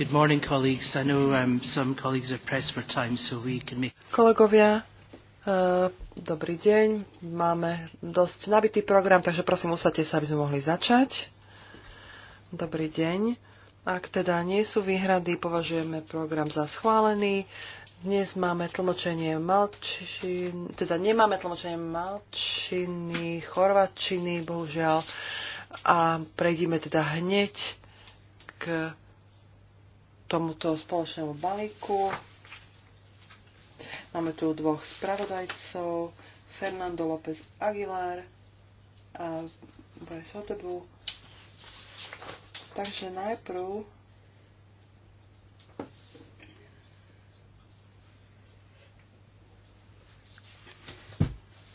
Good morning, colleagues. I know um, some colleagues are pressed for time, so we can make... Kolegovia, uh, dobrý deň. Máme dosť nabitý program, takže prosím, usadte sa, aby sme mohli začať. Dobrý deň. Ak teda nie sú výhrady, považujeme program za schválený. Dnes máme tlmočenie malčiny, teda nemáme tlmočenie malčiny, chorvačiny, bohužiaľ. A prejdime teda hneď k tomuto spoločnému balíku. Máme tu dvoch spravodajcov, Fernando López Aguilar a Boris Hotebu. Takže najprv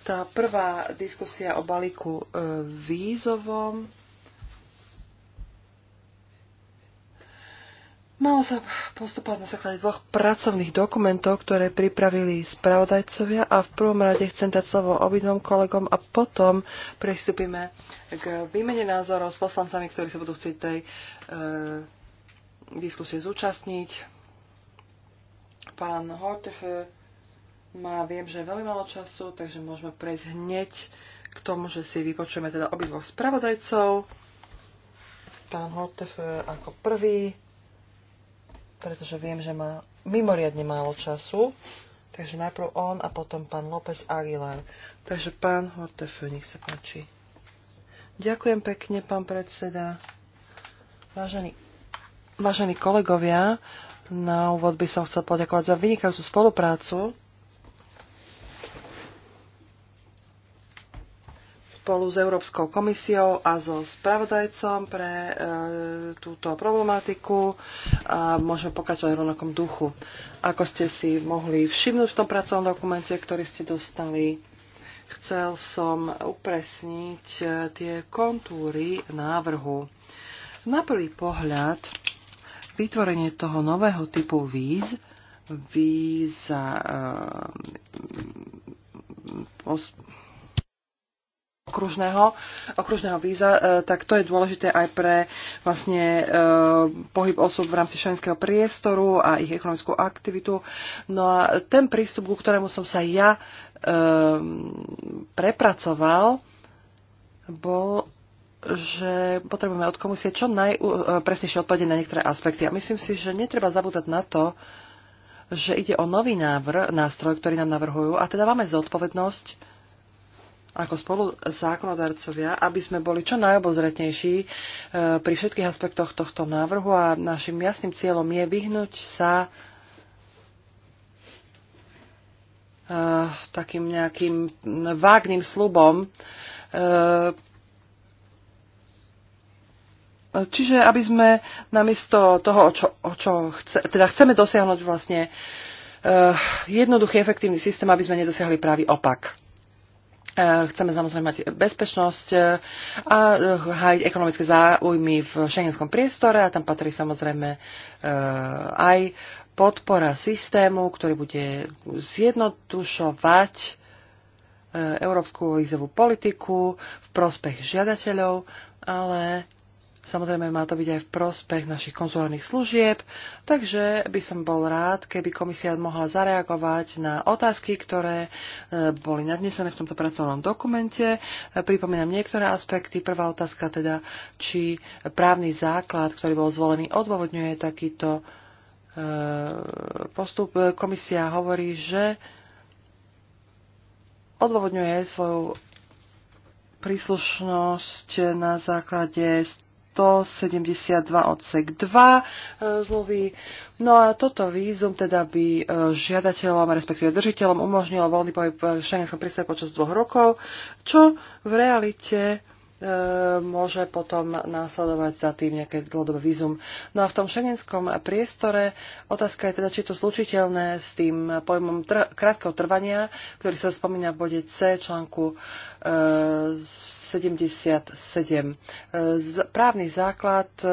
tá prvá diskusia o balíku e, vízovom Malo sa postupovať na základe dvoch pracovných dokumentov, ktoré pripravili spravodajcovia a v prvom rade chcem dať slovo obidvom kolegom a potom pristúpime k výmene názorov s poslancami, ktorí sa budú chcieť tej e, diskusie zúčastniť. Pán Hortefe eh, má, viem, že veľmi malo času, takže môžeme prejsť hneď k tomu, že si vypočujeme teda obidvoch spravodajcov. Pán Hortefe eh, ako prvý pretože viem, že má mimoriadne málo času. Takže najprv on a potom pán López Aguilar. Takže pán Hortefeu, nech sa páči. Ďakujem pekne, pán predseda. Vážení, vážení kolegovia, na úvod by som chcel poďakovať za vynikajúcu spoluprácu spolu s Európskou komisiou a so spravodajcom pre e, túto problematiku a e, môžeme pokračovať v rovnakom duchu. Ako ste si mohli všimnúť v tom pracovnom dokumente, ktorý ste dostali, chcel som upresniť e, tie kontúry návrhu. Na prvý pohľad vytvorenie toho nového typu víz, víza e, os, okružného, okružného víza, e, tak to je dôležité aj pre vlastne e, pohyb osôb v rámci šenského priestoru a ich ekonomickú aktivitu. No a ten prístup, ku ktorému som sa ja e, prepracoval, bol že potrebujeme od komisie čo najpresnejšie odpovede na niektoré aspekty. A myslím si, že netreba zabúdať na to, že ide o nový návr, nástroj, ktorý nám navrhujú. A teda máme zodpovednosť ako spolu zákonodarcovia, aby sme boli čo najobozretnejší e, pri všetkých aspektoch tohto návrhu a našim jasným cieľom je vyhnúť sa e, takým nejakým vágnym slubom. E, čiže aby sme namiesto toho, čo, čo chce, teda chceme dosiahnuť vlastne jednoduchý efektívny systém, aby sme nedosiahli pravý opak. Eh, chceme samozrejme mať bezpečnosť eh, a eh, hájiť ekonomické záujmy v šengenskom priestore a tam patrí samozrejme aj podpora systému, ktorý bude zjednodušovať európsku vízovú politiku v prospech žiadateľov, ale Samozrejme, má to byť aj v prospech našich konzulárnych služieb, takže by som bol rád, keby komisia mohla zareagovať na otázky, ktoré e, boli nadnesené v tomto pracovnom dokumente. E, pripomínam niektoré aspekty. Prvá otázka teda, či právny základ, ktorý bol zvolený, odôvodňuje takýto e, postup. Komisia hovorí, že odôvodňuje svoju príslušnosť na základe 172 odsek 2 e, zmluvy. No a toto vízum teda by e, žiadateľom, respektíve držiteľom umožnilo voľný pohyb v šengenskom prístave počas dvoch rokov, čo v realite E, môže potom následovať za tým nejaké dlhodobé vízum. No a v tom šengenskom priestore otázka je teda, či je to zlučiteľné s tým pojmom tr- krátkeho trvania, ktorý sa spomína v bode C článku e, 77. E, právny základ e,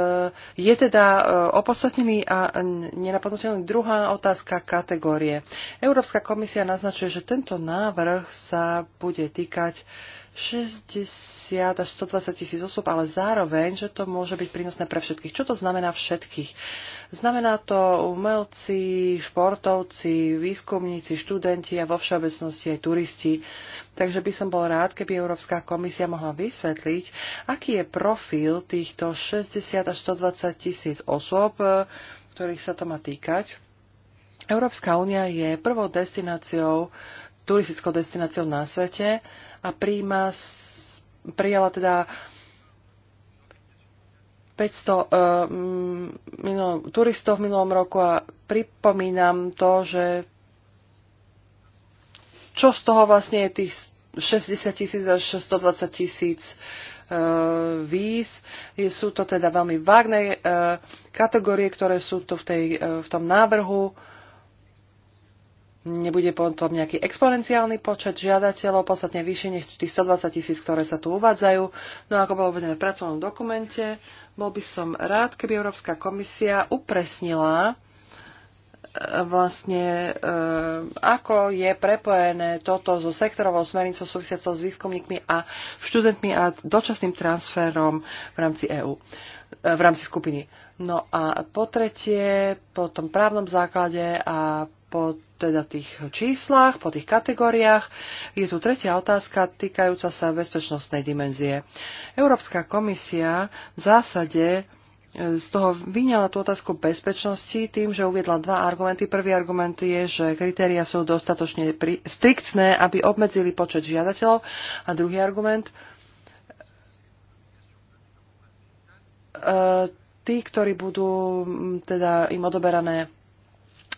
je teda e, opodstatnený a nenapadnutelný. Druhá otázka kategórie. Európska komisia naznačuje, že tento návrh sa bude týkať 60 až 120 tisíc osôb, ale zároveň, že to môže byť prínosné pre všetkých. Čo to znamená všetkých? Znamená to umelci, športovci, výskumníci, študenti a vo všeobecnosti aj turisti. Takže by som bol rád, keby Európska komisia mohla vysvetliť, aký je profil týchto 60 až 120 tisíc osôb, ktorých sa to má týkať. Európska únia je prvou destináciou, turistickou destináciou na svete, a príjma, prijala teda 500 uh, minul, turistov v minulom roku a pripomínam to, že čo z toho vlastne je tých 60 tisíc až 120 tisíc uh, víz. Je, sú to teda veľmi vágne uh, kategórie, ktoré sú tu v, tej, uh, v tom návrhu. Uh, Nebude potom nejaký exponenciálny počet žiadateľov, podstatne vyššie než tých 120 tisíc, ktoré sa tu uvádzajú. No ako bolo uvedené v pracovnom dokumente, bol by som rád, keby Európska komisia upresnila e, vlastne e, ako je prepojené toto so sektorovou smernicou súvisiacou s výskumníkmi a študentmi a dočasným transferom v rámci EÚ, e, v rámci skupiny. No a po tretie, po tom právnom základe a po teda tých číslach, po tých kategóriách. Je tu tretia otázka týkajúca sa bezpečnostnej dimenzie. Európska komisia v zásade e, z toho vyňala tú otázku bezpečnosti tým, že uviedla dva argumenty. Prvý argument je, že kritéria sú dostatočne striktné, aby obmedzili počet žiadateľov. A druhý argument, e, tí, ktorí budú teda im odoberané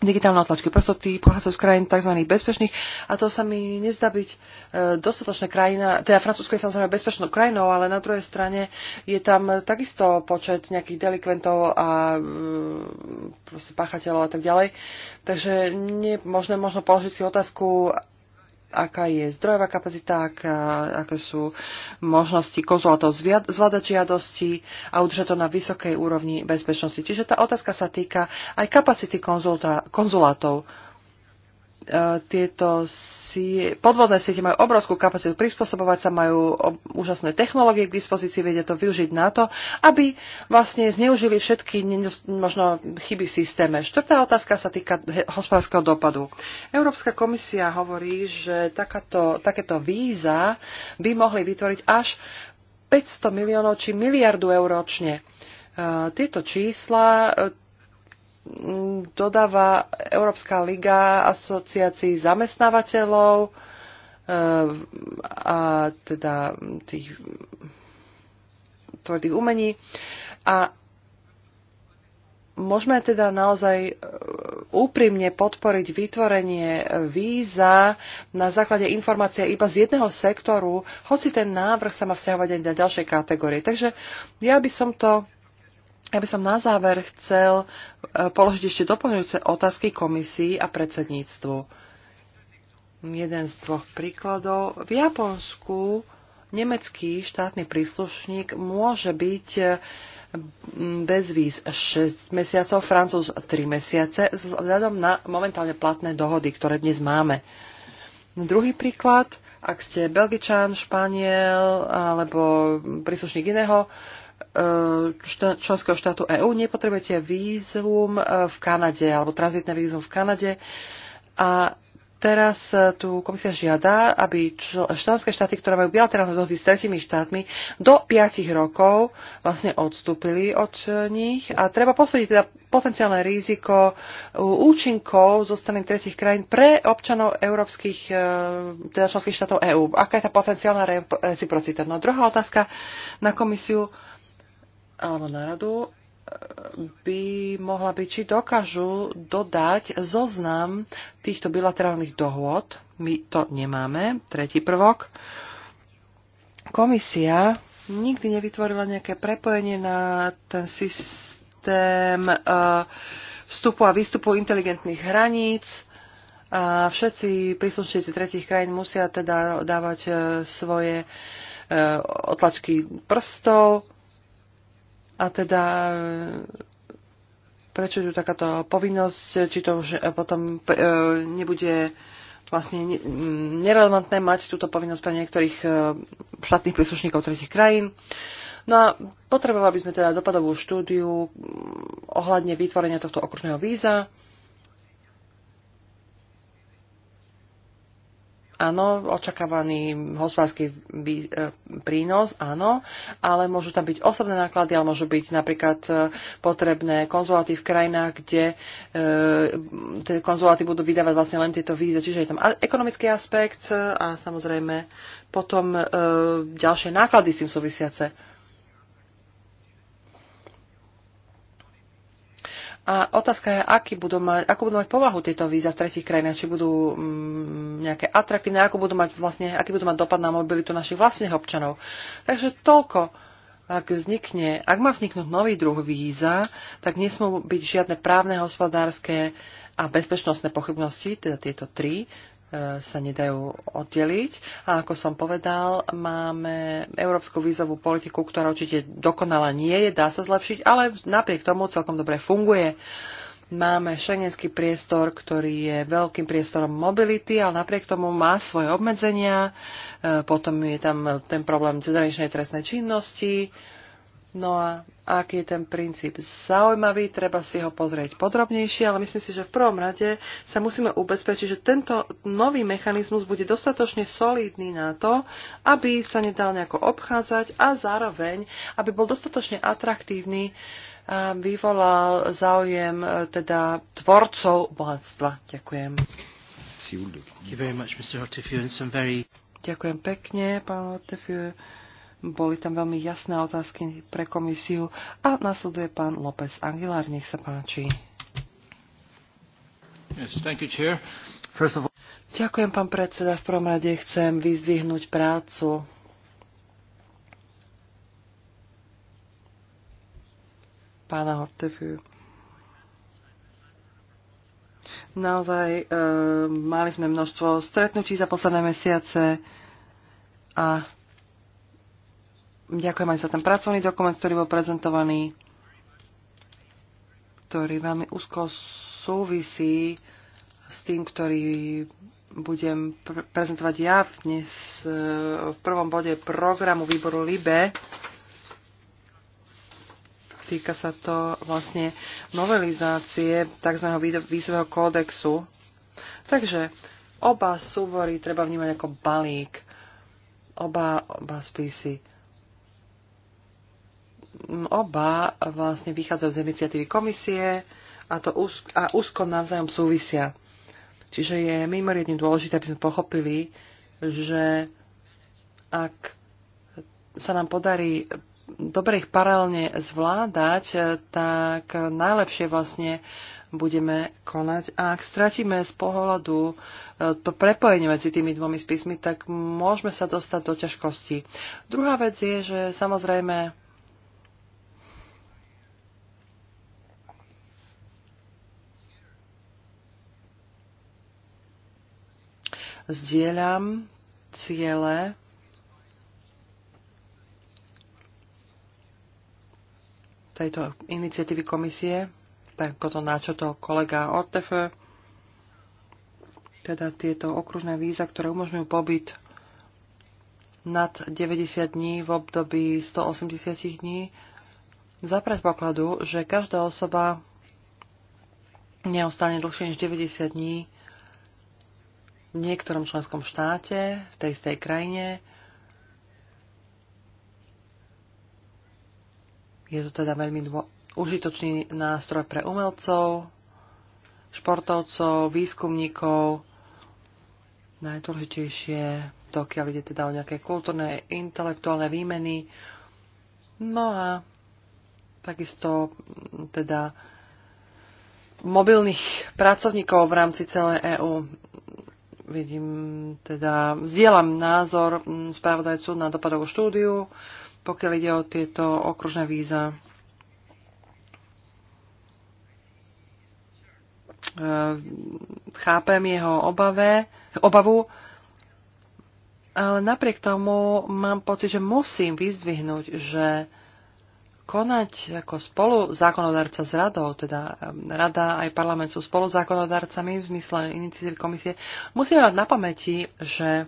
digitálne otlačky prstov, tí pochádzajú z krajín tzv. bezpečných a to sa mi nezdá byť e, dostatočná krajina, teda Francúzsko je samozrejme bezpečnou krajinou, ale na druhej strane je tam takisto počet nejakých delikventov a e, proste páchateľov a tak ďalej. Takže nie možné možno položiť si otázku, aká je zdrojová kapacita, aká, aké sú možnosti konzulátov zvládať žiadosti a udržať to na vysokej úrovni bezpečnosti. Čiže tá otázka sa týka aj kapacity konzulátov. E, tieto sie, podvodné siete majú obrovskú kapacitu prispôsobovať sa, majú úžasné technológie k dispozícii, vedia to využiť na to, aby vlastne zneužili všetky možno chyby v systéme. Štvrtá otázka sa týka hospodárskeho dopadu. Európska komisia hovorí, že takáto, takéto víza by mohli vytvoriť až 500 miliónov či miliardu eur ročne. E, tieto čísla e, dodáva Európska liga asociácií zamestnávateľov e, a teda tých tvrdých umení. A môžeme teda naozaj e, úprimne podporiť vytvorenie víza na základe informácie iba z jedného sektoru, hoci ten návrh sa má vzťahovať aj na ďalšie kategórie. Takže ja by som to ja by som na záver chcel e, položiť ešte doplňujúce otázky komisii a predsedníctvu. Jeden z dvoch príkladov. V Japonsku nemecký štátny príslušník môže byť e, bez víz 6 mesiacov, Francúz 3 mesiace, vzhľadom na momentálne platné dohody, ktoré dnes máme. Druhý príklad, ak ste Belgičan, Španiel alebo príslušník iného E, členského štátu EÚ, nepotrebujete vízum e, v Kanade alebo tranzitné vízum v Kanade. A teraz e, tu komisia žiada, aby členské štáty, ktoré majú bilaterálne dohody s tretimi štátmi, do 5 rokov vlastne odstúpili od nich a treba posúdiť teda potenciálne riziko účinkov zo strany tretich krajín pre občanov európskych, teda členských štátov EÚ. Aká je tá potenciálna reciprocita? No druhá otázka na komisiu alebo na radu e, by mohla byť, či dokážu dodať zoznam týchto bilaterálnych dohôd. My to nemáme. Tretí prvok. Komisia nikdy nevytvorila nejaké prepojenie na ten systém e, vstupu a výstupu inteligentných hraníc. A všetci príslušníci tretich krajín musia teda dávať e, svoje otlačky prstov a teda e, prečo je tu takáto povinnosť, či to už e, potom e, nebude vlastne nerelevantné mať túto povinnosť pre niektorých štátnych príslušníkov tretich krajín. No a potrebovali by sme teda dopadovú štúdiu ohľadne vytvorenia tohto okružného víza. Áno, očakávaný hospodársky e, prínos, áno, ale môžu tam byť osobné náklady, ale môžu byť napríklad e, potrebné konzuláty v krajinách, kde e, tie konzuláty budú vydávať vlastne len tieto víze. Čiže je tam ekonomický aspekt e, a samozrejme potom e, ďalšie náklady s tým súvisiace. A otázka je, aký budú mať, ako budú mať povahu tieto víza z tretich krajín, či budú mm, nejaké atraktívne, ako budú mať vlastne, aký budú mať dopad na mobilitu našich vlastných občanov. Takže toľko, ak vznikne, ak má vzniknúť nový druh víza, tak nesmú byť žiadne právne, hospodárske a bezpečnostné pochybnosti, teda tieto tri, E, sa nedajú oddeliť. A ako som povedal, máme európsku vízovú politiku, ktorá určite dokonala nie je, dá sa zlepšiť, ale napriek tomu celkom dobre funguje. Máme šengenský priestor, ktorý je veľkým priestorom mobility, ale napriek tomu má svoje obmedzenia. E, potom je tam ten problém cezhraničnej trestnej činnosti No a aký je ten princíp zaujímavý, treba si ho pozrieť podrobnejšie, ale myslím si, že v prvom rade sa musíme ubezpečiť, že tento nový mechanizmus bude dostatočne solidný na to, aby sa nedal nejako obchádzať a zároveň, aby bol dostatočne atraktívny a vyvolal záujem e, teda tvorcov bohatstva. Ďakujem. Ďakujem pekne, pán Otefiu. Boli tam veľmi jasné otázky pre komisiu a nasleduje pán López Aguilar. Nech sa páči. Yes, thank you, chair. First of all... Ďakujem, pán predseda. V prvom rade chcem vyzvihnúť prácu pána Hortefiu. Naozaj e, mali sme množstvo stretnutí za posledné mesiace a Ďakujem aj za ten pracovný dokument, ktorý bol prezentovaný, ktorý veľmi úzko súvisí s tým, ktorý budem pr- prezentovať ja dnes eh, v prvom bode programu výboru LIBE. Týka sa to vlastne novelizácie tzv. výzveho kódexu. Takže oba súbory treba vnímať ako balík. Oba, oba spisy oba vlastne vychádzajú z iniciatívy komisie a, to úzko, a úzko navzájom súvisia. Čiže je mimoriadne dôležité, aby sme pochopili, že ak sa nám podarí dobre ich paralelne zvládať, tak najlepšie vlastne budeme konať. A ak stratíme z pohľadu e, to prepojenie medzi tými dvomi spismi, tak môžeme sa dostať do ťažkosti. Druhá vec je, že samozrejme Zdieľam ciele tejto iniciatívy komisie, tak ako to načotol kolega Ortef, teda tieto okružné víza, ktoré umožňujú pobyt nad 90 dní v období 180 dní, za predpokladu, že každá osoba neostane dlhšie než 90 dní v niektorom členskom štáte, v tej istej krajine. Je to teda veľmi dvo- užitočný nástroj pre umelcov, športovcov, výskumníkov. Najdôležitejšie, dokiaľ ide teda o nejaké kultúrne, intelektuálne výmeny. No a takisto teda mobilných pracovníkov v rámci celej EÚ vidím, teda vzdielam názor mm, spravodajcu na dopadovú štúdiu, pokiaľ ide o tieto okružné víza. Eh, chápem jeho obave, obavu, ale napriek tomu mám pocit, že musím vyzdvihnúť, že konať ako spolu zákonodarca s radou, teda rada aj parlament sú spolu zákonodarcami v zmysle iniciatívy komisie, musíme mať na pamäti, že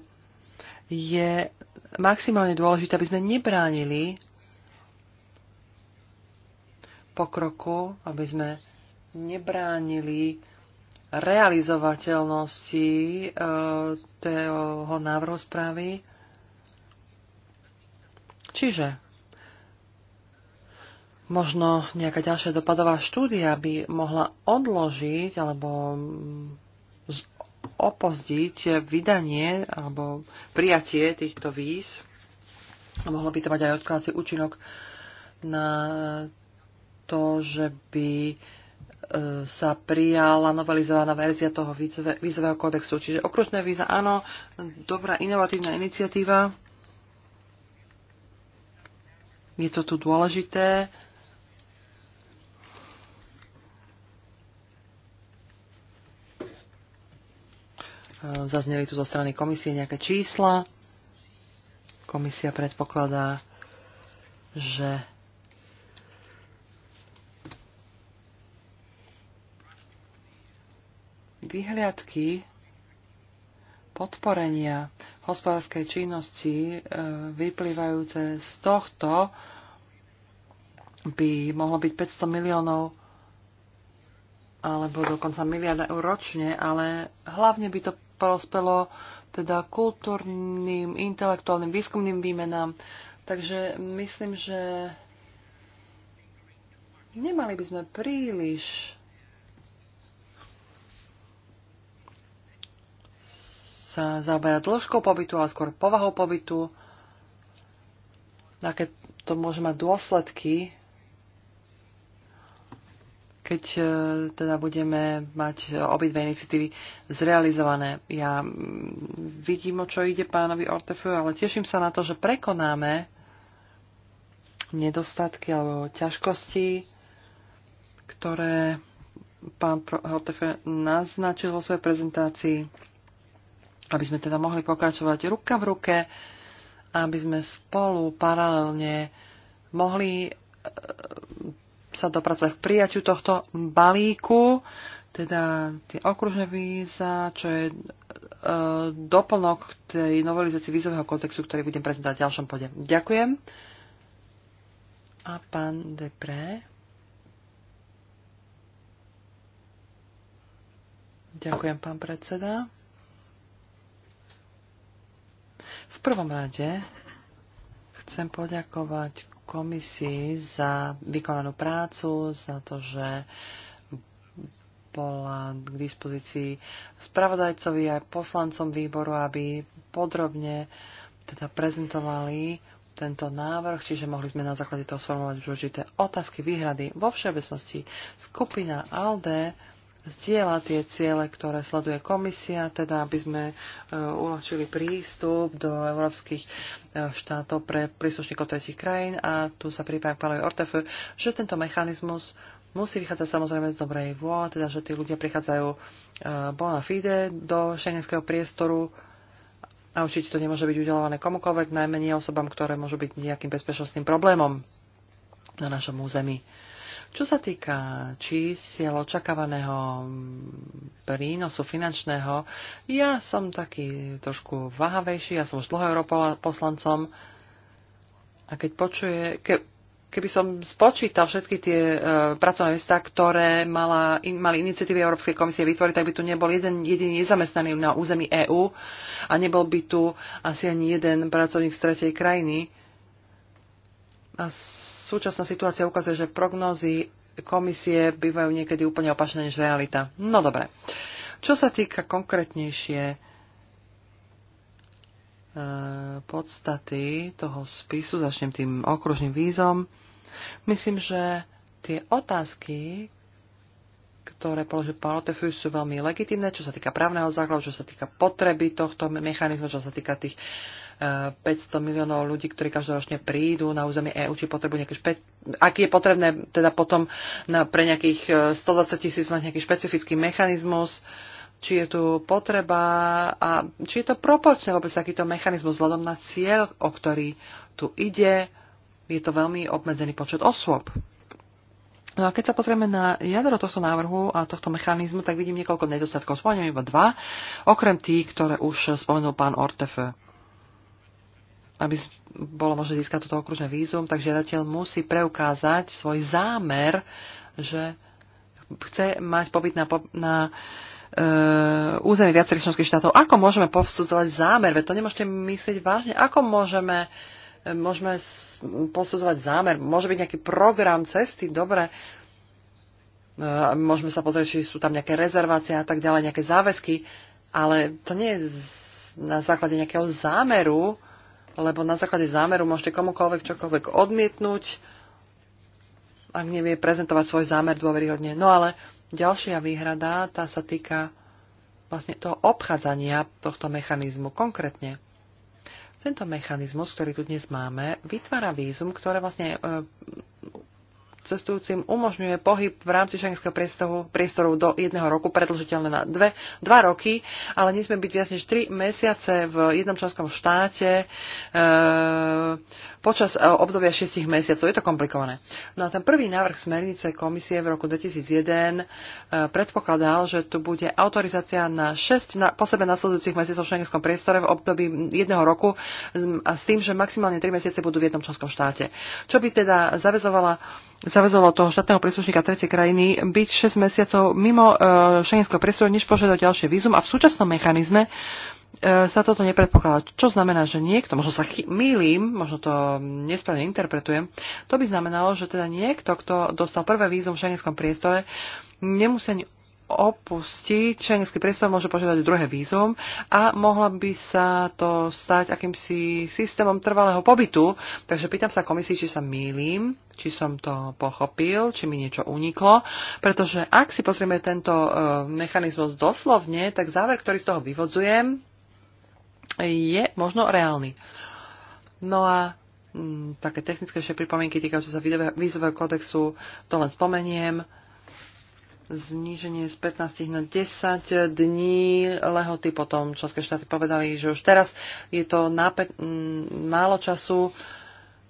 je maximálne dôležité, aby sme nebránili pokroku, aby sme nebránili realizovateľnosti e, toho návrhu správy. Čiže Možno nejaká ďalšia dopadová štúdia by mohla odložiť alebo opozdiť vydanie alebo prijatie týchto víz. Mohlo by to mať aj odkladací účinok na to, že by e, sa prijala novelizovaná verzia toho vízového kódexu. Čiže okružné víza, áno, dobrá inovatívna iniciatíva. Je to tu dôležité Eh, zazneli tu zo strany komisie nejaké čísla. Komisia predpokladá, že vyhliadky podporenia hospodárskej činnosti eh, vyplývajúce z tohto by mohlo byť 500 miliónov alebo dokonca miliarda eur ročne, ale hlavne by to prospelo teda kultúrnym, intelektuálnym, výskumným výmenám. Takže myslím, že nemali by sme príliš sa zaoberať dĺžkou pobytu, ale skôr povahou pobytu, aké to môže mať dôsledky keď e, teda budeme mať obidve iniciatívy zrealizované. Ja vidím, o čo ide pánovi Ortefu, ale teším sa na to, že prekonáme nedostatky alebo ťažkosti, ktoré pán Ortefu naznačil vo svojej prezentácii, aby sme teda mohli pokračovať ruka v ruke, aby sme spolu paralelne mohli e, sa dopracovať k prijaťu tohto balíku, teda tie okružné víza, čo je e, doplnok k tej novelizácii vízového kontextu, ktorý budem prezentovať v ďalšom pode. Ďakujem. A pán Depré. Ďakujem, pán predseda. V prvom rade chcem poďakovať komisii za vykonanú prácu, za to, že bola k dispozícii spravodajcovi aj poslancom výboru, aby podrobne teda prezentovali tento návrh, čiže mohli sme na základe toho sformulovať už určité otázky, výhrady. Vo všeobecnosti skupina ALDE zdieľa tie ciele, ktoré sleduje komisia, teda aby sme e, uľahčili prístup do európskych e, štátov pre príslušníkov tretich krajín a tu sa prípada k pánovi Ortefe, že tento mechanizmus musí vychádzať samozrejme z dobrej vôle, teda že tí ľudia prichádzajú bona e, fide do šengenského priestoru a určite to nemôže byť udelované komukoľvek, najmenej osobám, ktoré môžu byť nejakým bezpečnostným problémom na našom území. Čo sa týka čísiel očakávaného prínosu finančného, ja som taký trošku váhavejší, ja som už dlho poslancom a keď počuje, ke, keby som spočítal všetky tie e, pracovné miesta, ktoré mala, in, mali iniciatívy Európskej komisie vytvoriť, tak by tu nebol jeden jediný nezamestnaný na území EÚ a nebol by tu asi ani jeden pracovník z tretej krajiny a súčasná situácia ukazuje, že prognózy komisie bývajú niekedy úplne opačné než realita. No dobre. Čo sa týka konkrétnejšie e, podstaty toho spisu, začnem tým okružným vízom. Myslím, že tie otázky, ktoré položil pán Otefus, sú veľmi legitimné, čo sa týka právneho základu, čo sa týka potreby tohto mechanizmu, čo sa týka tých uh, 500 miliónov ľudí, ktorí každoročne prídu na územie EÚ, či potrebujú nejaké špe- ak je potrebné teda potom na, pre nejakých 120 e, tisíc mať nejaký špecifický mechanizmus, či je tu potreba a či je to proporčné vôbec takýto mechanizmus vzhľadom na cieľ, o ktorý tu ide. Je to veľmi obmedzený počet osôb. No a keď sa pozrieme na jadro tohto návrhu a tohto mechanizmu, tak vidím niekoľko nedostatkov. Spomeniem iba dva, okrem tých, ktoré už spomenul pán Ortefe aby bolo možné získať toto okružné vízum, tak žiadateľ musí preukázať svoj zámer, že chce mať pobyt na, na e, území viacerých členských štátov. Ako môžeme posudzovať zámer? Veď to nemôžete myslieť vážne. Ako môžeme, e, môžeme posudzovať zámer? Môže byť nejaký program cesty, dobre. E, môžeme sa pozrieť, či sú tam nejaké rezervácie a tak ďalej, nejaké záväzky, ale to nie je na základe nejakého zámeru, lebo na základe zámeru môžete komukoľvek čokoľvek odmietnúť, ak nevie prezentovať svoj zámer dôveryhodne. No ale ďalšia výhrada, tá sa týka vlastne toho obchádzania tohto mechanizmu konkrétne. Tento mechanizmus, ktorý tu dnes máme, vytvára vízum, ktoré vlastne e, cestujúcim umožňuje pohyb v rámci šengenského priestoru, priestoru do jedného roku, predlžiteľné na dve, dva roky, ale nesmie byť viac než tri mesiace v jednom členskom štáte e, počas e, obdobia 6 mesiacov. Je to komplikované. No a ten prvý návrh smernice komisie v roku 2001 e, predpokladal, že tu bude autorizácia na 6 na, po sebe nasledujúcich mesiacov v šengenskom priestore v období jedného roku a s tým, že maximálne 3 mesiace budú v jednom členskom štáte. Čo by teda zavezovala zavezovalo toho štátneho príslušníka tretej krajiny byť 6 mesiacov mimo e, šengenského priestoru, než požiadať ďalšie vízum a v súčasnom mechanizme e, sa toto nepredpokladá. Čo znamená, že niekto, možno sa mýlim, možno to nesprávne interpretujem, to by znamenalo, že teda niekto, kto dostal prvé vízum v šengenskom priestore, nemusí opustí šengenský priestor, môže požiadať druhé vízum a mohla by sa to stať akýmsi systémom trvalého pobytu. Takže pýtam sa komisii, či sa mýlim, či som to pochopil, či mi niečo uniklo, pretože ak si pozrieme tento e, mechanizmus doslovne, tak záver, ktorý z toho vyvodzujem, je možno reálny. No a mm, také technické pripomienky týkajúce sa vízového kódexu, to len spomeniem zníženie z 15 na 10 dní lehoty. Potom členské štáty povedali, že už teraz je to nápe- m, málo času.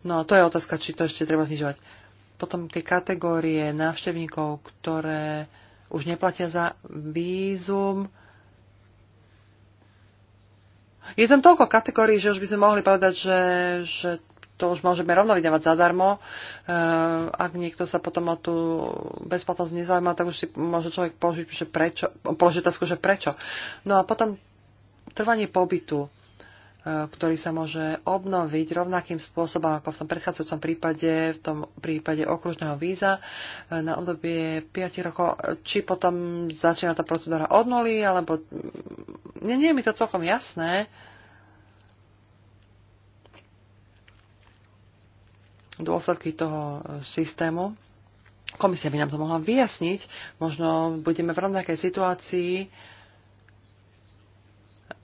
No to je otázka, či to ešte treba znižovať. Potom tie kategórie návštevníkov, ktoré už neplatia za vízum. Je tam toľko kategórií, že už by sme mohli povedať, že, že to už môžeme rovno vydávať zadarmo. E, ak niekto sa potom o tú bezplatnosť nezaujíma, tak už si môže človek položiť, že prečo, položiť otázku, že prečo. No a potom trvanie pobytu, e, ktorý sa môže obnoviť rovnakým spôsobom ako v tom predchádzajúcom prípade, v tom prípade okružného víza e, na obdobie 5 rokov, či potom začína tá procedúra od nuly, alebo nie, nie je mi to celkom jasné. Uh, dôsledky toho e, systému. Komisia by nám to mohla vyjasniť. Možno budeme v rovnakej situácii,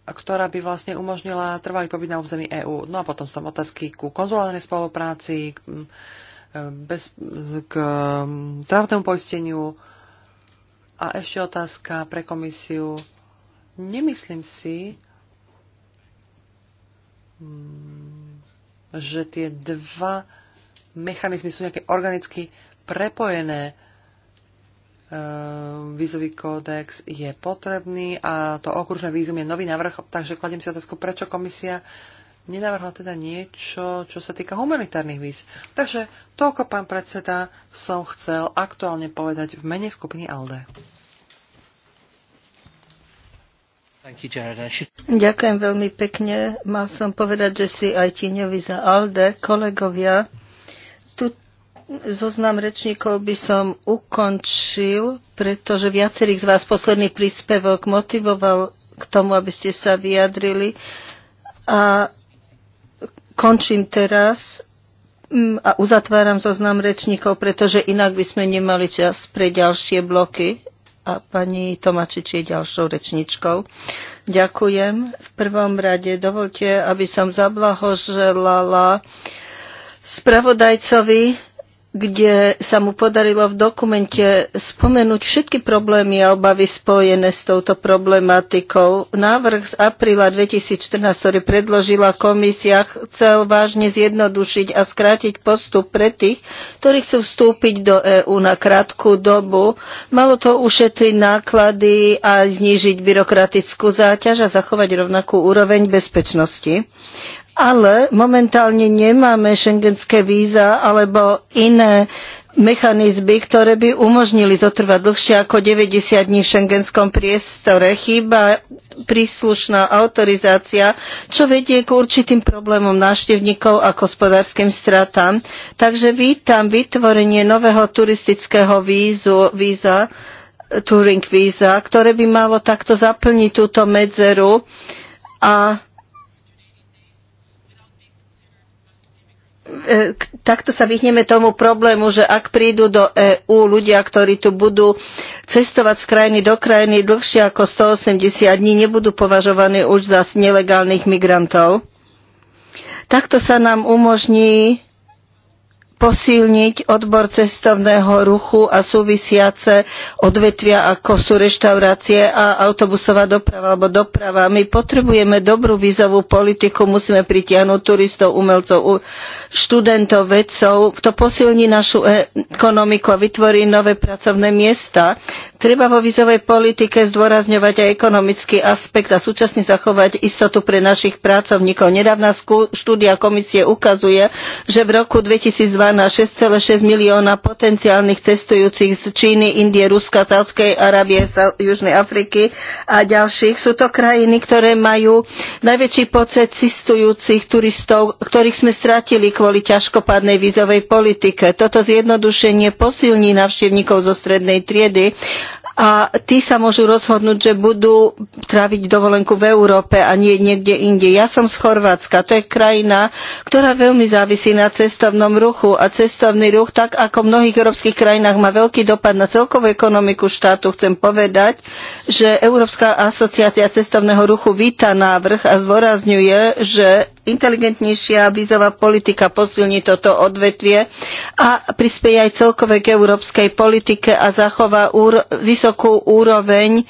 ktorá by vlastne umožnila trvalý pobyt na území EÚ. No a potom sú tam otázky ku konzulárnej spolupráci, k, e, bez, k zdravotnému poisteniu a ešte otázka pre komisiu. Nemyslím si, že tie dva mechanizmy sú nejaké organicky prepojené. E, vízový kódex je potrebný a to okružné vízum je nový návrh, takže kladiem si otázku, prečo komisia nenavrhla teda niečo, čo sa týka humanitárnych víz. Takže toľko, pán predseda, som chcel aktuálne povedať v mene skupiny ALDE. Ďakujem veľmi pekne. Mal som povedať, že si aj tieňovi za ALDE, kolegovia zoznam rečníkov by som ukončil, pretože viacerých z vás posledný príspevok motivoval k tomu, aby ste sa vyjadrili. A končím teraz mm, a uzatváram zoznam rečníkov, pretože inak by sme nemali čas pre ďalšie bloky. A pani Tomačič je ďalšou rečničkou. Ďakujem. V prvom rade dovolte, aby som zablahoželala spravodajcovi kde sa mu podarilo v dokumente spomenúť všetky problémy a obavy spojené s touto problematikou. Návrh z apríla 2014, ktorý predložila komisia, chcel vážne zjednodušiť a skrátiť postup pre tých, ktorí chcú vstúpiť do EÚ na krátku dobu. Malo to ušetriť náklady a znížiť byrokratickú záťaž a zachovať rovnakú úroveň bezpečnosti ale momentálne nemáme šengenské víza alebo iné mechanizmy, ktoré by umožnili zotrvať dlhšie ako 90 dní v šengenskom priestore. Chýba príslušná autorizácia, čo vedie k určitým problémom návštevníkov a hospodárskym stratám. Takže vítam vytvorenie nového turistického vízu, víza, touring víza, ktoré by malo takto zaplniť túto medzeru a E, takto sa vyhneme tomu problému, že ak prídu do EÚ ľudia, ktorí tu budú cestovať z krajiny do krajiny dlhšie ako 180 dní, nebudú považovaní už za nelegálnych migrantov. Takto sa nám umožní posilniť odbor cestovného ruchu a súvisiace odvetvia, ako sú reštaurácie a autobusová doprava alebo doprava. My potrebujeme dobrú vízovú politiku, musíme pritiahnuť turistov, umelcov, študentov, vedcov. To posilní našu e- ekonomiku a vytvorí nové pracovné miesta. Treba vo vizovej politike zdôrazňovať aj ekonomický aspekt a súčasne zachovať istotu pre našich pracovníkov. Nedávna štúdia komisie ukazuje, že v roku 2012 6,6 milióna potenciálnych cestujúcich z Číny, Indie, Ruska, Saudskej Arábie, Južnej Afriky a ďalších. Sú to krajiny, ktoré majú najväčší počet cestujúcich turistov, ktorých sme stratili kvôli ťažkopádnej vízovej politike. Toto zjednodušenie posilní návštevníkov zo strednej triedy a tí sa môžu rozhodnúť, že budú tráviť dovolenku v Európe a nie niekde inde. Ja som z Chorvátska, to je krajina, ktorá veľmi závisí na cestovnom ruchu a cestovný ruch, tak ako v mnohých európskych krajinách, má veľký dopad na celkovú ekonomiku štátu. Chcem povedať, že Európska asociácia cestovného ruchu víta návrh a zdôrazňuje, že inteligentnejšia vízová politika posilní toto odvetvie a prispieje aj celkovej k európskej politike a zachová úro, vysokú úroveň e,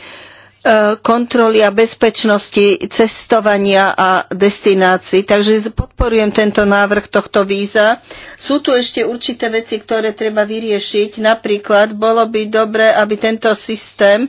kontroly a bezpečnosti cestovania a destinácií. Takže podporujem tento návrh tohto víza. Sú tu ešte určité veci, ktoré treba vyriešiť. Napríklad bolo by dobre, aby tento systém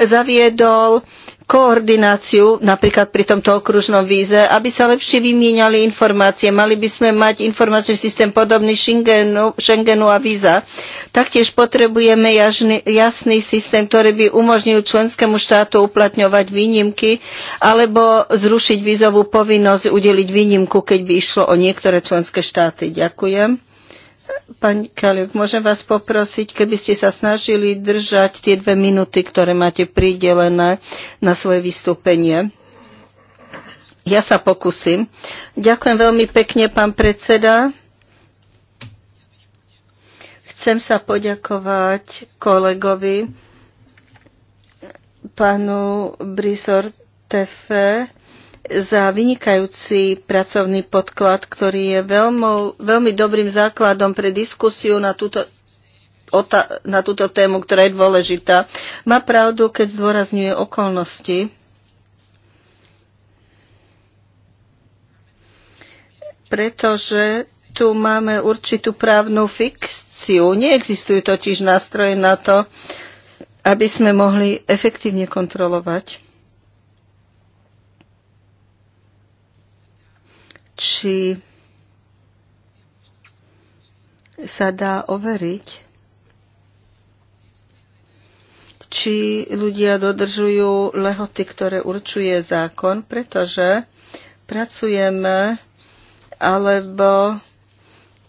zaviedol koordináciu napríklad pri tomto okružnom víze, aby sa lepšie vymieňali informácie. Mali by sme mať informačný systém podobný Schengenu, Schengenu a víza. Taktiež potrebujeme jažný, jasný systém, ktorý by umožnil členskému štátu uplatňovať výnimky alebo zrušiť vízovú povinnosť udeliť výnimku, keď by išlo o niektoré členské štáty. Ďakujem. Pani Kaliuk, môžem vás poprosiť, keby ste sa snažili držať tie dve minúty, ktoré máte pridelené na svoje vystúpenie. Ja sa pokúsim. Ďakujem veľmi pekne, pán predseda. Chcem sa poďakovať kolegovi, pánu Brisor Tefe, za vynikajúci pracovný podklad, ktorý je veľmi, veľmi dobrým základom pre diskusiu na túto, na túto tému, ktorá je dôležitá. Má pravdu, keď zdôrazňuje okolnosti. Pretože tu máme určitú právnu fikciu. Neexistujú totiž nástroje na to, aby sme mohli efektívne kontrolovať či sa dá overiť, či ľudia dodržujú lehoty, ktoré určuje zákon, pretože pracujeme alebo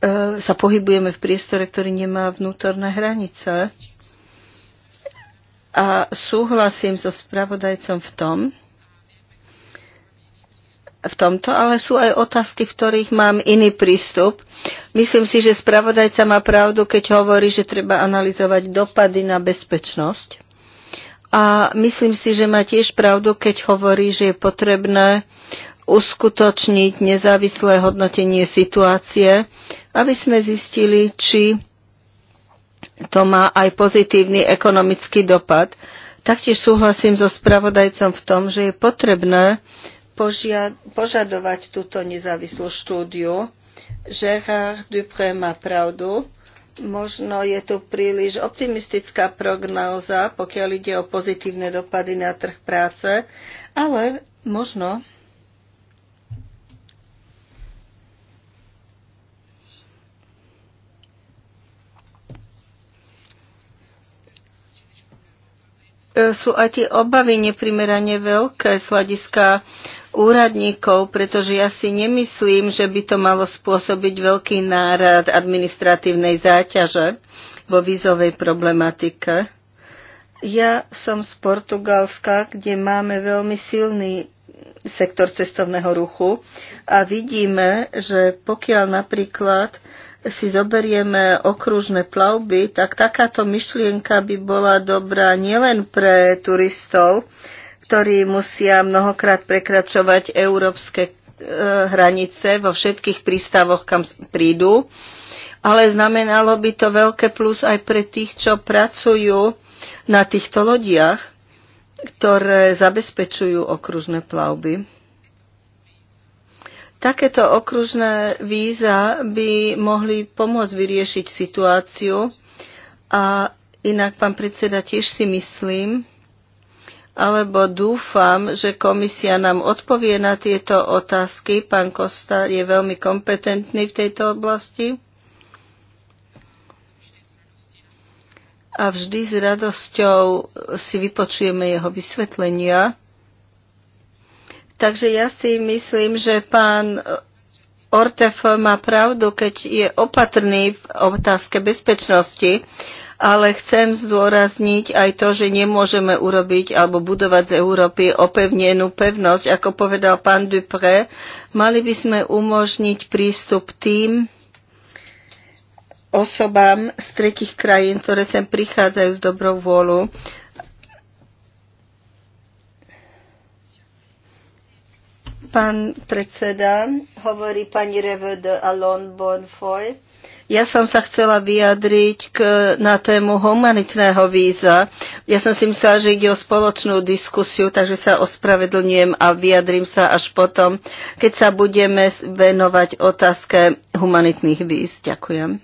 e, sa pohybujeme v priestore, ktorý nemá vnútorné hranice. A súhlasím so spravodajcom v tom, v tomto, ale sú aj otázky, v ktorých mám iný prístup. Myslím si, že spravodajca má pravdu, keď hovorí, že treba analyzovať dopady na bezpečnosť. A myslím si, že má tiež pravdu, keď hovorí, že je potrebné uskutočniť nezávislé hodnotenie situácie, aby sme zistili, či to má aj pozitívny ekonomický dopad. Taktiež súhlasím so spravodajcom v tom, že je potrebné požadovať túto nezávislú štúdiu. Gerard Dupré má pravdu. Možno je tu príliš optimistická prognóza, pokiaľ ide o pozitívne dopady na trh práce, ale možno sú aj tie obavy neprimerane veľké z hľadiska úradníkov, pretože ja si nemyslím, že by to malo spôsobiť veľký nárad administratívnej záťaže vo vízovej problematike. Ja som z Portugalska, kde máme veľmi silný sektor cestovného ruchu a vidíme, že pokiaľ napríklad si zoberieme okružné plavby, tak takáto myšlienka by bola dobrá nielen pre turistov, ktorí musia mnohokrát prekračovať európske e, hranice vo všetkých prístavoch, kam prídu. Ale znamenalo by to veľké plus aj pre tých, čo pracujú na týchto lodiach, ktoré zabezpečujú okružné plavby. Takéto okružné víza by mohli pomôcť vyriešiť situáciu a inak, pán predseda, tiež si myslím, alebo dúfam, že komisia nám odpovie na tieto otázky. Pán Kosta je veľmi kompetentný v tejto oblasti. A vždy s radosťou si vypočujeme jeho vysvetlenia. Takže ja si myslím, že pán Ortef má pravdu, keď je opatrný v otázke bezpečnosti ale chcem zdôrazniť aj to, že nemôžeme urobiť alebo budovať z Európy opevnenú pevnosť. Ako povedal pán Dupré, mali by sme umožniť prístup tým osobám z tretich krajín, ktoré sem prichádzajú z dobrou vôľu. Pán predseda, hovorí pani Revede Alon Bonfoy. Ja som sa chcela vyjadriť k, na tému humanitného víza. Ja som si myslela, že ide o spoločnú diskusiu, takže sa ospravedlňujem a vyjadrím sa až potom, keď sa budeme venovať otázke humanitných víz. Ďakujem.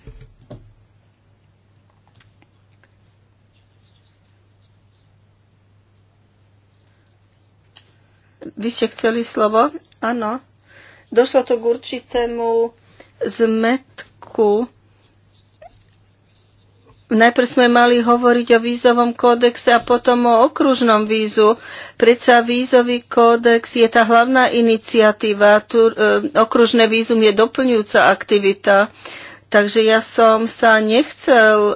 Vy ste chceli slovo? Áno. Došlo to k určitému zmetku roku Najprv sme mali hovoriť o vízovom kódexe a potom o okružnom vízu. Predsa vízový kódex je tá hlavná iniciatíva. Tu, e, okružné vízum je doplňujúca aktivita. Takže ja som sa nechcel,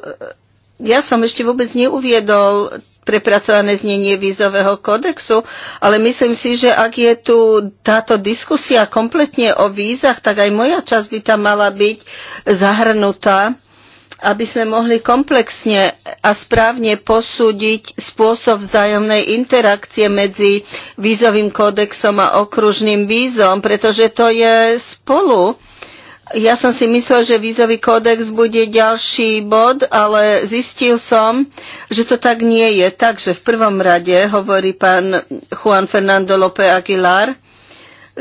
ja som ešte vôbec neuviedol prepracované znenie vízového kodexu, ale myslím si, že ak je tu táto diskusia kompletne o vízach, tak aj moja časť by tam mala byť zahrnutá, aby sme mohli komplexne a správne posúdiť spôsob vzájomnej interakcie medzi vízovým kódexom a okružným vízom, pretože to je spolu ja som si myslel, že vízový kódex bude ďalší bod, ale zistil som, že to tak nie je. Takže v prvom rade hovorí pán Juan Fernando López Aguilar,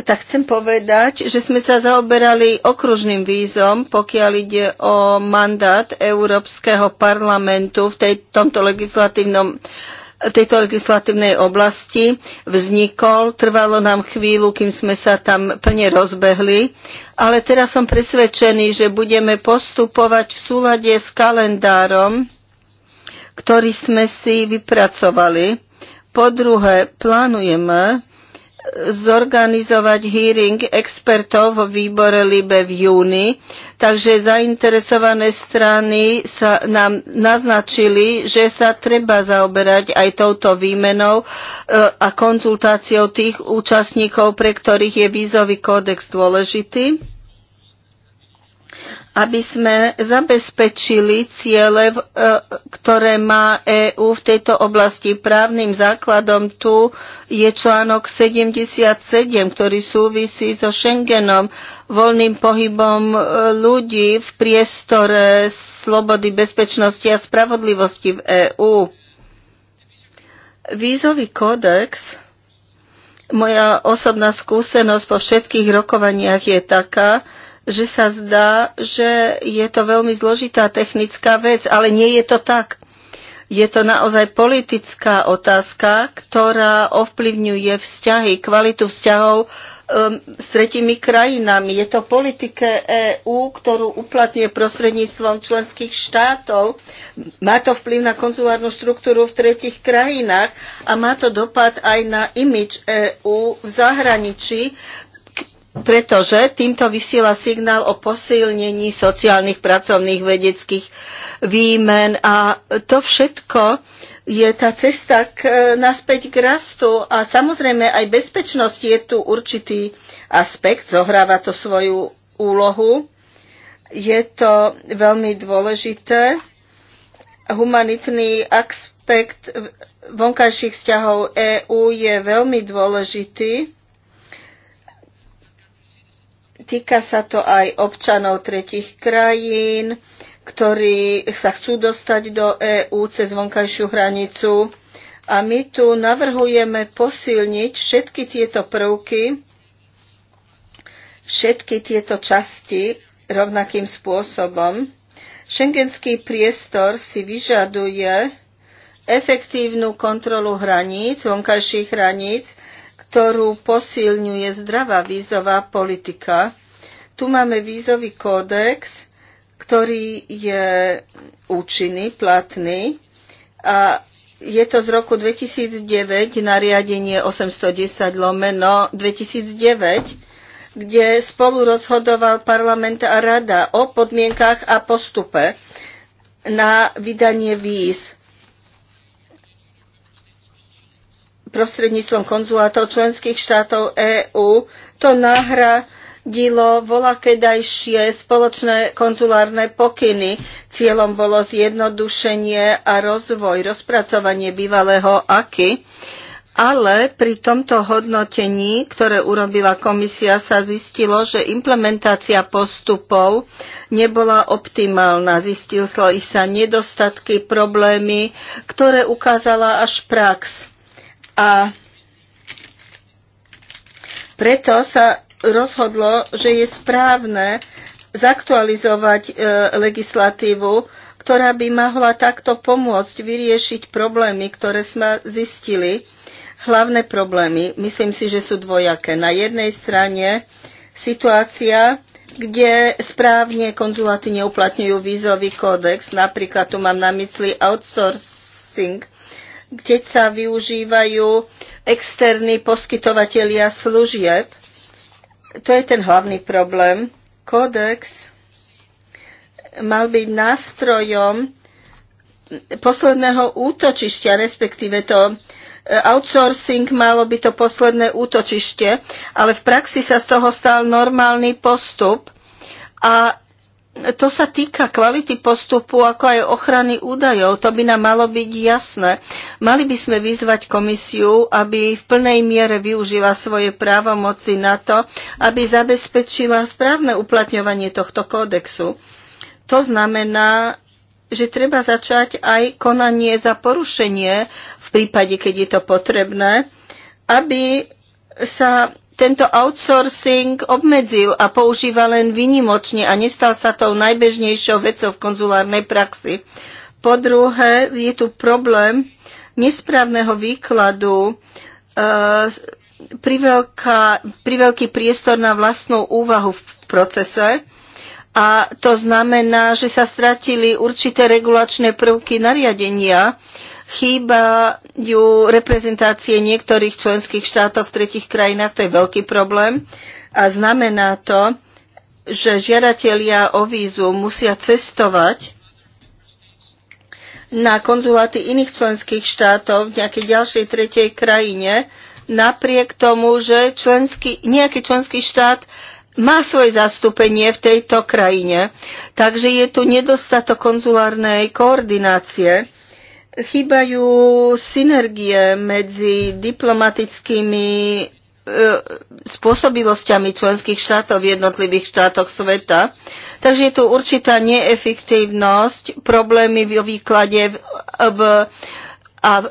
tak chcem povedať, že sme sa zaoberali okružným vízom, pokiaľ ide o mandát Európskeho parlamentu v tej, tomto legislatívnom uh, tejto legislatívnej oblasti vznikol. Trvalo nám chvíľu, kým sme sa tam plne rozbehli, ale teraz som presvedčený, že budeme postupovať v súlade s kalendárom, ktorý sme si vypracovali. Po druhé, plánujeme zorganizovať hearing expertov vo výbore LIBE v júni, takže zainteresované strany sa nám naznačili, že sa treba zaoberať aj touto výmenou e, a konzultáciou tých účastníkov, pre ktorých je vízový kódex dôležitý aby sme zabezpečili ciele, e, ktoré má EÚ v tejto oblasti. Právnym základom tu je článok 77, ktorý súvisí so Schengenom, voľným pohybom e, ľudí v priestore slobody, bezpečnosti a spravodlivosti v EÚ. Vízový kódex, moja osobná skúsenosť po všetkých rokovaniach je taká, že sa zdá, že je to veľmi zložitá technická vec, ale nie je to tak. Je to naozaj politická otázka, ktorá ovplyvňuje vzťahy, kvalitu vzťahov um, s tretimi krajinami. Je to politike EÚ, ktorú uplatňuje prostredníctvom členských štátov. Má to vplyv na konzulárnu štruktúru v tretich krajinách a má to dopad aj na imič EÚ v zahraničí, pretože týmto vysiela signál o posilnení sociálnych, pracovných, vedeckých výmen a to všetko je tá cesta k, e, naspäť k rastu a samozrejme aj bezpečnosť je tu určitý aspekt, zohráva to svoju úlohu. Je to veľmi dôležité. Humanitný aspekt vonkajších vzťahov EÚ je veľmi dôležitý Týka sa to aj občanov tretich krajín, ktorí sa chcú dostať do EÚ cez vonkajšiu hranicu. A my tu navrhujeme posilniť všetky tieto prvky, všetky tieto časti rovnakým spôsobom. Schengenský priestor si vyžaduje efektívnu kontrolu hraníc, vonkajších hraníc, ktorú posilňuje zdravá vízová politika. Tu máme vízový kódex, ktorý je účinný, platný a je to z roku 2009, nariadenie 810 lomeno 2009, kde spolu rozhodoval parlament a rada o podmienkách a postupe na vydanie víz prostredníctvom konzulátov členských štátov EÚ. To nahradilo volakedajšie spoločné konzulárne pokyny. Cieľom bolo zjednodušenie a rozvoj, rozpracovanie bývalého AKY. Ale pri tomto hodnotení, ktoré urobila komisia, sa zistilo, že implementácia postupov nebola optimálna. Zistili sa nedostatky, problémy, ktoré ukázala až prax. A preto sa rozhodlo, že je správne zaktualizovať e, legislatívu, ktorá by mohla takto pomôcť vyriešiť problémy, ktoré sme zistili. Hlavné problémy, myslím si, že sú dvojaké. Na jednej strane situácia, kde správne konzuláty neuplatňujú vízový kódex, napríklad tu mám na mysli outsourcing kde sa využívajú externí poskytovatelia služieb. To je ten hlavný problém. Kódex mal byť nástrojom posledného útočišťa, respektíve to e, outsourcing malo by to posledné útočište, ale v praxi sa z toho stal normálny postup a to sa týka kvality postupu, ako aj ochrany údajov. To by nám malo byť jasné. Mali by sme vyzvať komisiu, aby v plnej miere využila svoje právomoci na to, aby zabezpečila správne uplatňovanie tohto kódexu. To znamená, že treba začať aj konanie za porušenie v prípade, keď je to potrebné, aby sa tento outsourcing obmedzil a používa len vynimočne a nestal sa tou najbežnejšou vecou v konzulárnej praxi. Po druhé, je tu problém nesprávneho výkladu, eh, pri veľký priestor na vlastnú úvahu v procese a to znamená, že sa stratili určité regulačné prvky nariadenia, Chýbajú reprezentácie niektorých členských štátov v tretich krajinách, to je veľký problém a znamená to, že žiadatelia o vízu musia cestovať na konzuláty iných členských štátov v nejakej ďalšej tretej krajine, napriek tomu, že členský, nejaký členský štát má svoje zastúpenie v tejto krajine. Takže je tu nedostatok konzulárnej koordinácie chýbajú synergie medzi diplomatickými e, spôsobilosťami členských štátov v jednotlivých štátoch sveta. Takže je tu určitá neefektívnosť, problémy v výklade v, v, a v, e,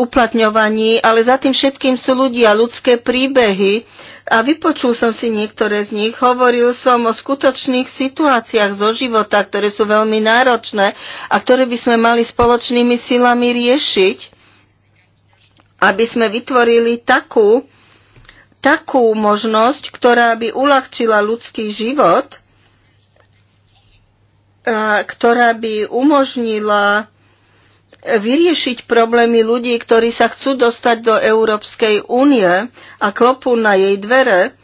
uplatňovaní, ale za tým všetkým sú ľudia, ľudské príbehy, a vypočul som si niektoré z nich. Hovoril som o skutočných situáciách zo života, ktoré sú veľmi náročné a ktoré by sme mali spoločnými silami riešiť, aby sme vytvorili takú, takú možnosť, ktorá by uľahčila ľudský život, ktorá by umožnila vyriešiť problémy ľudí, ktorí sa chcú dostať do Európskej únie a klopú na jej dvere,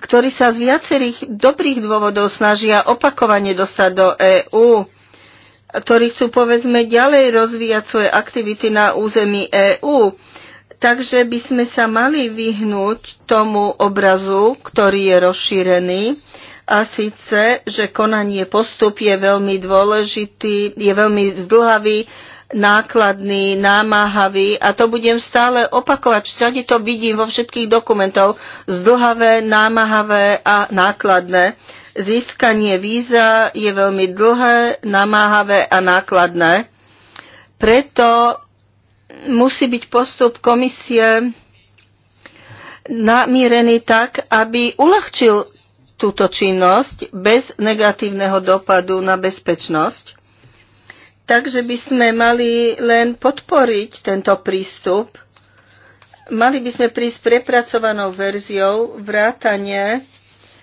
ktorí sa z viacerých dobrých dôvodov snažia opakovane dostať do EÚ, ktorí chcú povedzme ďalej rozvíjať svoje aktivity na území EÚ. Takže by sme sa mali vyhnúť tomu obrazu, ktorý je rozšírený a síce, že konanie postup je veľmi dôležitý, je veľmi zdlhavý, nákladný, námahavý a to budem stále opakovať. Všade to vidím vo všetkých dokumentov. Zdlhavé, námahavé a nákladné. Získanie víza je veľmi dlhé, namáhavé a nákladné. Preto musí byť postup komisie namírený tak, aby uľahčil túto činnosť bez negatívneho dopadu na bezpečnosť. Takže by sme mali len podporiť tento prístup. Mali by sme prísť prepracovanou verziou vrátanie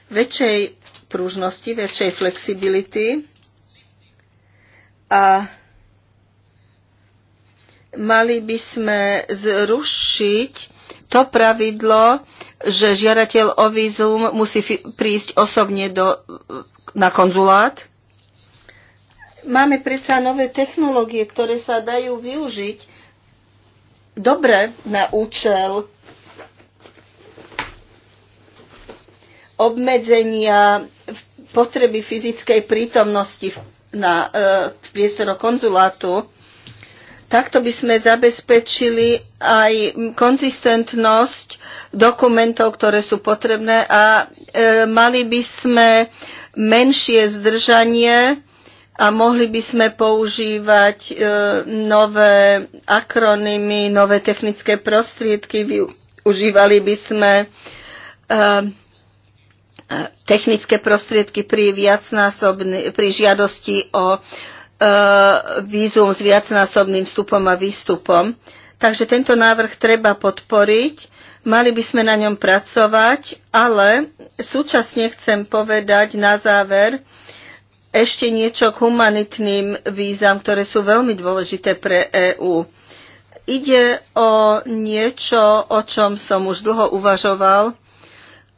väčšej pružnosti, väčšej flexibility a mali by sme zrušiť to pravidlo, že žiadateľ o vízum musí prísť osobne do, na konzulát. Máme predsa nové technológie, ktoré sa dajú využiť dobre na účel obmedzenia potreby fyzickej prítomnosti na, e, v priestoroch konzulátu Takto by sme zabezpečili aj konzistentnosť dokumentov, ktoré sú potrebné a e, mali by sme menšie zdržanie a mohli by sme používať e, nové akronymy, nové technické prostriedky, využívali by sme e, e technické prostriedky pri, pri žiadosti o E, vízum s viacnásobným vstupom a výstupom. Takže tento návrh treba podporiť, mali by sme na ňom pracovať, ale súčasne chcem povedať na záver ešte niečo k humanitným vízam, ktoré sú veľmi dôležité pre EÚ. Ide o niečo, o čom som už dlho uvažoval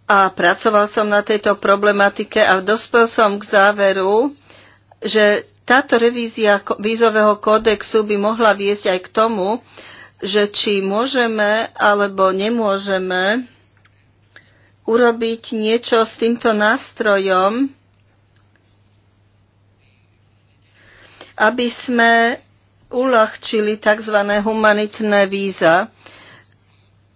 a pracoval som na tejto problematike a dospel som k záveru, že táto revízia vízového kódexu by mohla viesť aj k tomu, že či môžeme alebo nemôžeme urobiť niečo s týmto nástrojom, aby sme uľahčili tzv. humanitné víza.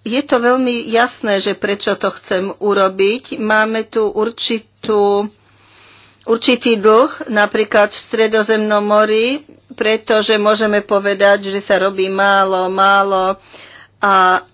Je to veľmi jasné, že prečo to chcem urobiť. Máme tu určitú určitý dlh, napríklad v Stredozemnom mori, pretože môžeme povedať, že sa robí málo, málo a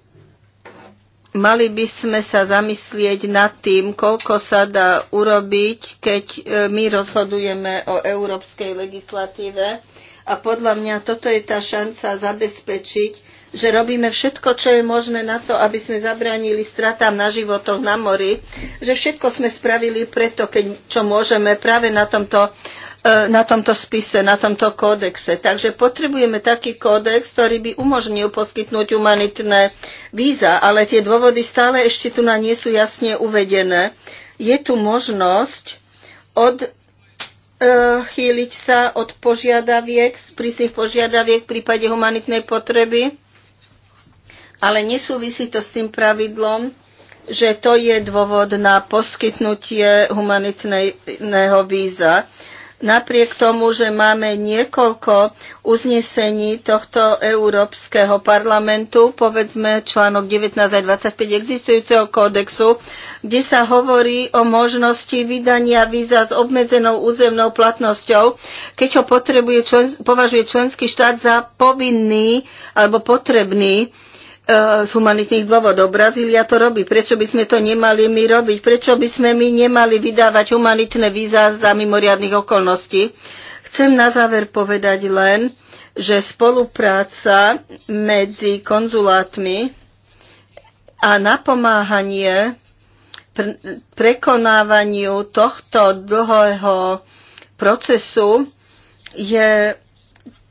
mali by sme sa zamyslieť nad tým, koľko sa dá urobiť, keď e, my rozhodujeme o európskej legislatíve. A podľa mňa toto je tá šanca zabezpečiť, že robíme všetko, čo je možné na to, aby sme zabránili stratám na životoch na mori, že všetko sme spravili preto, keď, čo môžeme práve na tomto e, na tomto spise, na tomto kódexe. Takže potrebujeme taký kódex, ktorý by umožnil poskytnúť humanitné víza, ale tie dôvody stále ešte tu na nie sú jasne uvedené. Je tu možnosť od e, chýliť sa od požiadaviek, prísnych požiadaviek v prípade humanitnej potreby ale nesúvisí to s tým pravidlom, že to je dôvod na poskytnutie humanitného víza. Napriek tomu, že máme niekoľko uznesení tohto Európskeho parlamentu, povedzme článok 19 a 25 existujúceho kódexu, kde sa hovorí o možnosti vydania víza s obmedzenou územnou platnosťou, keď ho potrebuje člen, považuje členský štát za povinný alebo potrebný z humanitných dôvodov. Brazília to robí. Prečo by sme to nemali my robiť? Prečo by sme my nemali vydávať humanitné víza za mimoriadných okolností? Chcem na záver povedať len, že spolupráca medzi konzulátmi a napomáhanie prekonávaniu tohto dlhého procesu je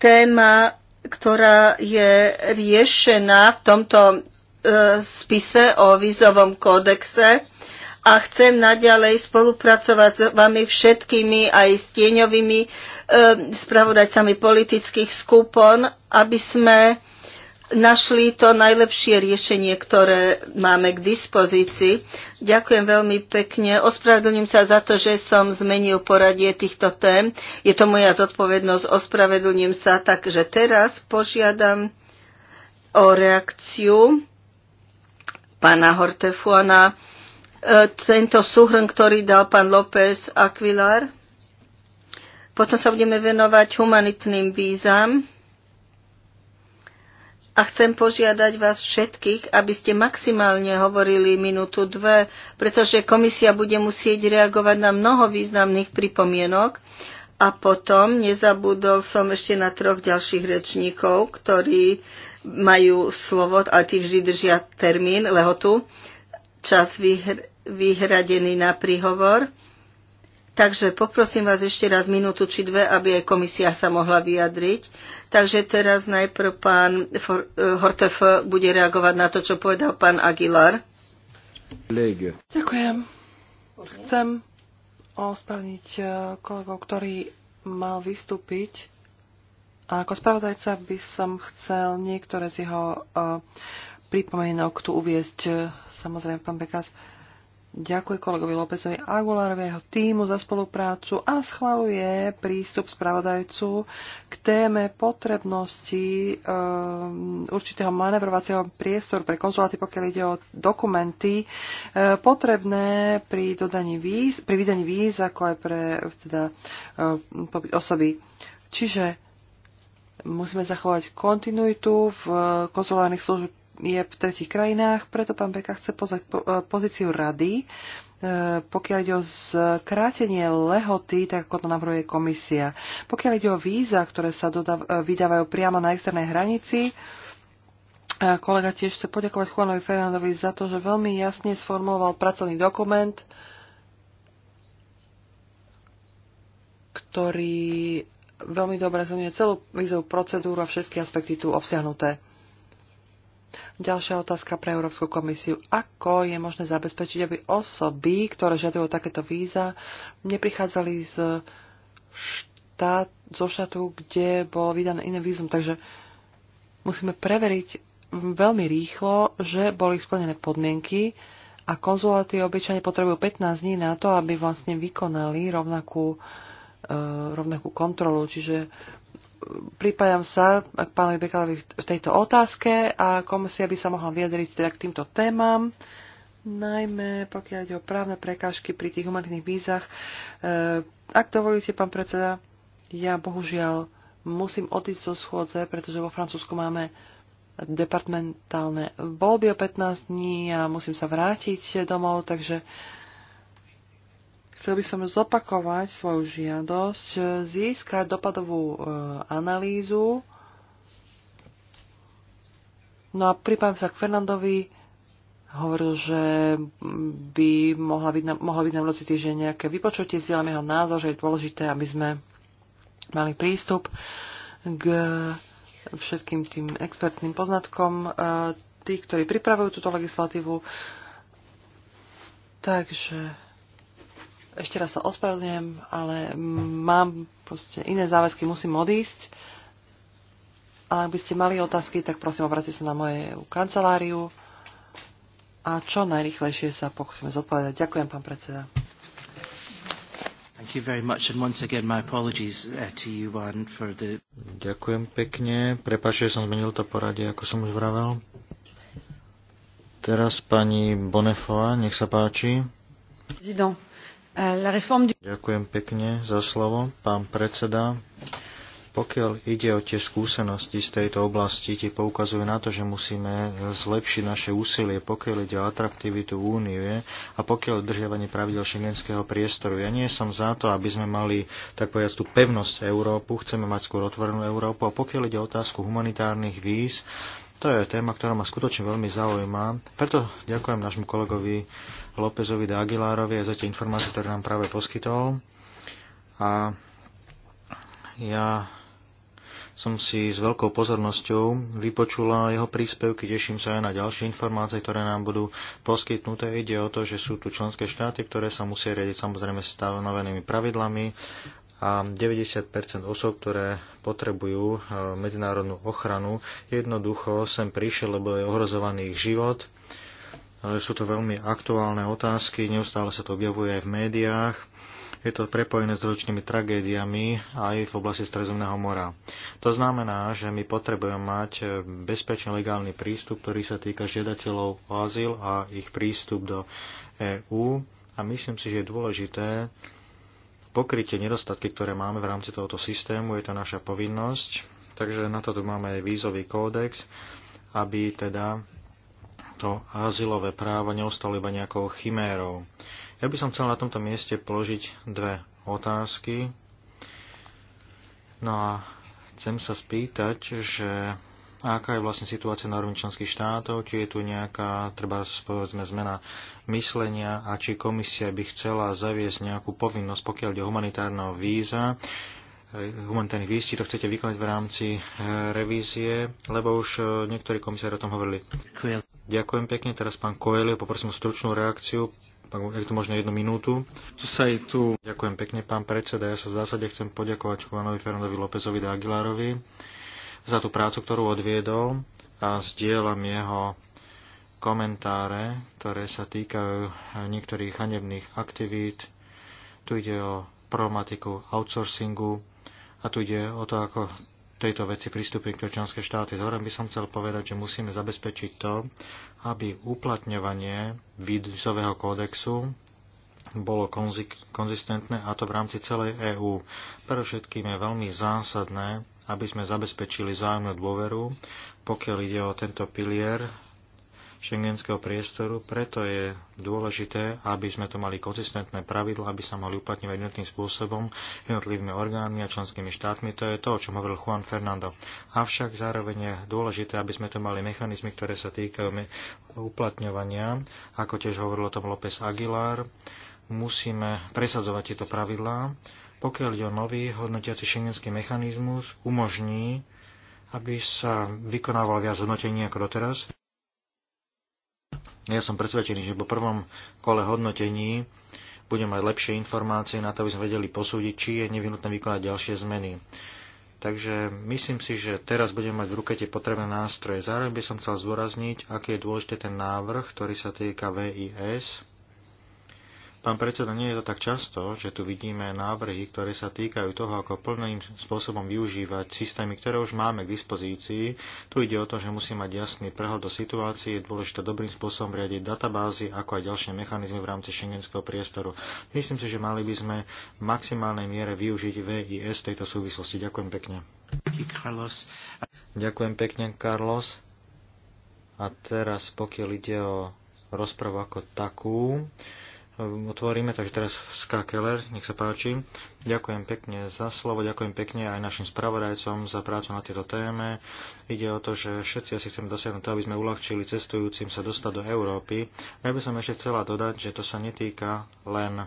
téma ktorá je riešená v tomto e, spise o vízovom kódexe a chcem naďalej spolupracovať s vami všetkými aj s tieňovými e, spravodajcami politických skupon, aby sme našli to najlepšie riešenie, ktoré máme k dispozícii. Ďakujem veľmi pekne. Ospravedlňujem sa za to, že som zmenil poradie týchto tém. Je to moja zodpovednosť. Ospravedlňujem sa. Takže teraz požiadam o reakciu pána Hortefuana e, tento súhrn, ktorý dal pán López Aquilar. Potom sa budeme venovať humanitným vízam a chcem požiadať vás všetkých, aby ste maximálne hovorili minútu dve, pretože komisia bude musieť reagovať na mnoho významných pripomienok. A potom nezabudol som ešte na troch ďalších rečníkov, ktorí majú slovo, ale tí vždy držia termín, lehotu, čas vyhr- vyhradený na príhovor. Takže poprosím vás ešte raz minútu či dve, aby aj komisia sa mohla vyjadriť. Takže teraz najprv pán eh, Hortef bude reagovať na to, čo povedal pán Aguilar. Lege. Ďakujem. Chcem ospravniť eh, kolegov, ktorý mal vystúpiť. A ako spravodajca by som chcel niektoré z jeho eh, pripomienok tu uviezť. Samozrejme, pán Bekas, uh, Ďakujem kolegovi Lópezovi a jeho týmu za spoluprácu a schvaluje prístup spravodajcu k téme potrebnosti um, určitého manevrovacieho priestoru pre konzuláty, pokiaľ ide o dokumenty uh, potrebné pri, dodaní víz, pri vydaní víz, ako aj pre teda, uh, osoby. Čiže musíme zachovať kontinuitu v konzulárnych službách je v tretich krajinách, preto pán Beka chce pozvať e, pozíciu rady, e, pokiaľ ide o skrátenie lehoty, tak ako to navrhuje komisia. Pokiaľ ide o víza, ktoré sa dodav- e, vydávajú priamo na externej hranici, kolega tiež chce poďakovať Juanovi Fernandovi za to, že veľmi jasne sformuloval pracovný dokument, ktorý veľmi dobre zhrňuje celú vízovú procedúru a všetky aspekty tu obsiahnuté. Ďalšia otázka pre Európsku komisiu. Ako je možné zabezpečiť, aby osoby, ktoré žiadajú takéto víza, neprichádzali z štát, zo štátu, kde bolo vydané iné vízum. Takže musíme preveriť veľmi rýchlo, že boli splnené podmienky a konzuláty obyčajne potrebujú 15 dní na to, aby vlastne vykonali rovnakú, e, rovnakú kontrolu. Čiže pripájam sa k pánovi Bekalovi v tejto otázke a komisia by sa mohla vyjadriť teda k týmto témam, najmä pokiaľ ide o právne prekážky pri tých humanitných vízach. E, ak dovolíte, pán predseda, ja bohužiaľ musím odísť zo schôdze, pretože vo Francúzsku máme departmentálne voľby o 15 dní a musím sa vrátiť domov, takže Chcel by som zopakovať svoju žiadosť, e, získať dopadovú e, analýzu. No a pripájam sa k Fernandovi, hovoril, že by mohla byť, na, mohlo byť na týždeň nejaké vypočutie, zdieľam jeho názor, že je dôležité, aby sme mali prístup k všetkým tým expertným poznatkom e, tých, ktorí pripravujú túto legislatívu. Takže ešte raz sa ospravedlňujem, ale mám proste iné záväzky, musím odísť. A ak by ste mali otázky, tak prosím, obráte sa na moje kanceláriu a čo najrychlejšie sa pokúsime zodpovedať. Ďakujem, pán predseda. Ďakujem pekne. že som zmenil to poradie, ako som už vravel. Teraz pani Bonefova, nech sa páči. Zidon. Ďakujem pekne za slovo, pán predseda. Pokiaľ ide o tie skúsenosti z tejto oblasti, tie poukazujú na to, že musíme zlepšiť naše úsilie, pokiaľ ide o atraktivitu únie a pokiaľ držiavanie pravidel šengenského priestoru. Ja nie som za to, aby sme mali, tak povedať, tú pevnosť Európu, chceme mať skôr otvorenú Európu a pokiaľ ide o otázku humanitárnych víz, to je téma, ktorá ma skutočne veľmi zaujíma. Preto ďakujem nášmu kolegovi Lópezovi de Aguilárovi za tie informácie, ktoré nám práve poskytol. A ja som si s veľkou pozornosťou vypočula jeho príspevky, teším sa aj na ďalšie informácie, ktoré nám budú poskytnuté. Ide o to, že sú tu členské štáty, ktoré sa musia riadiť samozrejme stanovenými pravidlami a 90 osôb, ktoré potrebujú e, medzinárodnú ochranu, jednoducho sem prišiel, lebo je ohrozovaný ich život. E, sú to veľmi aktuálne otázky, neustále sa to objavuje aj v médiách. Je to prepojené s rozličnými tragédiami aj v oblasti Stredozemného mora. To znamená, že my potrebujeme mať e, bezpečný legálny prístup, ktorý sa týka žiadateľov o azyl a ich prístup do EÚ. A myslím si, že je dôležité pokrytie nedostatky, ktoré máme v rámci tohoto systému, je to naša povinnosť. Takže na to tu máme aj vízový kódex, aby teda to azylové právo neostalo iba nejakou chimérou. Ja by som chcel na tomto mieste položiť dve otázky. No a chcem sa spýtať, že a aká je vlastne situácia na úrovni členských štátov, či je tu nejaká, treba povedzme, zmena myslenia a či komisia by chcela zaviesť nejakú povinnosť, pokiaľ ide o humanitárneho víza, eh, humanitárnych víz, či to chcete vykonať v rámci eh, revízie, lebo už eh, niektorí komisári o tom hovorili. Ďakujem pekne, teraz pán Koelio, poprosím o stručnú reakciu ak to možno jednu minútu. Tu sa aj tu. Ďakujem pekne, pán predseda. Ja sa v zásade chcem poďakovať Juanovi Fernandovi Lópezovi de Aguilarovi za tú prácu, ktorú odviedol a zdieľam jeho komentáre, ktoré sa týkajú niektorých hanebných aktivít. Tu ide o problematiku outsourcingu a tu ide o to, ako tejto veci pristúpi k členské štáty. Zhorem by som chcel povedať, že musíme zabezpečiť to, aby uplatňovanie vízového kódexu bolo konzistentné a to v rámci celej EÚ. Pre všetkým je veľmi zásadné, aby sme zabezpečili zájomnú dôveru, pokiaľ ide o tento pilier šengenského priestoru, preto je dôležité, aby sme to mali konzistentné pravidla, aby sa mali uplatňovať jednotným spôsobom jednotlivými orgánmi a členskými štátmi. To je to, o čom hovoril Juan Fernando. Avšak zároveň je dôležité, aby sme to mali mechanizmy, ktoré sa týkajú uplatňovania, ako tiež hovoril o tom López Aguilar. Musíme presadzovať tieto pravidlá pokiaľ ide o nový hodnotiaci šengenský mechanizmus, umožní, aby sa vykonávalo viac hodnotení ako doteraz. Ja som presvedčený, že po prvom kole hodnotení budeme mať lepšie informácie na to, aby sme vedeli posúdiť, či je nevyhnutné vykonať ďalšie zmeny. Takže myslím si, že teraz budeme mať v ruke tie potrebné nástroje. Zároveň by som chcel zdôrazniť, aký je dôležitý ten návrh, ktorý sa týka VIS. Pán predseda, nie je to tak často, že tu vidíme návrhy, ktoré sa týkajú toho, ako plným spôsobom využívať systémy, ktoré už máme k dispozícii. Tu ide o to, že musí mať jasný prehľad do situácie, je dôležité dobrým spôsobom riadiť databázy, ako aj ďalšie mechanizmy v rámci šengenského priestoru. Myslím si, že mali by sme v maximálnej miere využiť VIS tejto súvislosti. Ďakujem pekne. Ďakujem pekne, Carlos. A teraz, pokiaľ ide o rozprávu ako takú, Um, otvoríme, takže teraz Ska Keller, nech sa páči. Ďakujem pekne za slovo, ďakujem pekne aj našim spravodajcom za prácu na tieto téme. Ide o to, že všetci asi chceme dosiahnuť to, aby sme uľahčili cestujúcim sa dostať do Európy. ja by som ešte chcela dodať, že to sa netýka len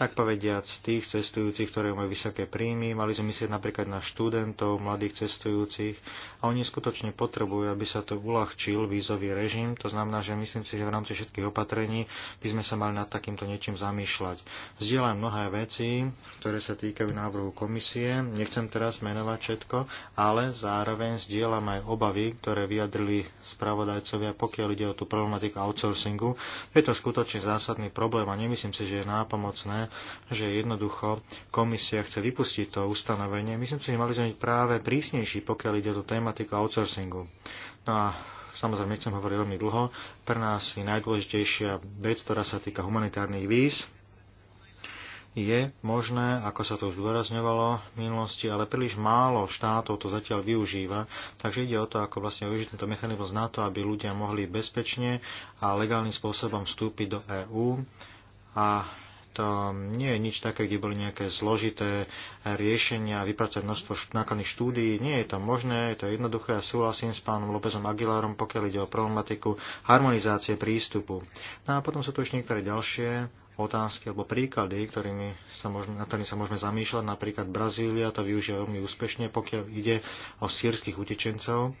tak povediac tých cestujúcich, ktorí majú vysoké príjmy. Mali sme myslieť napríklad na študentov, mladých cestujúcich a oni skutočne potrebujú, aby sa to uľahčil vízový režim. To znamená, že myslím si, že v rámci všetkých opatrení by sme sa mali nad takýmto niečím zamýšľať. Vzdielam mnohé veci, ktoré sa týkajú návrhu komisie. Nechcem teraz menovať všetko, ale zároveň zdieľam aj obavy, ktoré vyjadrili spravodajcovia, pokiaľ ide o tú problematiku outsourcingu. Je to skutočne zásadný problém a nemyslím si, že je nápomocné že jednoducho komisia chce vypustiť to ustanovenie. Myslím si, že mali sme byť práve prísnejší, pokiaľ ide o tematiku outsourcingu. No a samozrejme, nechcem hovoriť veľmi dlho. Pre nás je najdôležitejšia vec, ktorá sa týka humanitárnych víz, je možné, ako sa to už zdôrazňovalo v minulosti, ale príliš málo štátov to zatiaľ využíva, takže ide o to, ako vlastne využiť tento mechanizmus na to, aby ľudia mohli bezpečne a legálnym spôsobom vstúpiť do EÚ a to nie je nič také, kde boli nejaké zložité riešenia, vypracovať množstvo nákladných štúdií. Nie je to možné, je to jednoduché a súhlasím s pánom Lópezom Aguilárom, pokiaľ ide o problematiku harmonizácie prístupu. No a potom sú tu ešte niektoré ďalšie otázky alebo príklady, ktorými sa môžeme, na ktorými sa môžeme zamýšľať. Napríklad Brazília to využíva veľmi úspešne, pokiaľ ide o sírskych utečencov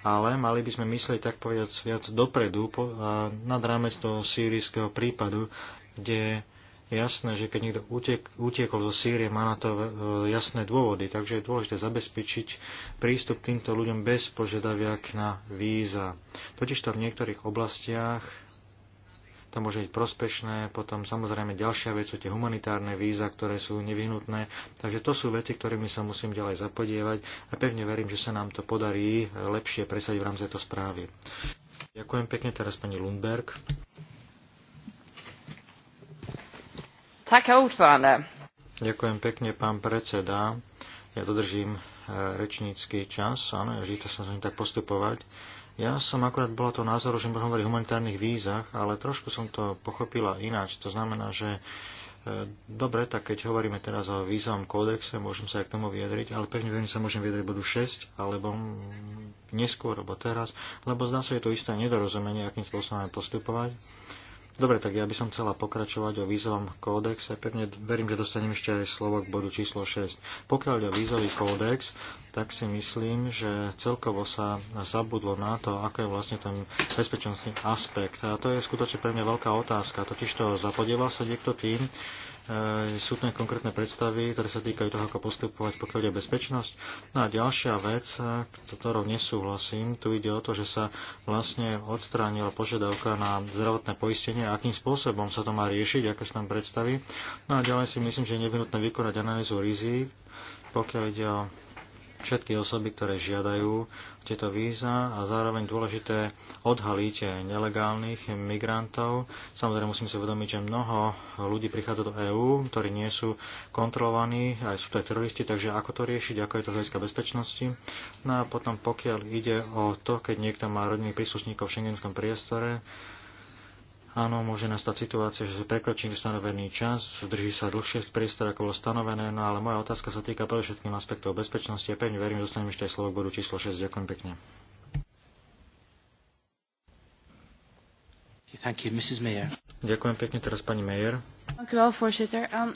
ale mali by sme myslieť tak povedať viac dopredu po, a nad rámec toho sírijského prípadu, kde jasné, že keď niekto utiek, utiekol zo Sýrie, má na to e, jasné dôvody, takže je dôležité zabezpečiť prístup k týmto ľuďom bez požiadaviak na víza. Totižto v niektorých oblastiach to môže byť prospešné, potom samozrejme ďalšia vec sú tie humanitárne víza, ktoré sú nevyhnutné, takže to sú veci, ktorými sa musím ďalej zapodievať a pevne verím, že sa nám to podarí lepšie presadiť v rámci tejto správy. Ďakujem pekne teraz pani Lundberg. Ďakujem pekne, pán predseda. Ja dodržím e, rečnícky čas, áno, ja žiť sa ním tak postupovať. Ja som akurát bola to názoru, že môžem hovoriť o humanitárnych vízach, ale trošku som to pochopila ináč. To znamená, že e, dobre, tak keď hovoríme teraz o vízovom kódexe, môžem sa aj k tomu vyjadriť, ale pevne že sa môžem vyjadriť bodu 6, alebo neskôr, alebo teraz, lebo zdá sa, je to isté nedorozumenie, akým spôsobom postupovať. Dobre, tak ja by som chcela pokračovať o vízovom kódexe. Pevne verím, že dostanem ešte aj slovo k bodu číslo 6. Pokiaľ ide o vízový kódex, tak si myslím, že celkovo sa zabudlo na to, ako je vlastne ten bezpečnostný aspekt. A to je skutočne pre mňa veľká otázka. Totiž to zapodieval sa niekto tým, sú tam konkrétne predstavy, ktoré sa týkajú toho, ako postupovať, pokiaľ ide bezpečnosť. No a ďalšia vec, ktorou nesúhlasím, tu ide o to, že sa vlastne odstránila požiadavka na zdravotné poistenie, akým spôsobom sa to má riešiť, aké sa tam predstaví. No a ďalej si myslím, že je nevyhnutné vykonať analýzu rizík, pokiaľ ide o všetky osoby, ktoré žiadajú tieto víza a zároveň dôležité odhaliť nelegálnych migrantov. Samozrejme musím si uvedomiť, že mnoho ľudí prichádza do EÚ, ktorí nie sú kontrolovaní, aj sú to aj teroristi, takže ako to riešiť, ako je to z hľadiska bezpečnosti. No a potom pokiaľ ide o to, keď niekto má rodinných príslušníkov v šengenskom priestore, Áno, môže nastať situácia, že sa prekročí stanovený čas, drží sa dlhšie priestor, ako bolo stanovené, no ale moja otázka sa týka predovšetkým aspektov bezpečnosti a pevne verím, že dostanem ešte aj slovo k bodu číslo 6. Ďakujem pekne. Thank you, Mrs. Ďakujem pekne teraz pani Mayer. Ehm,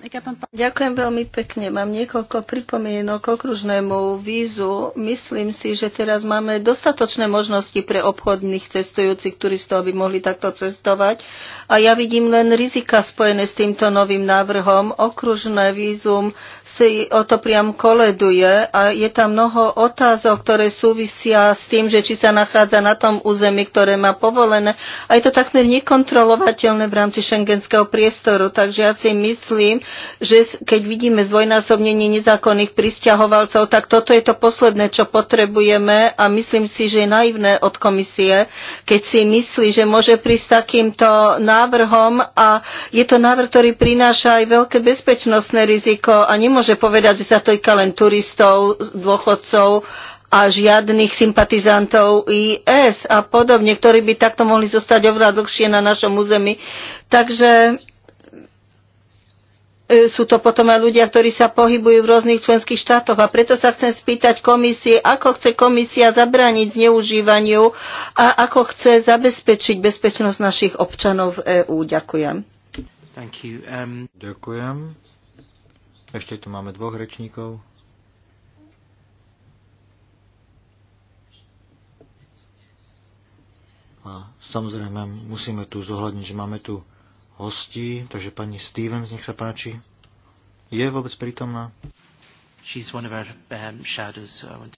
Ďakujem veľmi pekne. Mám niekoľko pripomienok k okružnému vízu. Myslím si, že teraz máme dostatočné možnosti pre obchodných cestujúcich turistov, aby mohli takto cestovať. A ja vidím len rizika spojené s týmto novým návrhom. Okružné vízum si o to priam koleduje a je tam mnoho otázok, ktoré súvisia s tým, že či sa nachádza na tom území, ktoré má povolené. A je to takmer nekontrolovateľné v rámci šengenského priestoru. Takže Takže ja si myslím, že keď vidíme zdvojnásobnenie nezákonných pristahovalcov, tak toto je to posledné, čo potrebujeme a myslím si, že je naivné od komisie, keď si myslí, že môže prísť takýmto návrhom a je to návrh, ktorý prináša aj veľké bezpečnostné riziko a nemôže povedať, že sa to týka len turistov, dôchodcov a žiadnych sympatizantov IS a podobne, ktorí by takto mohli zostať oveľa dlhšie na našom území. Takže E, sú to potom aj ľudia, ktorí sa pohybujú v rôznych členských štátoch. A preto sa chcem spýtať komisie, ako chce komisia zabrániť zneužívaniu a ako chce zabezpečiť bezpečnosť našich občanov v EÚ. Ďakujem. Thank you. Um... Ďakujem. Ešte tu máme dvoch rečníkov. A samozrejme, musíme tu zohľadniť, že máme tu hostí, takže pani Stevens, nech sa páči. Je vôbec prítomná? She's one of our, um, shadows, so I want...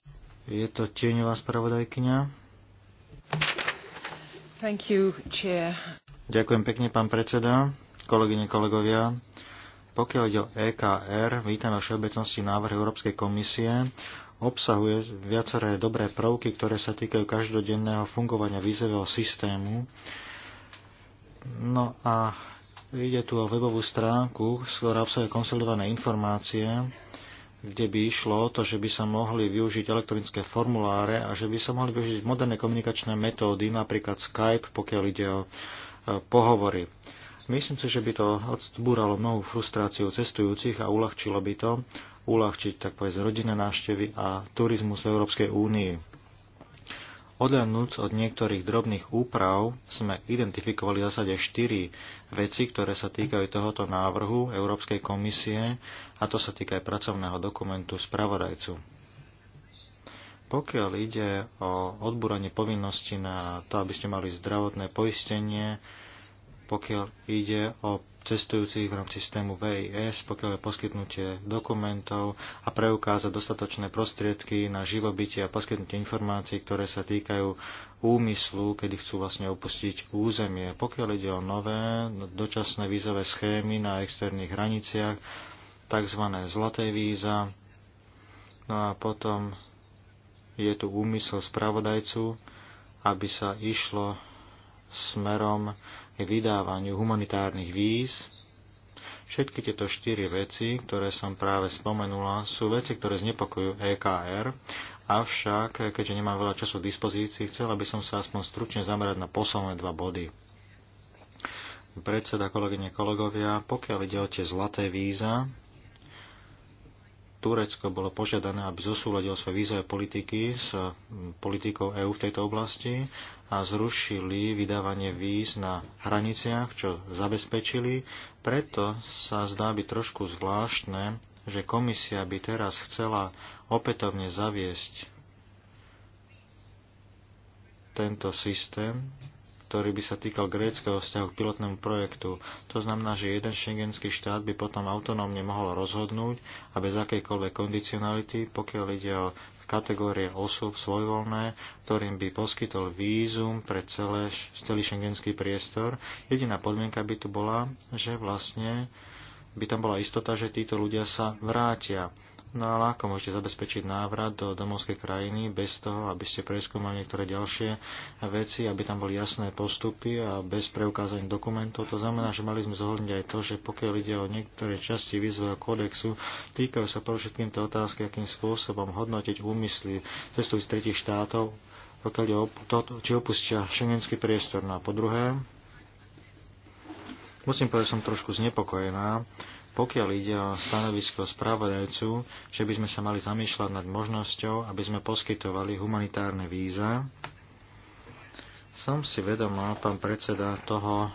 Je to tieňová spravodajkynia? Thank you, chair. Ďakujem pekne, pán predseda, kolegyne, kolegovia. Pokiaľ ide o EKR, vítame o všeobecnosti návrh Európskej komisie. Obsahuje viaceré dobré prvky, ktoré sa týkajú každodenného fungovania vízového systému No a ide tu o webovú stránku, ktorá obsahuje konsolidované informácie, kde by išlo to, že by sa mohli využiť elektronické formuláre a že by sa mohli využiť moderné komunikačné metódy, napríklad Skype, pokiaľ ide o e, pohovory. Myslím si, že by to odbúralo mnohú frustráciu cestujúcich a uľahčilo by to uľahčiť tak povedz rodinné návštevy a turizmus v Európskej únii. Odľadnúc od niektorých drobných úprav sme identifikovali v zásade štyri veci, ktoré sa týkajú tohoto návrhu Európskej komisie a to sa týka aj pracovného dokumentu spravodajcu. Pokiaľ ide o odbúranie povinnosti na to, aby ste mali zdravotné poistenie, pokiaľ ide o cestujúcich v rámci systému VIS, pokiaľ je poskytnutie dokumentov a preukázať dostatočné prostriedky na živobytie a poskytnutie informácií, ktoré sa týkajú úmyslu, kedy chcú vlastne opustiť územie. Pokiaľ ide o nové dočasné vízové schémy na externých hraniciach, tzv. zlaté víza, no a potom je tu úmysel spravodajcu, aby sa išlo smerom vydávaniu humanitárnych víz. Všetky tieto štyri veci, ktoré som práve spomenula, sú veci, ktoré znepokojujú EKR, avšak, keďže nemám veľa času k dispozícii, chcela by som sa aspoň stručne zamerať na posledné dva body. Predseda, kolegyne, kolegovia, pokiaľ ide o tie zlaté víza, Turecko bolo požiadané, aby zosúľadil svoje vízové politiky s politikou EÚ v tejto oblasti a zrušili vydávanie víz na hraniciach, čo zabezpečili. Preto sa zdá byť trošku zvláštne, že komisia by teraz chcela opätovne zaviesť tento systém ktorý by sa týkal gréckého vzťahu k pilotnému projektu. To znamená, že jeden šengenský štát by potom autonómne mohol rozhodnúť a bez akejkoľvek kondicionality, pokiaľ ide o kategórie osôb svojvoľné, ktorým by poskytol vízum pre celé, celý šengenský priestor. Jediná podmienka by tu bola, že vlastne by tam bola istota, že títo ľudia sa vrátia. No ale ako môžete zabezpečiť návrat do domovskej krajiny bez toho, aby ste preskúmali niektoré ďalšie veci, aby tam boli jasné postupy a bez preukázaní dokumentov. To znamená, že mali sme zohľadniť aj to, že pokiaľ ide o niektoré časti výzvoja kódexu, týkajú sa pre všetkým tie otázky, akým spôsobom hodnotiť úmysly cestu z tretich štátov, pokiaľ ide o to, či opustia šengenský priestor. No a po druhé, musím povedať, že som trošku znepokojená, pokiaľ ide o stanovisko správodajcu, že by sme sa mali zamýšľať nad možnosťou, aby sme poskytovali humanitárne víza. Som si vedomá, pán predseda, toho,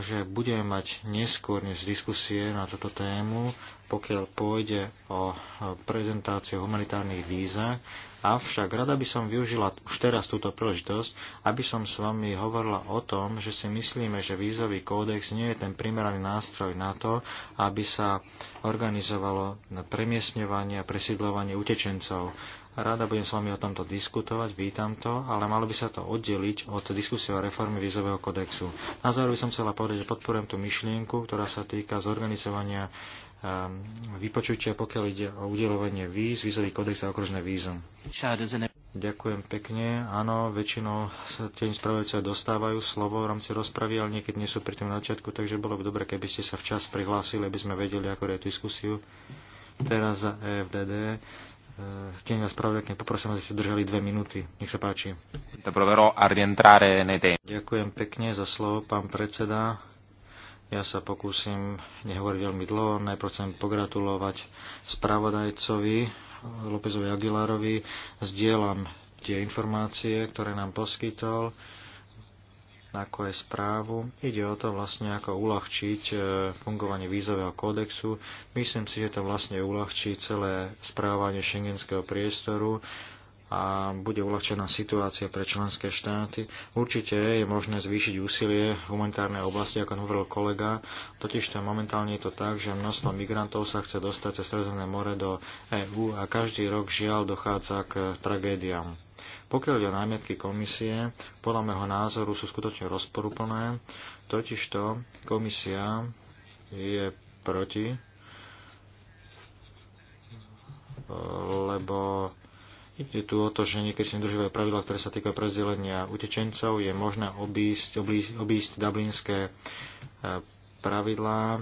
že budeme mať neskôr dnes diskusie na túto tému, pokiaľ pôjde o prezentáciu humanitárnych víza. Avšak rada by som využila už teraz túto príležitosť, aby som s vami hovorila o tom, že si myslíme, že vízový kódex nie je ten primeraný nástroj na to, aby sa organizovalo premiesňovanie a presídlovanie utečencov. Rada budem s vami o tomto diskutovať, vítam to, ale malo by sa to oddeliť od diskusie o reforme vízového kodexu. Na záver by som chcela povedať, že podporujem tú myšlienku, ktorá sa týka zorganizovania ehm, vypočutia, pokiaľ ide o udelovanie víz, vízový kodex a okružné vízum. Ďakujem pekne. Áno, väčšinou sa tie spravodajcovia dostávajú slovo v rámci rozpravy, ale niekedy nie sú pri tom načiatku, takže bolo by dobre, keby ste sa včas prihlásili, aby sme vedeli, ako je diskusiu. Teraz za EFDD Eh, vás pravdekne, poprosím, aby ste držali dve minúty. Nech sa páči. E ďakujem pekne za slovo, pán predseda. Ja sa pokúsim nehovoriť veľmi dlho. Najprv chcem pogratulovať spravodajcovi Lópezovi Aguilarovi. Zdieľam tie informácie, ktoré nám poskytol ako je správu. Ide o to vlastne, ako uľahčiť e, fungovanie vízového kódexu. Myslím si, že to vlastne uľahčí celé správanie šengenského priestoru a bude uľahčená situácia pre členské štáty. Určite je možné zvýšiť úsilie v humanitárnej oblasti, ako hovoril kolega, totiž to momentálne je to tak, že množstvo migrantov sa chce dostať cez Stredozemné more do EÚ a každý rok žiaľ dochádza k tragédiám. Pokiaľ je námietky komisie, podľa môjho názoru sú skutočne rozporúplné, totižto komisia je proti, lebo je tu o to, že niekedy si nedržívajú pravidla, ktoré sa týkajú prezdelenia utečencov. Je možné obísť, obísť, obísť dublinské eh, pravidlá,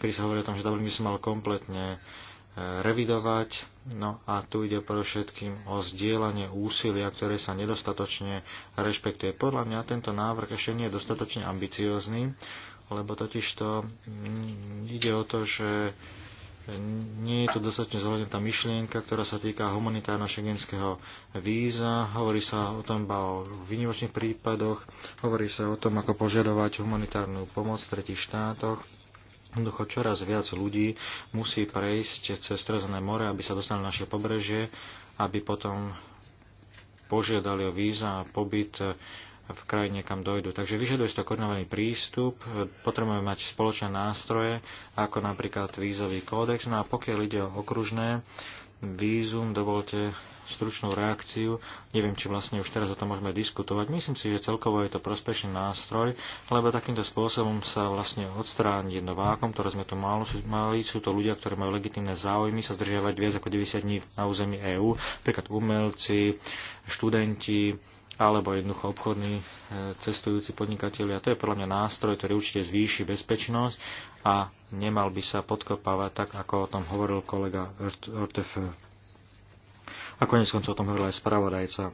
kedy sa hovorí o tom, že Dublin by sa mal kompletne revidovať. No a tu ide pre všetkým o zdieľanie úsilia, ktoré sa nedostatočne rešpektuje. Podľa mňa tento návrh ešte nie je dostatočne ambiciózny, lebo totiž to mm, ide o to, že nie je to dostatočne zohľadne tá myšlienka, ktorá sa týka humanitárno-šengenského víza. Hovorí sa o tom iba o výnimočných prípadoch, hovorí sa o tom, ako požadovať humanitárnu pomoc v tretich štátoch Jednoducho čoraz viac ľudí musí prejsť cez Stredozemné more, aby sa dostali na naše pobrežie, aby potom požiadali o víza a pobyt v krajine, kam dojdu. Takže vyžaduje to koordinovaný prístup, potrebujeme mať spoločné nástroje, ako napríklad vízový kódex. No a pokiaľ ide o okružné vízum, dovolte stručnú reakciu. Neviem, či vlastne už teraz o tom môžeme diskutovať. Myslím si, že celkovo je to prospešný nástroj, lebo takýmto spôsobom sa vlastne odstráni jedno vákom, ktoré sme tu mali. Sú to ľudia, ktorí majú legitimné záujmy sa zdržiavať viac ako 90 dní na území EÚ, napríklad umelci, študenti, alebo jednoducho obchodní e, cestujúci podnikatelia. To je podľa mňa nástroj, ktorý určite zvýši bezpečnosť a nemal by sa podkopávať tak, ako o tom hovoril kolega Ortef a konec koncov o tom hovoril aj spravodajca.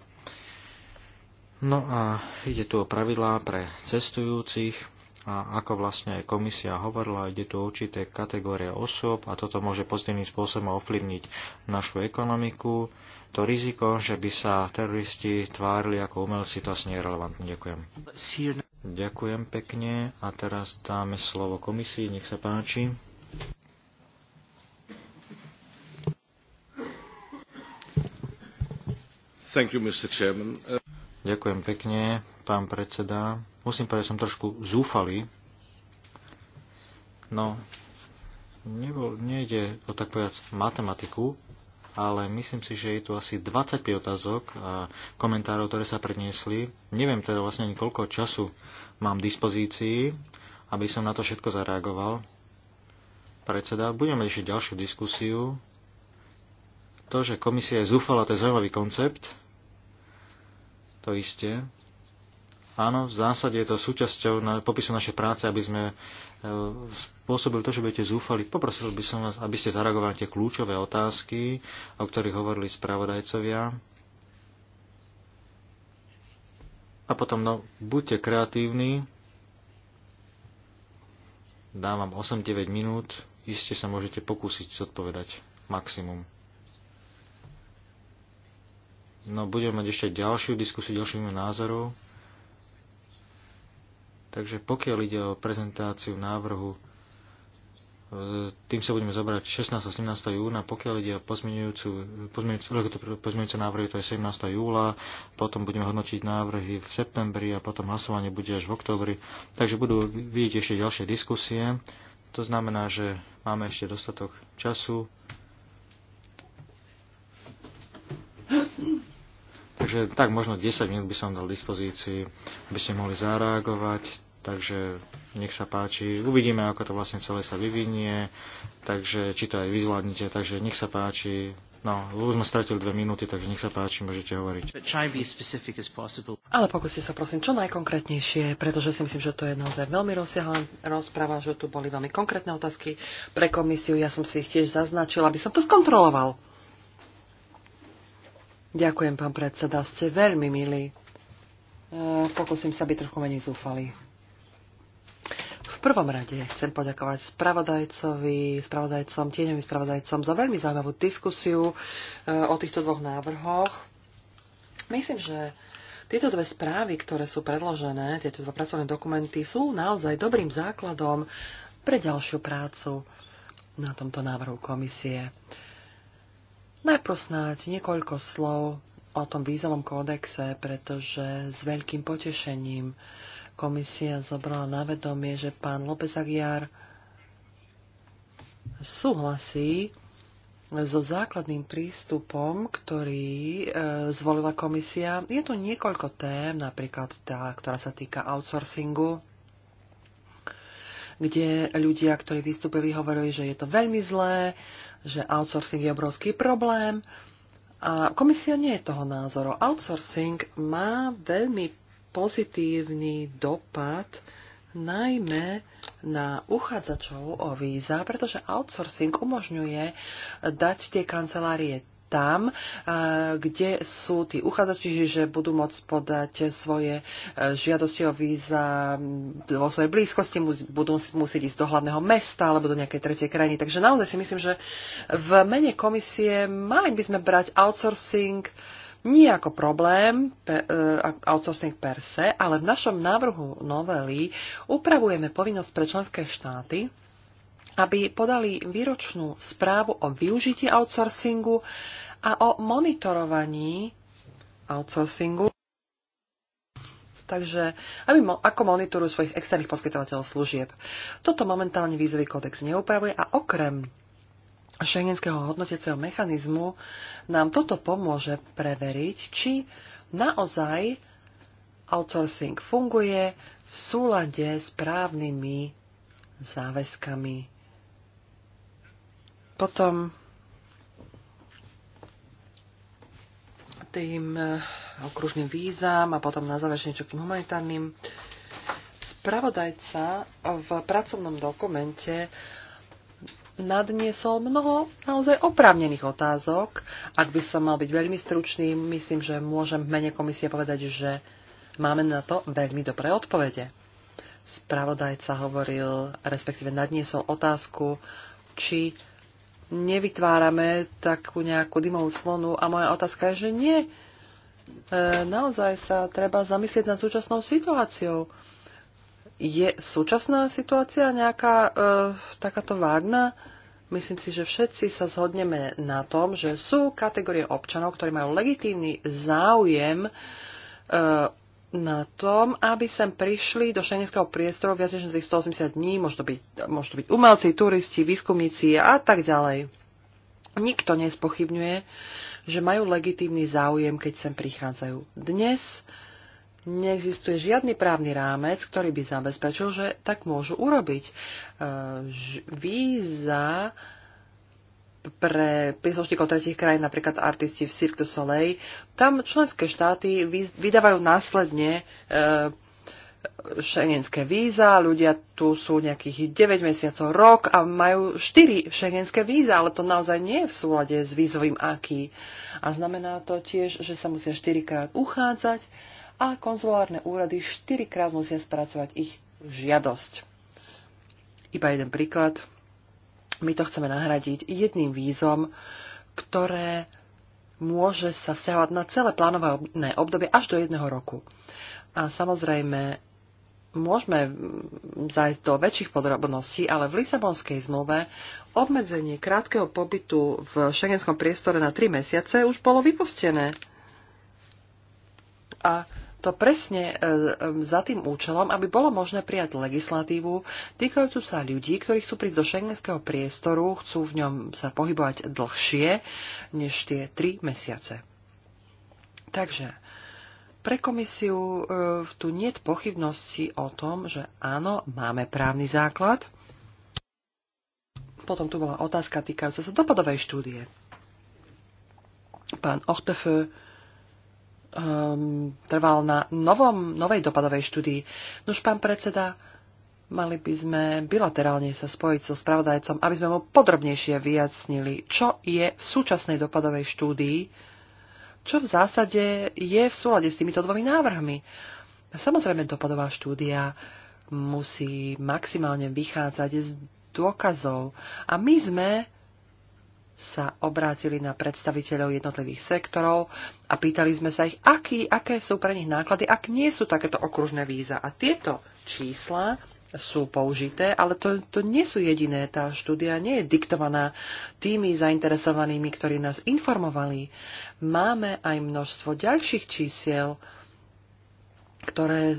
No a ide tu o pravidlá pre cestujúcich a ako vlastne aj komisia hovorila, ide tu o určité kategórie osôb a toto môže pozitívnym spôsobom ovplyvniť našu ekonomiku. To riziko, že by sa teroristi tvárili ako umelci, to asi nie je relevantné. Ďakujem. Ďakujem pekne a teraz dáme slovo komisii, nech sa páči. You, Ďakujem pekne, pán predseda. Musím povedať, že som trošku zúfalý. No, nebol, nejde o tak povedať matematiku, ale myslím si, že je tu asi 25 otázok a komentárov, ktoré sa predniesli. Neviem teda vlastne ani koľko času mám v dispozícii, aby som na to všetko zareagoval. Predseda, budeme ešte ďalšiu diskusiu. To, že komisia je zúfala, to je zaujímavý koncept to isté. Áno, v zásade je to súčasťou na, popisu našej práce, aby sme e, spôsobili to, že budete zúfali. Poprosil by som vás, aby ste zareagovali tie kľúčové otázky, o ktorých hovorili spravodajcovia. A potom, no, buďte kreatívni. Dávam 8-9 minút. Iste sa môžete pokúsiť zodpovedať maximum. No budeme mať ešte ďalšiu diskusiu, ďalšiu názorov. Takže pokiaľ ide o prezentáciu návrhu, e, tým sa budeme zobrať 16. a 17. júna, pokiaľ ide o pozmeňujúce návrhy, to je 17. júla, potom budeme hodnotiť návrhy v septembri a potom hlasovanie bude až v oktobri. Takže budú vidieť ešte ďalšie diskusie. To znamená, že máme ešte dostatok času Takže tak možno 10 minút by som dal dispozícii, aby ste mohli zareagovať. Takže nech sa páči. Uvidíme, ako to vlastne celé sa vyvinie. Takže či to aj vy Takže nech sa páči. No, lebo sme stratili dve minúty, takže nech sa páči, môžete hovoriť. Ale pokúste sa prosím čo najkonkrétnejšie, pretože si myslím, že to je naozaj veľmi rozsiahla rozpráva, že tu boli veľmi konkrétne otázky pre komisiu. Ja som si ich tiež zaznačil, aby som to skontroloval. Ďakujem, pán predseda, ste veľmi milí. E, pokúsim sa byť trochu menej zúfali. V prvom rade chcem poďakovať spravodajcovi, spravodajcom, tieňovým spravodajcom za veľmi zaujímavú diskusiu e, o týchto dvoch návrhoch. Myslím, že tieto dve správy, ktoré sú predložené, tieto dva pracovné dokumenty, sú naozaj dobrým základom pre ďalšiu prácu na tomto návrhu komisie. Najprv snáď niekoľko slov o tom vízovom kódexe, pretože s veľkým potešením komisia zobrala na vedomie, že pán López Aguiar súhlasí so základným prístupom, ktorý e, zvolila komisia. Je tu niekoľko tém, napríklad tá, ktorá sa týka outsourcingu kde ľudia, ktorí vystúpili, hovorili, že je to veľmi zlé, že outsourcing je obrovský problém. A komisia nie je toho názoru. Outsourcing má veľmi pozitívny dopad najmä na uchádzačov o víza, pretože outsourcing umožňuje dať tie kancelárie tam, kde sú tí uchádzači, že budú môcť podať svoje e, žiadosti o víza vo svojej blízkosti, budú musieť ísť do hlavného mesta alebo do nejakej tretej krajiny. Takže naozaj si myslím, že v mene komisie mali by sme brať outsourcing nie ako problém e, outsourcing per se, ale v našom návrhu novely upravujeme povinnosť pre členské štáty, aby podali výročnú správu o využití outsourcingu a o monitorovaní outsourcingu. Takže aby mo- ako monitorujú svojich externých poskytovateľov služieb. Toto momentálne vízový kódex neupravuje a okrem šengenského hodnotiaceho mechanizmu nám toto pomôže preveriť, či naozaj outsourcing funguje v súlade s právnymi záväzkami. Potom tým e, okružným vízam a potom na záver niečo k humanitárnym. Spravodajca v pracovnom dokumente nadniesol mnoho naozaj oprávnených otázok. Ak by som mal byť veľmi stručný, myslím, že môžem v mene komisie povedať, že máme na to veľmi dobré odpovede. Spravodajca hovoril, respektíve nadniesol otázku, či nevytvárame takú nejakú dymovú slonu A moja otázka je, že nie. E, naozaj sa treba zamyslieť nad súčasnou situáciou. Je súčasná situácia nejaká e, takáto vágna? Myslím si, že všetci sa zhodneme na tom, že sú kategórie občanov, ktorí majú legitímny záujem e, na tom, aby sem prišli do šengenského priestoru viac než 180 dní, môžu to byť, môžu to byť umelci, turisti, výskumníci a tak ďalej. Nikto nespochybňuje, že majú legitímny záujem, keď sem prichádzajú. Dnes neexistuje žiadny právny rámec, ktorý by zabezpečil, že tak môžu urobiť. E, víza pre príslušníkov tretich krajín, napríklad artisti v Cirque du Soleil, tam členské štáty vydávajú následne e, šengenské víza, ľudia tu sú nejakých 9 mesiacov, rok a majú 4 šengenské víza, ale to naozaj nie je v súlade s vízovým aký. A znamená to tiež, že sa musia 4 krát uchádzať a konzulárne úrady 4 krát musia spracovať ich žiadosť. Iba jeden príklad my to chceme nahradiť jedným vízom, ktoré môže sa vzťahovať na celé plánované obdobie až do jedného roku. A samozrejme, môžeme zajsť do väčších podrobností, ale v Lisabonskej zmluve obmedzenie krátkeho pobytu v šengenskom priestore na 3 mesiace už bolo vypustené. A to presne e, e, za tým účelom, aby bolo možné prijať legislatívu týkajúcu sa ľudí, ktorí chcú prísť do šengenského priestoru, chcú v ňom sa pohybovať dlhšie než tie tri mesiace. Takže pre komisiu e, tu nie je pochybnosti o tom, že áno, máme právny základ. Potom tu bola otázka týkajúca sa dopadovej štúdie. Pán Ochtefe um, trval na novom, novej dopadovej štúdii. Nuž, pán predseda, mali by sme bilaterálne sa spojiť so spravodajcom, aby sme mu podrobnejšie vyjasnili, čo je v súčasnej dopadovej štúdii, čo v zásade je v súlade s týmito dvomi návrhmi. Samozrejme, dopadová štúdia musí maximálne vychádzať z dôkazov. A my sme sa obrátili na predstaviteľov jednotlivých sektorov a pýtali sme sa ich, aký, aké sú pre nich náklady, ak nie sú takéto okružné víza. A tieto čísla sú použité, ale to, to nie sú jediné. Tá štúdia nie je diktovaná tými zainteresovanými, ktorí nás informovali. Máme aj množstvo ďalších čísiel, ktoré e,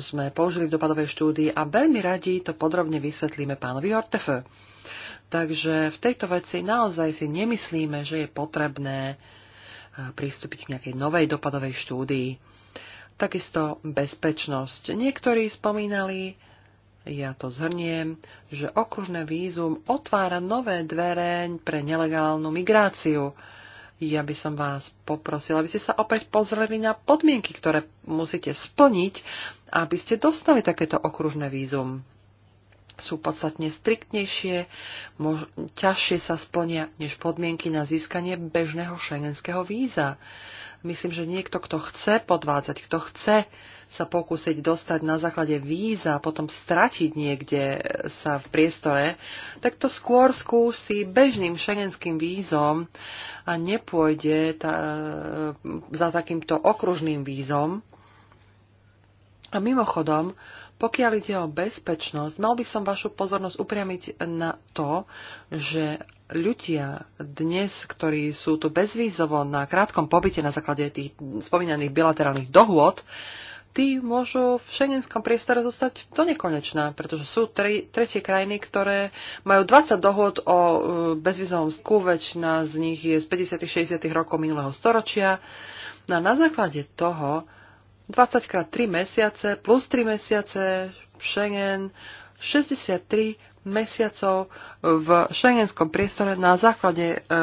sme použili v dopadovej štúdii a veľmi radi to podrobne vysvetlíme pánovi Ortefe. Takže v tejto veci naozaj si nemyslíme, že je potrebné e, pristúpiť k nejakej novej dopadovej štúdii. Takisto bezpečnosť. Niektorí spomínali, ja to zhrniem, že okružné vízum otvára nové dvere pre nelegálnu migráciu. Ja by som vás poprosila, aby ste sa opäť pozreli na podmienky, ktoré musíte splniť, aby ste dostali takéto okružné vízum sú podstatne striktnejšie, mož- ťažšie sa splnia než podmienky na získanie bežného šengenského víza. Myslím, že niekto, kto chce podvádzať, kto chce sa pokúsiť dostať na základe víza a potom stratiť niekde sa v priestore, tak to skôr skúsi bežným šengenským vízom a nepôjde tá, za takýmto okružným vízom. A mimochodom, pokiaľ ide o bezpečnosť, mal by som vašu pozornosť upriamiť na to, že ľudia dnes, ktorí sú tu bezvízovo na krátkom pobyte na základe tých spomínaných bilaterálnych dohôd, tí môžu v šengenskom priestore zostať do nekonečná, pretože sú tri, tretie krajiny, ktoré majú 20 dohod o e, bezvýzovom stku, väčšina z nich je z 50. 60. rokov minulého storočia. No a na základe toho 20 krát 3 mesiace, plus 3 mesiace, Schengen, 63 mesiacov v šengenskom priestore na základe e,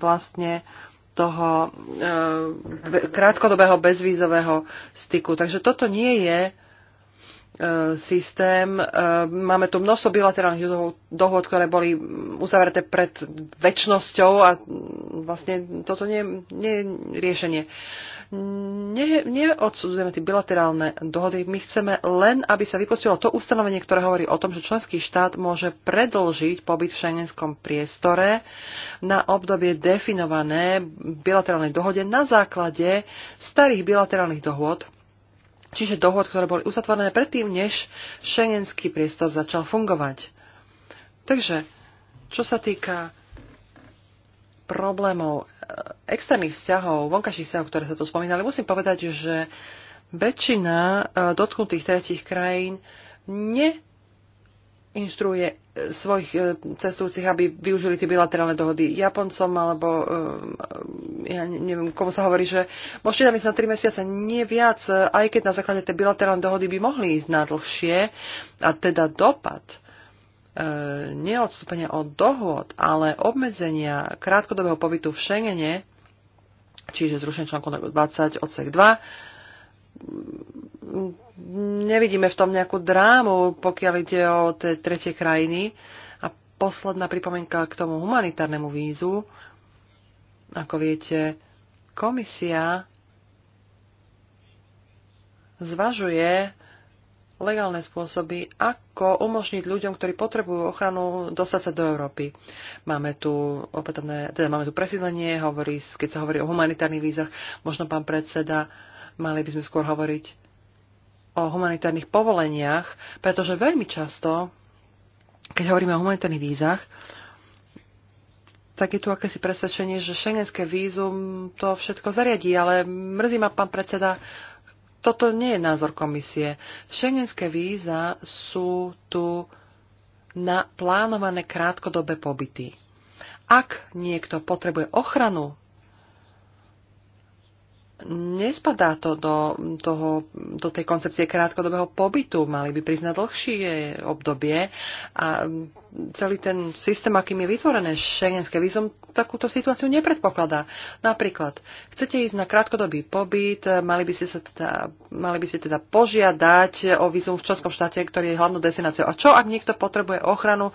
vlastne toho e, krátkodobého bezvízového styku. Takže toto nie je E, systém. E, máme tu množstvo bilaterálnych dohod, ktoré boli uzavreté pred väčšnosťou a vlastne toto nie, nie je riešenie. Ne, neodsudzujeme tie bilaterálne dohody. My chceme len, aby sa vypustilo to ustanovenie, ktoré hovorí o tom, že členský štát môže predlžiť pobyt v šengenskom priestore na obdobie definované bilaterálnej dohode na základe starých bilaterálnych dohod čiže dohod, ktoré boli uzatvorené predtým, než šengenský priestor začal fungovať. Takže, čo sa týka problémov e, externých vzťahov, vonkajších vzťahov, ktoré sa tu spomínali, musím povedať, že väčšina e, dotknutých tretich krajín ne inštruuje e, svojich e, cestujúcich, aby využili tie bilaterálne dohody Japoncom alebo e, ja neviem, komu sa hovorí, že môžete tam ísť na 3 mesiace, nie viac, aj keď na základe tej bilaterálne dohody by mohli ísť na dlhšie a teda dopad neodstúpenia od dohod, ale obmedzenia krátkodobého pobytu v Schengene, čiže zrušenie článku 20 odsek 2, nevidíme v tom nejakú drámu, pokiaľ ide o tie tretie krajiny. A posledná pripomienka k tomu humanitárnemu vízu. Ako viete, komisia zvažuje legálne spôsoby, ako umožniť ľuďom, ktorí potrebujú ochranu, dostať sa do Európy. Máme tu opätovné, teda máme tu presídlenie, hovorí, keď sa hovorí o humanitárnych vízach, možno pán predseda uh, Mali by sme skôr hovoriť o humanitárnych povoleniach, pretože veľmi často, keď hovoríme o humanitárnych vízach, tak je tu akési presvedčenie, že šengenské vízum to všetko zariadí, ale mrzí ma pán predseda, toto nie je názor komisie. Šengenské víza sú tu na plánované krátkodobé pobyty. Ak niekto potrebuje ochranu nespadá to do, toho, do tej koncepcie krátkodobého pobytu. Mali by priznať dlhšie obdobie a celý ten systém, akým je vytvorené šengenské vízum, takúto situáciu nepredpokladá. Napríklad, chcete ísť na krátkodobý pobyt, mali by ste, sa teda, mali by ste teda požiadať o vízum v členskom štáte, ktorý je hlavnou destináciou. A čo, ak niekto potrebuje ochranu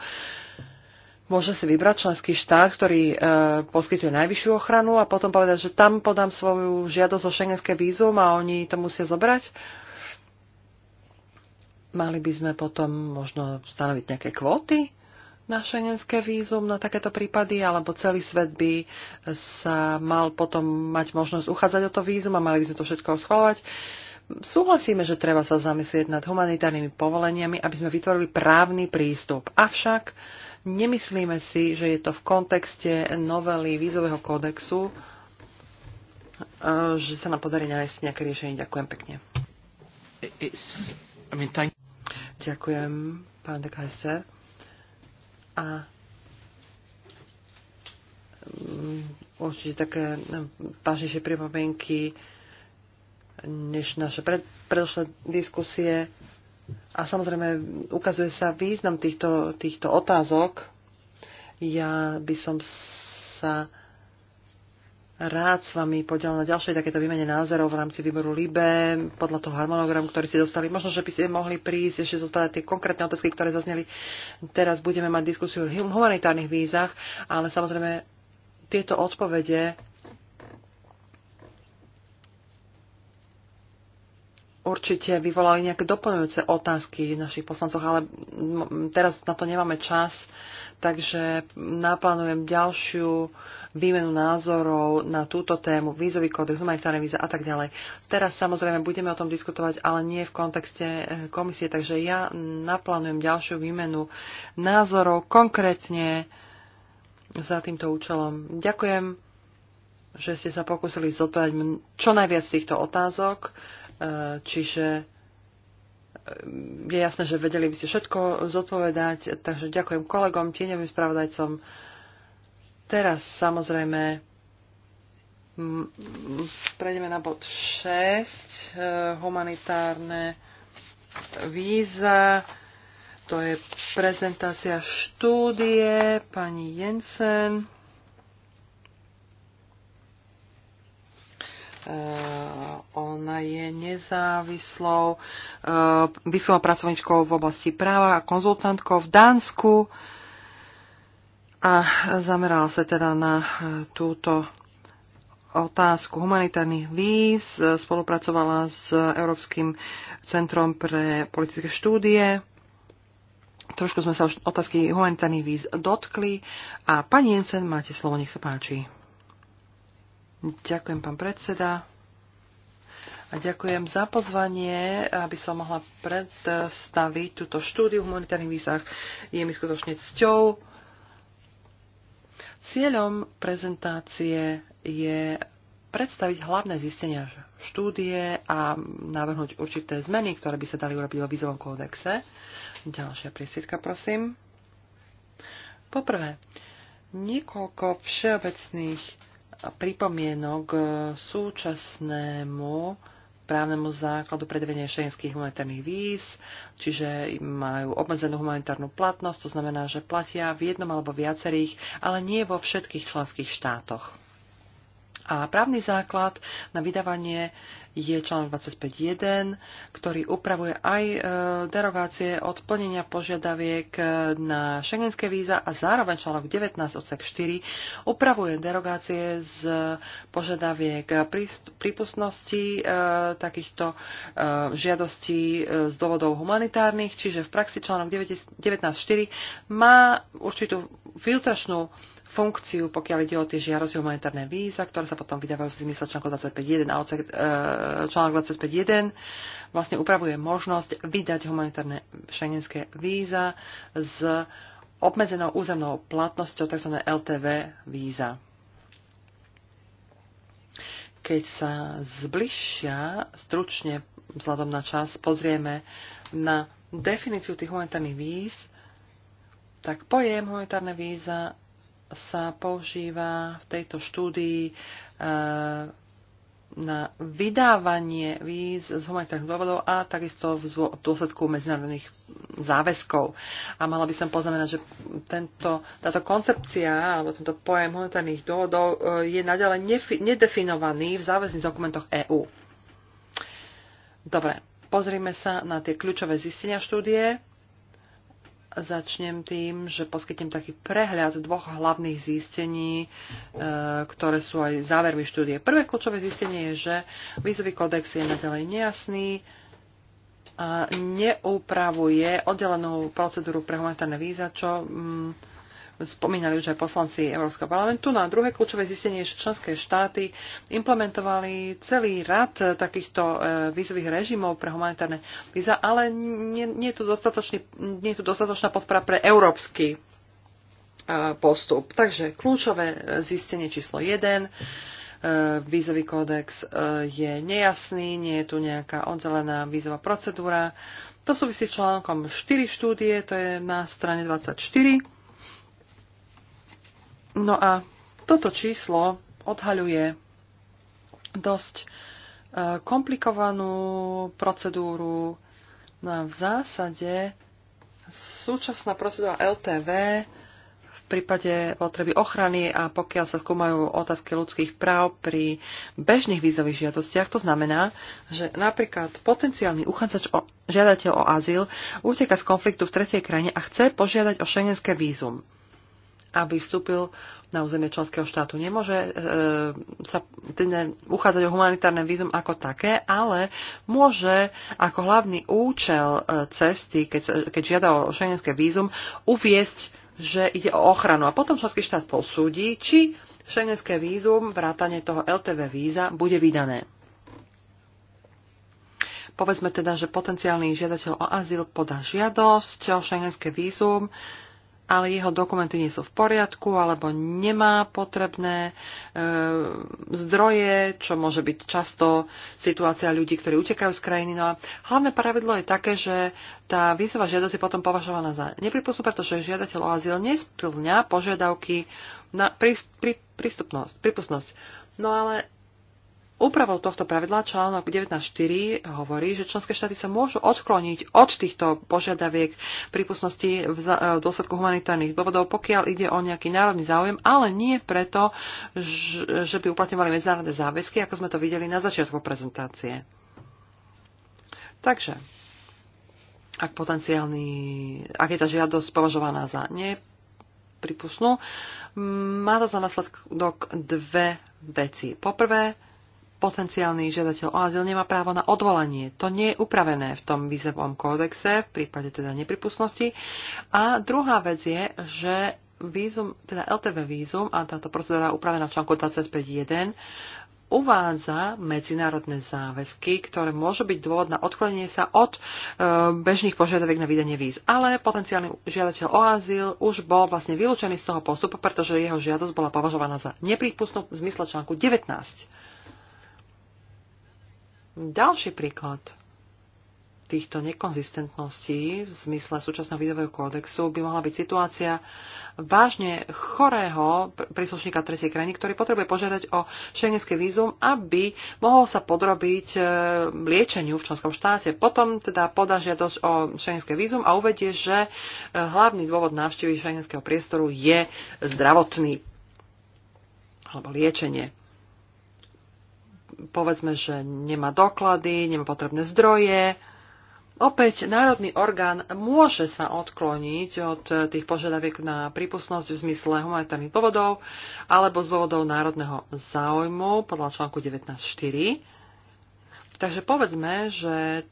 môže si vybrať členský štát, ktorý e, poskytuje najvyššiu ochranu a potom povedať, že tam podám svoju žiadosť o šengenské vízum a oni to musia zobrať. Mali by sme potom možno stanoviť nejaké kvóty na šengenské vízum na takéto prípady, alebo celý svet by sa mal potom mať možnosť uchádzať o to vízum a mali by sme to všetko schvalovať. Súhlasíme, že treba sa zamyslieť nad humanitárnymi povoleniami, aby sme vytvorili právny prístup. Avšak Nemyslíme si, že je to v kontexte novely vízového kódexu, e, že sa nám podarí nájsť nejaké riešenie. Ďakujem pekne. I mean, Ďakujem, pán de Kaiser. A mm, určite také no, vážnejšie pripomienky než naše pred, predošlé diskusie. A samozrejme, ukazuje sa význam týchto, týchto otázok. Ja by som sa rád s vami podielal na ďalšej takéto výmene názorov v rámci výboru LIBE, podľa toho harmonogramu, ktorý ste dostali. Možno, že by ste mohli prísť ešte zodpovedať tie konkrétne otázky, ktoré zazneli. Teraz budeme mať diskusiu o humanitárnych vízach, ale samozrejme tieto odpovede určite vyvolali nejaké doplňujúce otázky našich poslancov, ale teraz na to nemáme čas, takže naplánujem ďalšiu výmenu názorov na túto tému, vízový kódex, humanitárne víza a tak ďalej. Teraz samozrejme budeme o tom diskutovať, ale nie v kontexte eh, komisie, takže ja naplánujem ďalšiu výmenu názorov konkrétne za týmto účelom. Ďakujem že ste sa pokúsili zodpovedať čo najviac týchto otázok. Eh, čiže eh, je jasné, že vedeli by ste všetko zodpovedať, takže ďakujem kolegom, tieňovým spravodajcom. Teraz samozrejme prejdeme na bod 6, eh, humanitárne víza. To je prezentácia štúdie pani Jensen. Eh, ona je nezávislou eh, výskumnou pracovničkou v oblasti práva a konzultantkou v Dánsku a zamerala sa teda na eh, túto otázku humanitárnych víz, spolupracovala s Európskym centrom pre politické štúdie. Trošku sme sa už otázky humanitárnych víz dotkli. A pani Jensen, máte slovo, nech sa páči. Ďakujem, pán predseda. A ďakujem za pozvanie, aby som mohla predstaviť túto štúdiu v humanitárnych vízach. Je mi skutočne cťou. Cieľom prezentácie je predstaviť hlavné zistenia štúdie a navrhnúť určité zmeny, ktoré by sa dali urobiť vo vízovom kódexe. Ďalšia priesvitka, prosím. Poprvé, niekoľko všeobecných pripomienok k e, súčasnému právnemu základu predvedenia šengenských humanitárnych víz, čiže majú obmedzenú humanitárnu platnosť, to znamená, že platia v jednom alebo viacerých, ale nie vo všetkých členských štátoch. A právny základ na vydávanie je článok 25.1, ktorý upravuje aj e, derogácie od plnenia požiadaviek e, na šengenské víza a zároveň článok 19 odsek 4 upravuje derogácie z požiadaviek prípustnosti e, takýchto žiadostí z dôvodov humanitárnych, čiže v praxi článok 19.4 má určitú filtračnú funkciu, pokiaľ ide o tie žiarosti humanitárne víza, ktoré sa potom vydávajú v zmysle článku 25.1 a odsek, článok 25.1 vlastne upravuje možnosť vydať humanitárne šengenské víza s obmedzenou územnou platnosťou tzv. LTV víza. Keď sa zbližšia, stručne vzhľadom na čas, pozrieme na definíciu tých humanitárnych víz, tak pojem humanitárne víza sa používa v tejto štúdii e, na vydávanie víz z humanitárnych dôvodov a takisto v dôsledku medzinárodných záväzkov. A mala by som poznamenať, že tento, táto koncepcia alebo tento pojem humanitárnych dôvodov e, je naďalej nedefinovaný v záväzných dokumentoch EÚ. Dobre, pozrime sa na tie kľúčové zistenia štúdie Začnem tým, že poskytnem taký prehľad dvoch hlavných zistení, e, ktoré sú aj závermi štúdie. Prvé kľúčové zistenie je, že vízový kódex je naďalej nejasný a neupravuje oddelenú procedúru pre humanitárne víza, čo mm, spomínali už aj poslanci Európskeho parlamentu. No a druhé kľúčové zistenie je, že členské štáty implementovali celý rad takýchto e, vízových režimov pre humanitárne víza, ale nie, nie, je, tu nie je tu dostatočná podpora pre európsky e, postup. Takže kľúčové e, zistenie číslo 1. Vízový kódex je nejasný, nie je tu nejaká oddelená vízová procedúra. To súvisí s článkom 4 štúdie, to je na strane 24 No a toto číslo odhaľuje dosť e, komplikovanú procedúru. No a v zásade súčasná procedúra LTV v prípade potreby ochrany a pokiaľ sa skúmajú otázky ľudských práv pri bežných vízových žiadostiach, to znamená, že napríklad potenciálny uchádzač o žiadateľ o azyl uteka z konfliktu v tretej krajine a chce požiadať o šengenské vízum aby vstúpil na územie členského štátu. Nemôže e, sa teda uchádzať o humanitárne vízum ako také, ale môže ako hlavný účel e, cesty, keď, keď žiada o šengenské vízum, uviesť, že ide o ochranu. A potom členský štát posúdi, či šengenské vízum, vrátanie toho LTV víza, bude vydané. Povedzme teda, že potenciálny žiadateľ o azyl podá žiadosť o šengenské vízum, ale jeho dokumenty nie sú v poriadku alebo nemá potrebné e, zdroje, čo môže byť často situácia ľudí, ktorí utekajú z krajiny. No a hlavné pravidlo je také, že tá výzva je potom považovaná za nepripustnú, pretože žiadateľ o azyl nesplňa požiadavky na prístupnosť, prípustnosť. No ale Úpravou tohto pravidla článok 19.4 hovorí, že členské štáty sa môžu odkloniť od týchto požiadaviek prípustnosti v, dôsledku humanitárnych dôvodov, pokiaľ ide o nejaký národný záujem, ale nie preto, že by uplatňovali medzinárodné záväzky, ako sme to videli na začiatku prezentácie. Takže, ak, potenciálny, ak je tá žiadosť považovaná za nepripustnú, má to za následok dve veci. Poprvé, potenciálny žiadateľ o azyl nemá právo na odvolanie. To nie je upravené v tom výzevom kódexe, v prípade teda nepripustnosti. A druhá vec je, že vízum, teda LTV vízum a táto procedúra upravená v článku 25.1 uvádza medzinárodné záväzky, ktoré môžu byť dôvod na odklonenie sa od e, bežných požiadaviek na vydanie víz. Ale potenciálny žiadateľ o azyl už bol vlastne vylúčený z toho postupu, pretože jeho žiadosť bola považovaná za neprípustnú v zmysle článku 19. Ďalší príklad týchto nekonzistentností v zmysle súčasného videového kódexu by mohla byť situácia vážne chorého príslušníka tretej krajiny, ktorý potrebuje požiadať o šengenské vízum, aby mohol sa podrobiť e, liečeniu v členskom štáte. Potom teda podá žiadosť o šengenské vízum a uvedie, že e, hlavný dôvod návštevy šengenského priestoru je zdravotný alebo liečenie povedzme, že nemá doklady, nemá potrebné zdroje. Opäť národný orgán môže sa odkloniť od tých požiadaviek na prípustnosť v zmysle humanitárnych dôvodov alebo z dôvodov národného záujmu podľa článku 19.4. Takže povedzme, že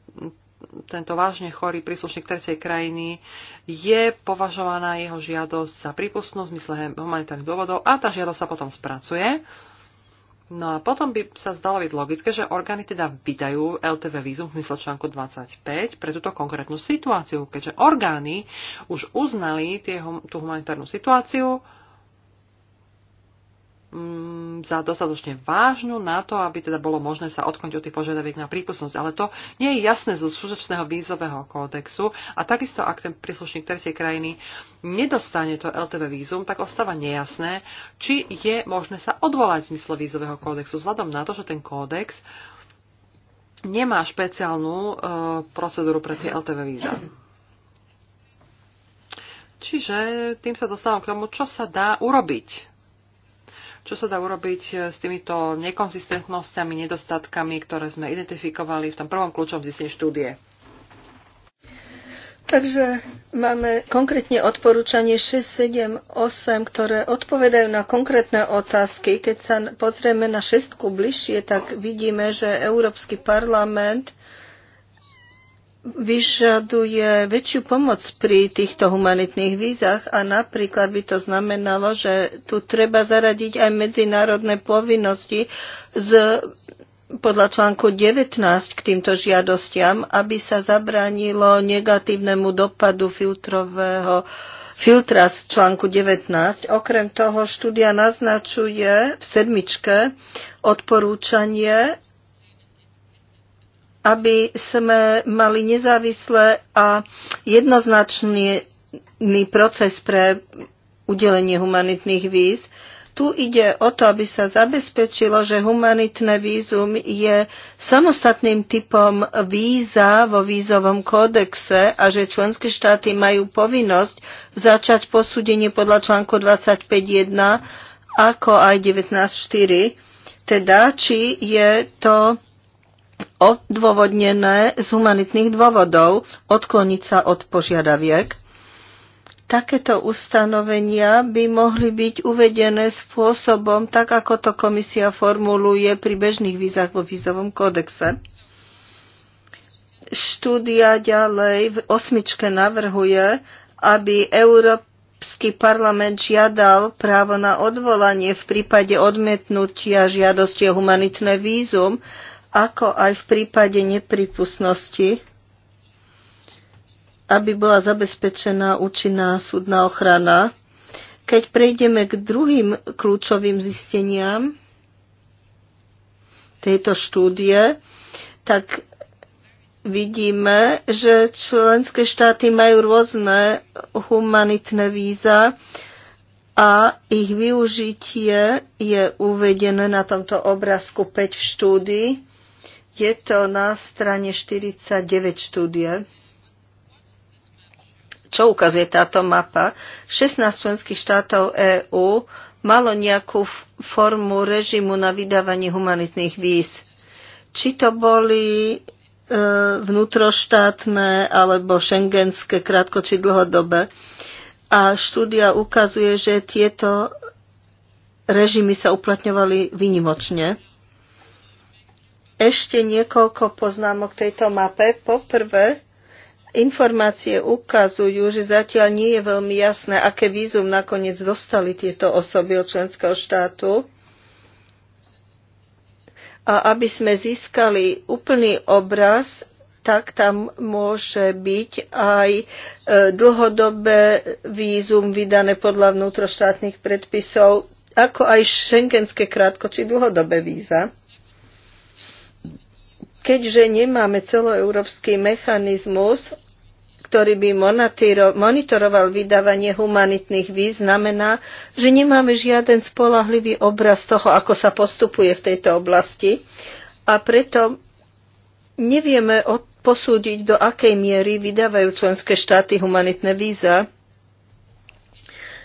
tento vážne chorý príslušník tretej krajiny je považovaná jeho žiadosť za prípustnú v zmysle humanitárnych dôvodov a tá žiadosť sa potom spracuje No a potom by sa zdalo byť logické, že orgány teda vydajú LTV vízum v mysle článku 25 pre túto konkrétnu situáciu, keďže orgány už uznali tie, tú humanitárnu situáciu, Mm, za dostatočne vážnu na to, aby teda bolo možné sa odkloniť od tých požiadaviek na prípustnosť. Ale to nie je jasné zo súčasného vízového kódexu a takisto, ak ten príslušník tretej krajiny nedostane to LTV vízum, tak ostáva nejasné, či je možné sa odvolať v zmysle vízového kódexu, vzhľadom na to, že ten kódex nemá špeciálnu e, procedúru pre tie LTV víza. Čiže tým sa dostávam k tomu, čo sa dá urobiť čo sa dá urobiť eh, s týmito nekonzistentnosťami, nedostatkami, ktoré sme identifikovali v tom prvom kľúčom zistení štúdie. Takže máme konkrétne odporúčanie 6, 7, 8, ktoré odpovedajú na konkrétne otázky. Keď sa pozrieme na šestku bližšie, tak vidíme, že Európsky parlament vyžaduje väčšiu pomoc pri týchto humanitných vízach a napríklad by to znamenalo, že tu treba zaradiť aj medzinárodné povinnosti z, podľa článku 19 k týmto žiadostiam, aby sa zabránilo negatívnemu dopadu filtrového filtra z článku 19. Okrem toho štúdia naznačuje v sedmičke odporúčanie aby sme mali nezávislé a jednoznačný proces pre udelenie humanitných víz. Tu ide o to, aby sa zabezpečilo, že humanitné vízum je samostatným typom víza vo vízovom kódexe a že členské štáty majú povinnosť začať posúdenie podľa článku 25.1 ako aj 19.4, teda či je to odôvodnené z humanitných dôvodov odkloniť sa od požiadaviek. Takéto ustanovenia by mohli byť uvedené spôsobom, tak ako to komisia formuluje pri bežných vízach vo vízovom kódexe. Štúdia ďalej v osmičke navrhuje, aby Európsky parlament žiadal právo na odvolanie v prípade odmietnutia žiadosti o humanitné vízum, ako aj v prípade nepripustnosti, aby bola zabezpečená účinná súdna ochrana. Keď prejdeme k druhým kľúčovým zisteniam tejto štúdie, tak vidíme, že členské štáty majú rôzne humanitné víza a ich využitie je uvedené na tomto obrázku 5 štúdii. Je to na strane 49 štúdie. Čo ukazuje táto mapa? 16 členských štátov EÚ malo nejakú formu režimu na vydávanie humanitných víz. Či to boli e, vnútroštátne alebo šengenské krátko či dlhodobé. A štúdia ukazuje, že tieto režimy sa uplatňovali výnimočne. Ešte niekoľko poznámok tejto mape. Poprvé, informácie ukazujú, že zatiaľ nie je veľmi jasné, aké vízum nakoniec dostali tieto osoby od členského štátu. A aby sme získali úplný obraz, tak tam môže byť aj e, dlhodobé vízum vydané podľa vnútroštátnych predpisov, ako aj šengenské krátko či dlhodobé víza keďže nemáme celoeurópsky mechanizmus, ktorý by monitoroval vydávanie humanitných víz, znamená, že nemáme žiaden spolahlivý obraz toho, ako sa postupuje v tejto oblasti a preto nevieme posúdiť, do akej miery vydávajú členské štáty humanitné víza.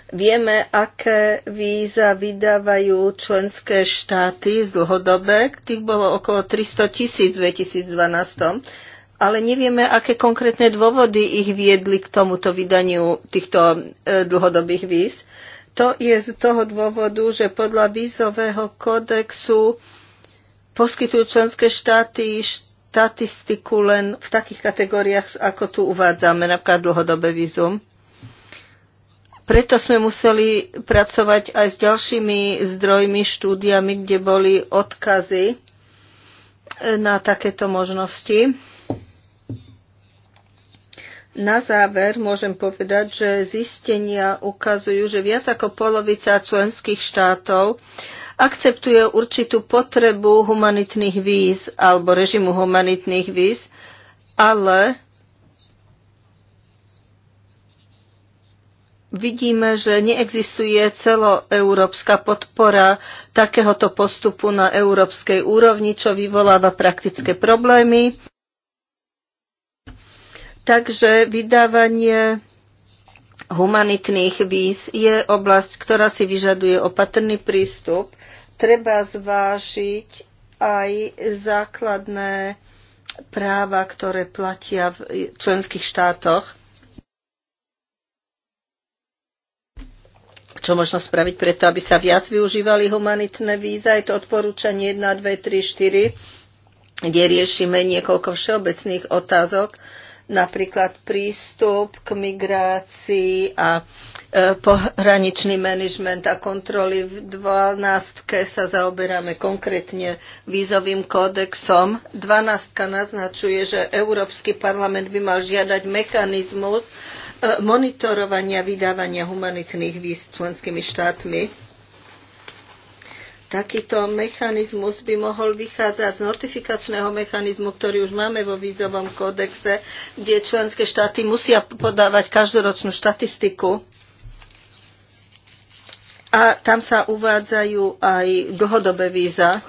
Vieme, aké víza vydávajú členské štáty z dlhodobek. Tých bolo okolo 300 tisíc v 2012. Ale nevieme, aké konkrétne dôvody ich viedli k tomuto vydaniu týchto e, dlhodobých víz. To je z toho dôvodu, že podľa vízového kódexu poskytujú členské štáty štatistiku len v takých kategóriách, ako tu uvádzame, napríklad dlhodobé vízum. Preto sme museli pracovať aj s ďalšími zdrojmi, štúdiami, kde boli odkazy e, na takéto možnosti. Na záver môžem povedať, že zistenia ukazujú, že viac ako polovica členských štátov akceptuje určitú potrebu humanitných víz alebo režimu humanitných víz, ale vidíme, že neexistuje celoeurópska podpora takéhoto postupu na európskej úrovni, čo vyvoláva praktické problémy. Takže vydávanie humanitných víz je oblasť, ktorá si vyžaduje opatrný prístup. Treba zvážiť aj základné práva, ktoré platia v členských štátoch čo možno spraviť preto, aby sa viac využívali humanitné víza. Je to odporúčanie 1, 2, 3, 4, kde riešime niekoľko všeobecných otázok napríklad prístup k migrácii a e, pohraničný manažment a kontroly. V 12. sa zaoberáme konkrétne vízovým kódexom. 12. naznačuje, že Európsky parlament by mal žiadať mechanizmus e, monitorovania vydávania humanitných víz členskými štátmi Takýto mechanizmus by mohol vychádzať z notifikačného mechanizmu, ktorý už máme vo vízovom kódexe, kde členské štáty musia podávať každoročnú štatistiku. A tam sa uvádzajú aj dlhodobé víza.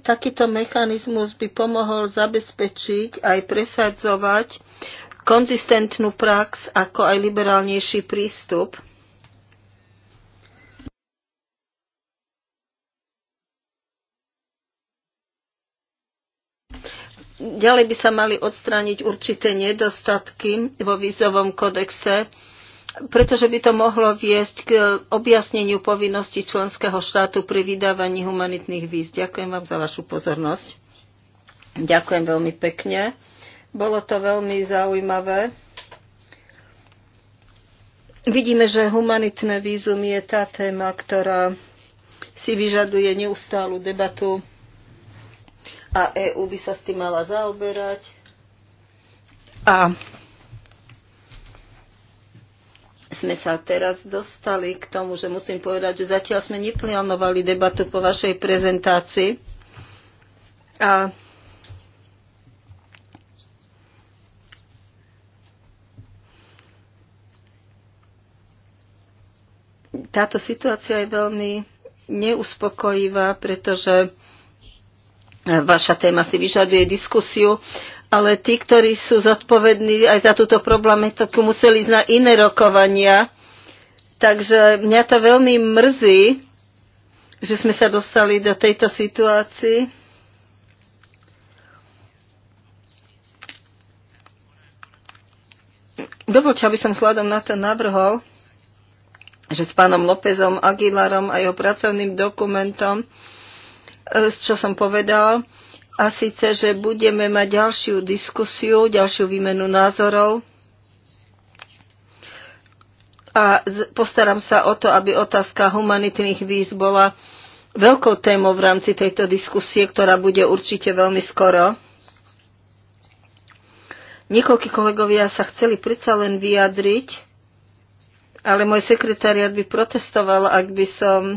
Takýto mechanizmus by pomohol zabezpečiť aj presadzovať konzistentnú prax, ako aj liberálnejší prístup Ďalej by sa mali odstrániť určité nedostatky vo vízovom kodexe, pretože by to mohlo viesť k objasneniu povinnosti členského štátu pri vydávaní humanitných víz. Ďakujem vám za vašu pozornosť. Ďakujem veľmi pekne. Bolo to veľmi zaujímavé. Vidíme, že humanitné vízum je tá téma, ktorá si vyžaduje neustálu debatu a EÚ by sa s tým mala zaoberať. A sme sa teraz dostali k tomu, že musím povedať, že zatiaľ sme neplánovali debatu po vašej prezentácii. A táto situácia je veľmi neuspokojivá, pretože Vaša téma si vyžaduje diskusiu, ale tí, ktorí sú zodpovední aj za túto problematiku, museli ísť na iné rokovania. Takže mňa to veľmi mrzí, že sme sa dostali do tejto situácii. Dovolte, aby som sladom na to navrhol, že s pánom Lópezom Aguilarom a jeho pracovným dokumentom E, čo som povedal, a síce, že budeme mať ďalšiu diskusiu, ďalšiu výmenu názorov a postaram sa o to, aby otázka humanitných víz bola veľkou témou v rámci tejto diskusie, ktorá bude určite veľmi skoro. Niekoľkí kolegovia sa chceli predsa len vyjadriť, ale môj sekretariat by protestoval, ak by som e,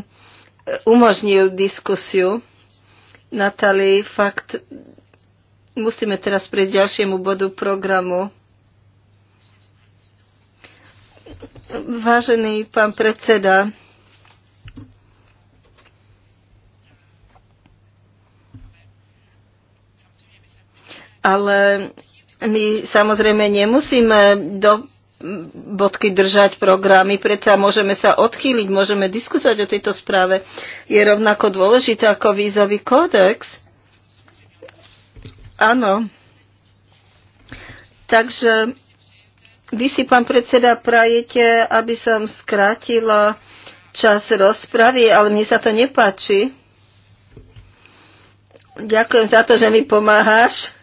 umožnil diskusiu. Natali, fakt musíme teraz prejsť ďalšiemu bodu programu. Vážený pán predseda, ale my samozrejme nemusíme do bodky držať programy, preto môžeme sa odchýliť, môžeme diskutovať o tejto správe. Je rovnako dôležitá ako vízový kódex. Áno. Takže vy si, pán predseda, prajete, aby som skrátila čas rozpravy, ale mne sa to nepáči. Ďakujem za to, že mi pomáhaš.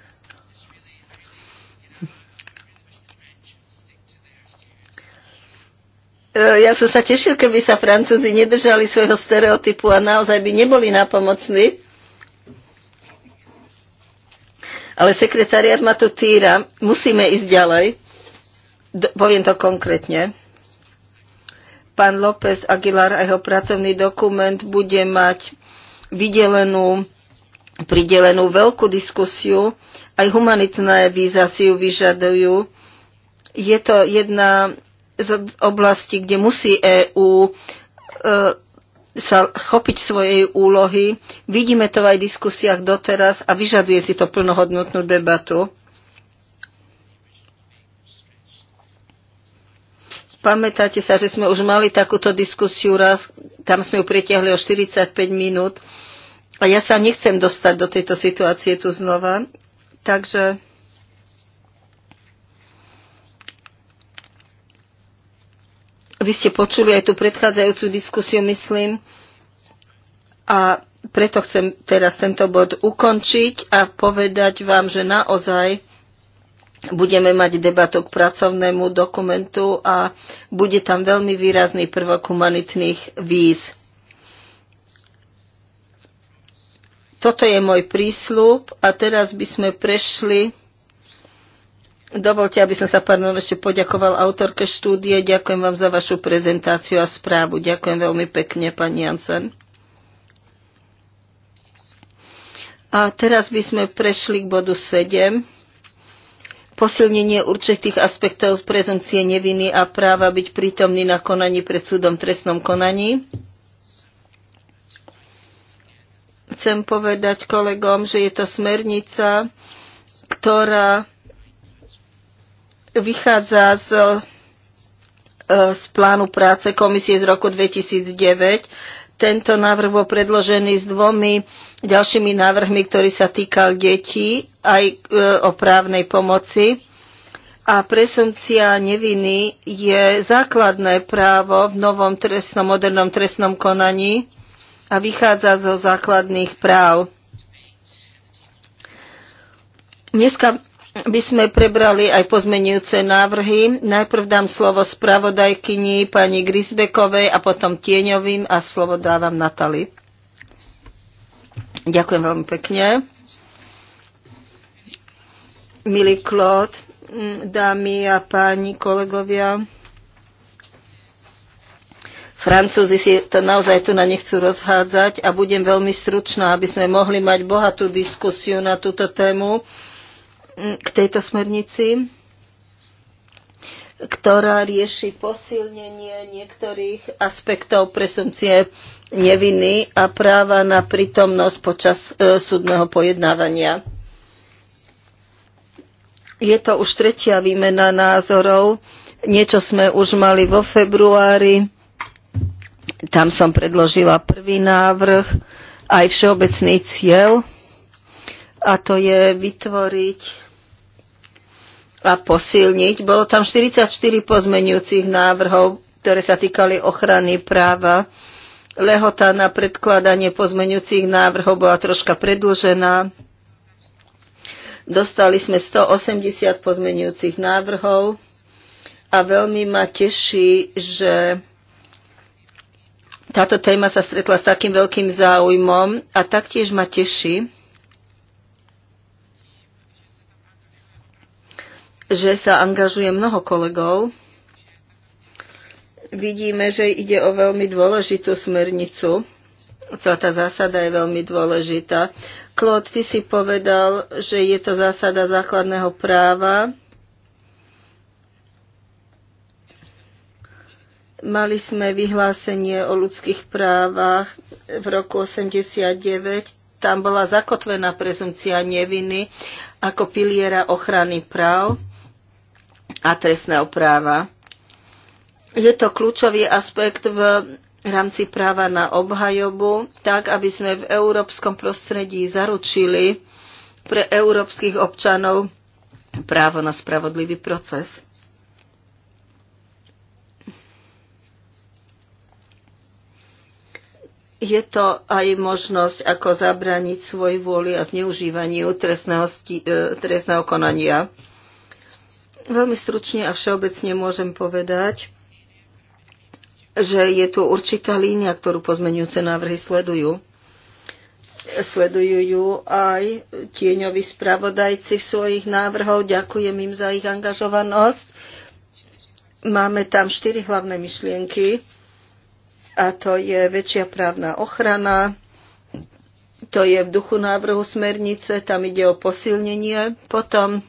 E, ja som sa tešil, keby sa Francúzi nedržali svojho stereotypu a naozaj by neboli napomocní. Ale sekretariat ma tu týra. Musíme ísť ďalej. D- poviem to konkrétne. Pán López Aguilar a jeho pracovný dokument bude mať vydelenú, pridelenú veľkú diskusiu. Aj humanitné víza si ju vyžadujú. Je to jedna z oblasti, kde musí EÚ e, sa chopiť svojej úlohy. Vidíme to aj v diskusiách doteraz a vyžaduje si to plnohodnotnú debatu. Pamätáte sa, že sme už mali takúto diskusiu raz, tam sme ju pritiahli o 45 minút a ja sa nechcem dostať do tejto situácie tu znova. Takže Vy ste počuli aj tú predchádzajúcu diskusiu, myslím. A preto chcem teraz tento bod ukončiť a povedať vám, že naozaj budeme mať debatu k pracovnému dokumentu a bude tam veľmi výrazný prvok humanitných víz. Toto je môj prísľub a teraz by sme prešli Dovolte, aby som sa pán ešte poďakoval autorke štúdie. Ďakujem vám za vašu prezentáciu a správu. Ďakujem veľmi pekne, pani Jansen. A teraz by sme prešli k bodu 7. Posilnenie určitých aspektov prezumcie neviny a práva byť prítomný na konaní pred súdom trestnom konaní. Chcem povedať kolegom, že je to smernica, ktorá vychádza z, e, z plánu práce komisie z roku 2009. Tento návrh bol predložený s dvomi ďalšími návrhmi, ktorí sa týkal detí aj e, o právnej pomoci. A presumcia neviny je základné právo v novom trestnom, modernom trestnom konaní a vychádza zo základných práv. Dneska by sme prebrali aj pozmenujúce návrhy. Najprv dám slovo spravodajkyni pani Grisbekovej a potom Tieňovým a slovo dávam Natali. Ďakujem veľmi pekne. Milý Klód, dámy a páni kolegovia, Francúzi si to naozaj tu na nechcú rozhádzať a budem veľmi stručná, aby sme mohli mať bohatú diskusiu na túto tému. Mm, k tejto smernici, ktorá rieši posilnenie niektorých aspektov presumcie neviny a práva na prítomnosť počas e, súdneho pojednávania. Je to už tretia výmena názorov. Niečo sme už mali vo februári. Tam som predložila prvý návrh, aj všeobecný cieľ, a to je vytvoriť a posilniť. Bolo tam 44 pozmenujúcich návrhov, ktoré sa týkali ochrany práva. Lehota na predkladanie pozmenujúcich návrhov bola troška predlžená. Dostali sme 180 pozmenujúcich návrhov a veľmi ma teší, že táto téma sa stretla s takým veľkým záujmom a taktiež ma teší, že sa angažuje mnoho kolegov. Vidíme, že ide o veľmi dôležitú smernicu. Celá tá zásada je veľmi dôležitá. Klod, ty si povedal, že je to zásada základného práva. Mali sme vyhlásenie o ľudských právach v roku 89. Tam bola zakotvená prezumcia neviny ako piliera ochrany práv a trestného práva. Je to kľúčový aspekt v rámci práva na obhajobu, tak aby sme v európskom prostredí zaručili pre európskych občanov právo na spravodlivý proces. Je to aj možnosť, ako zabraniť svoj vôli a zneužívaniu trestného, e, trestného konania. Veľmi stručne a všeobecne môžem povedať, že je tu určitá línia, ktorú pozmenujúce návrhy sledujú. Sledujú ju aj tieňoví spravodajci v svojich návrhov. Ďakujem im za ich angažovanosť. Máme tam štyri hlavné myšlienky a to je väčšia právna ochrana, to je v duchu návrhu smernice, tam ide o posilnenie, potom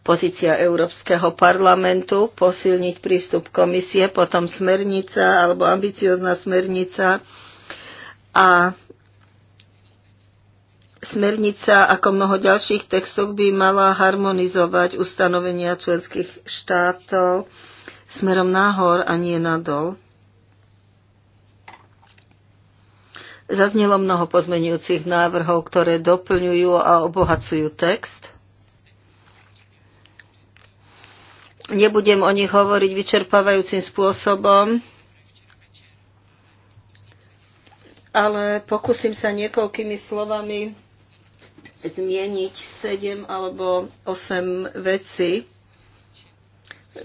pozícia Európskeho parlamentu, posilniť prístup komisie, potom smernica alebo ambiciozná smernica a Smernica, ako mnoho ďalších textov, by mala harmonizovať ustanovenia členských štátov smerom nahor a nie nadol. Zaznelo mnoho pozmenujúcich návrhov, ktoré doplňujú a obohacujú text. Nebudem o nich hovoriť vyčerpávajúcim spôsobom, ale pokúsim sa niekoľkými slovami zmieniť sedem alebo osem vecí.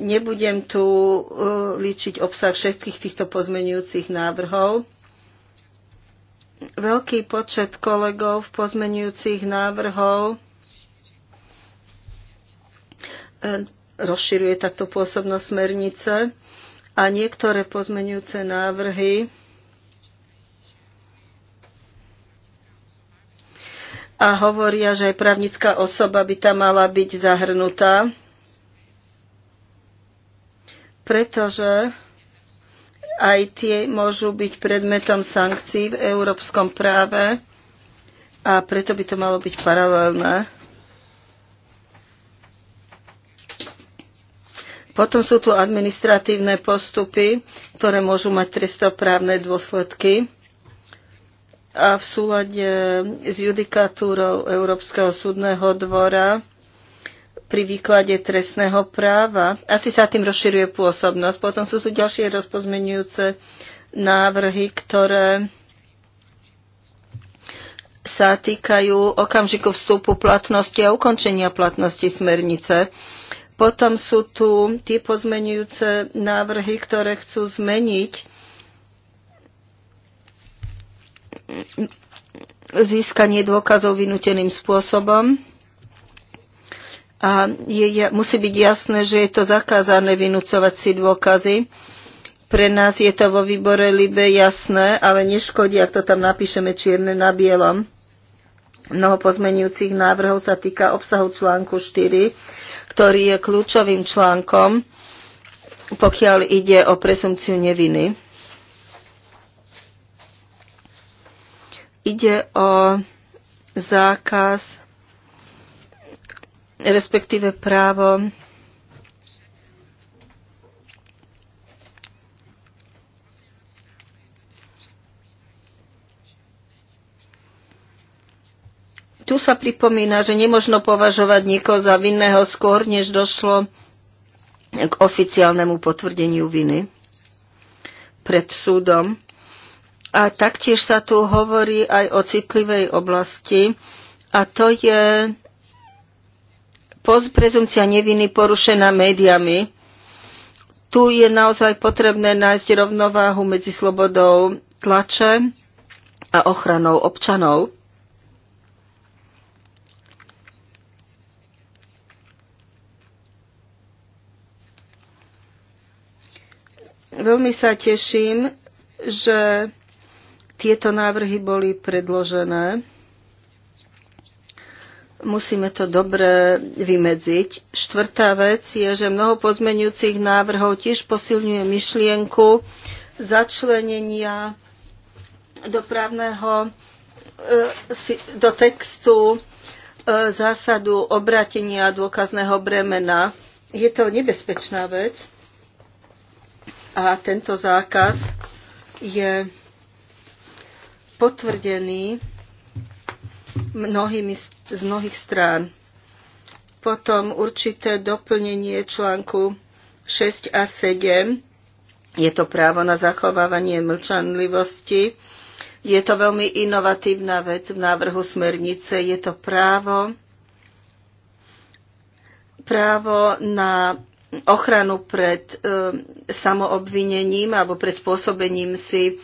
Nebudem tu uh, líčiť obsah všetkých týchto pozmenujúcich návrhov. Veľký počet kolegov v pozmenujúcich návrhov rozširuje takto pôsobnosť smernice a niektoré pozmenujúce návrhy a hovoria, že aj právnická osoba by tam mala byť zahrnutá, pretože aj tie môžu byť predmetom sankcií v európskom práve a preto by to malo byť paralelné. Potom sú tu administratívne postupy, ktoré môžu mať trestoprávne dôsledky. A v súlade s judikatúrou Európskeho súdneho dvora pri výklade trestného práva. Asi sa tým rozširuje pôsobnosť. Potom sú tu ďalšie rozpozmenujúce návrhy, ktoré sa týkajú okamžiku vstupu platnosti a ukončenia platnosti smernice. Potom sú tu tie pozmenujúce návrhy, ktoré chcú zmeniť získanie dôkazov vynúteným spôsobom. A je, musí byť jasné, že je to zakázané vynúcovať si dôkazy. Pre nás je to vo výbore Libe jasné, ale neškodí, ak to tam napíšeme čierne na bielom. Mnoho pozmenujúcich návrhov sa týka obsahu článku 4 ktorý je kľúčovým článkom, pokiaľ ide o presumciu neviny. Ide o zákaz, respektíve právo Tu sa pripomína, že nemožno považovať niekoho za vinného skôr, než došlo k oficiálnemu potvrdeniu viny pred súdom. A taktiež sa tu hovorí aj o citlivej oblasti, a to je prezumcia neviny porušená médiami. Tu je naozaj potrebné nájsť rovnováhu medzi slobodou tlače a ochranou občanov. Veľmi sa teším, že tieto návrhy boli predložené. Musíme to dobre vymedziť. Štvrtá vec je, že mnoho pozmenujúcich návrhov tiež posilňuje myšlienku začlenenia do právneho e, do textu e, zásadu obratenia dôkazného bremena. Je to nebezpečná vec, a tento zákaz je potvrdený mnohými, z mnohých strán. Potom určité doplnenie článku 6 a 7. Je to právo na zachovávanie mlčanlivosti. Je to veľmi inovatívna vec v návrhu smernice. Je to právo právo na ochranu pred e, samoobvinením alebo pred spôsobením si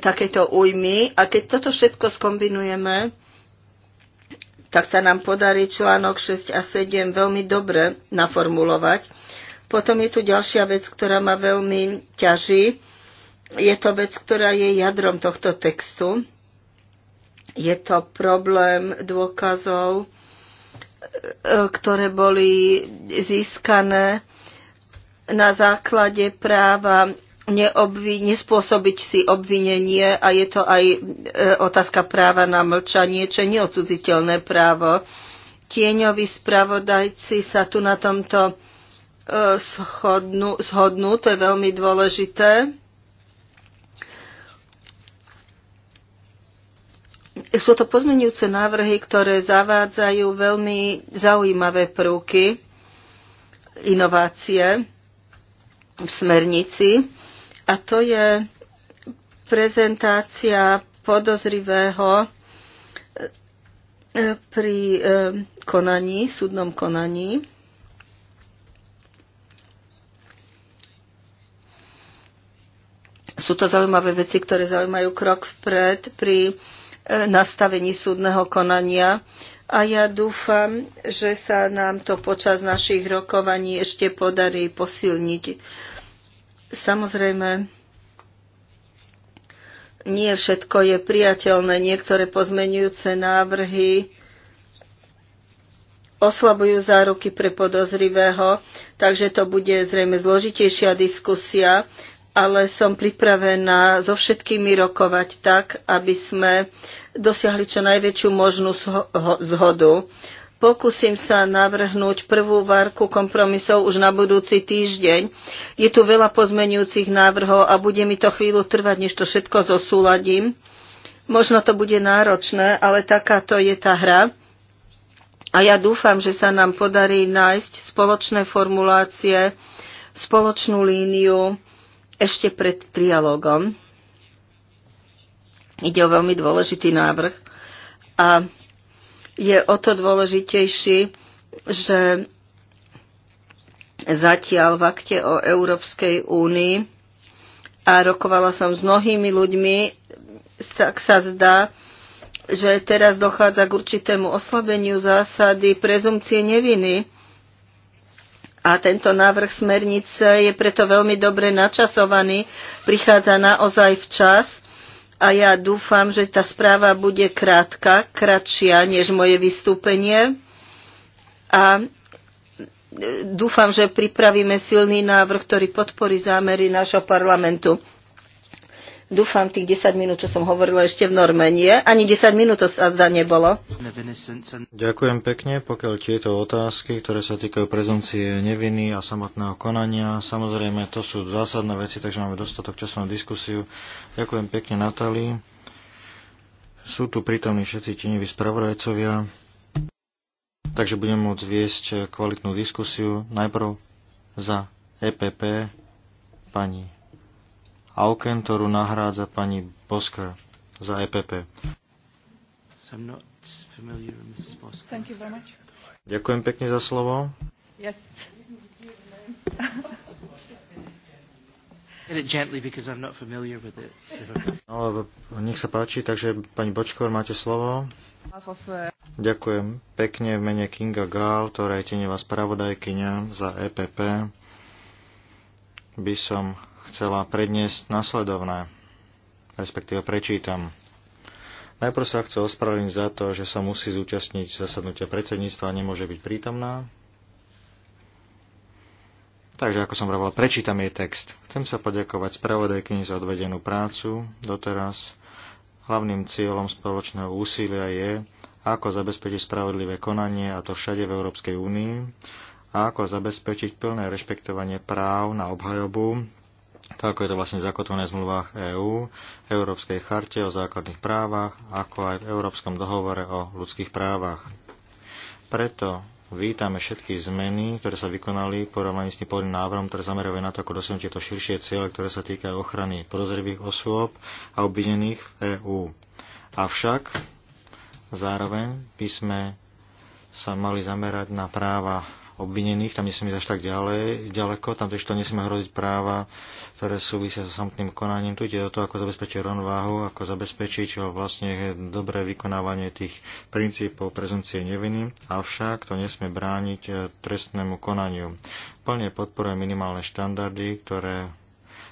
takéto újmy. A keď toto všetko skombinujeme, tak sa nám podarí článok 6 a 7 veľmi dobre naformulovať. Potom je tu ďalšia vec, ktorá ma veľmi ťaží. Je to vec, ktorá je jadrom tohto textu. Je to problém dôkazov, e, e, ktoré boli získané na základe práva neobvi- nespôsobiť si obvinenie a je to aj e, otázka práva na mlčanie, čo je neodsudziteľné právo. Tieňoví spravodajci sa tu na tomto e, shodnú, shodnú, to je veľmi dôležité. Sú to pozmenujúce návrhy, ktoré zavádzajú veľmi zaujímavé prvky, inovácie v smernici a to je prezentácia podozrivého e, pri e, konaní, súdnom konaní. Sú to zaujímavé veci, ktoré zaujímajú krok vpred pri e, nastavení súdneho konania a ja dúfam, že sa nám to počas našich rokovaní ešte podarí posilniť Samozrejme, nie všetko je priateľné. Niektoré pozmenujúce návrhy oslabujú záruky pre podozrivého, takže to bude zrejme zložitejšia diskusia, ale som pripravená so všetkými rokovať tak, aby sme dosiahli čo najväčšiu možnú zhodu. Pokúsim sa navrhnúť prvú várku kompromisov už na budúci týždeň. Je tu veľa pozmenujúcich návrhov a bude mi to chvíľu trvať, než to všetko zosúladím. Možno to bude náročné, ale takáto je tá hra. A ja dúfam, že sa nám podarí nájsť spoločné formulácie, spoločnú líniu ešte pred trialogom. Ide o veľmi dôležitý návrh. A je o to dôležitejší, že zatiaľ v akte o Európskej únii a rokovala som s mnohými ľuďmi, tak sa zdá, že teraz dochádza k určitému oslabeniu zásady prezumcie neviny. A tento návrh smernice je preto veľmi dobre načasovaný, prichádza naozaj včas a ja dúfam, že tá správa bude krátka, kratšia než moje vystúpenie a e, dúfam, že pripravíme silný návrh, ktorý podporí zámery nášho parlamentu. Dúfam, tých 10 minút, čo som hovorila, ešte v norme nie. Ani 10 minút to sa zdá nebolo. Ďakujem pekne, pokiaľ tieto otázky, ktoré sa týkajú prezumcie neviny a samotného konania, samozrejme, to sú zásadné veci, takže máme dostatok času na diskusiu. Ďakujem pekne, Natálii. Sú tu prítomní všetci tieňoví spravodajcovia, takže budem môcť viesť kvalitnú diskusiu. Najprv za EPP pani Aukentoru nahrádza pani Bosker za EPP. Ďakujem pekne za slovo. Yes. No, nech sa páči, takže pani Bočkor, máte slovo. Ďakujem pekne v mene Kinga Gál, ktorá je tenevá spravodajkynia za EPP. By som chcela predniesť nasledovné, respektíve prečítam. Najprv sa chce ospravedlniť za to, že sa musí zúčastniť zasadnutia predsedníctva a nemôže byť prítomná. Takže, ako som hovorila, prečítam jej text. Chcem sa poďakovať spravodajkyni za odvedenú prácu doteraz. Hlavným cieľom spoločného úsilia je, ako zabezpečiť spravodlivé konanie, a to všade v Európskej únii, a ako zabezpečiť plné rešpektovanie práv na obhajobu tak ako je to vlastne zakotvené v zmluvách EÚ, Európskej charte o základných právach, ako aj v Európskom dohovore o ľudských právach. Preto vítame všetky zmeny, ktoré sa vykonali v porovnaní s tým pôvodným návrhom, ktoré zameruje na to, ako dosiahnuť tieto širšie ciele, ktoré sa týkajú ochrany podozrivých osôb a obvinených v EÚ. Avšak zároveň by sme sa mali zamerať na práva obvinených, tam nesmie ísť až tak ďalej, ďaleko, tam tiež to nesmie hroziť práva, ktoré súvisia so samotným konaním. Tu ide o to, ako zabezpečiť rovnováhu, ako zabezpečiť vlastne dobré vykonávanie tých princípov prezumcie neviny, avšak to nesmie brániť eh, trestnému konaniu. Plne podporuje minimálne štandardy, ktoré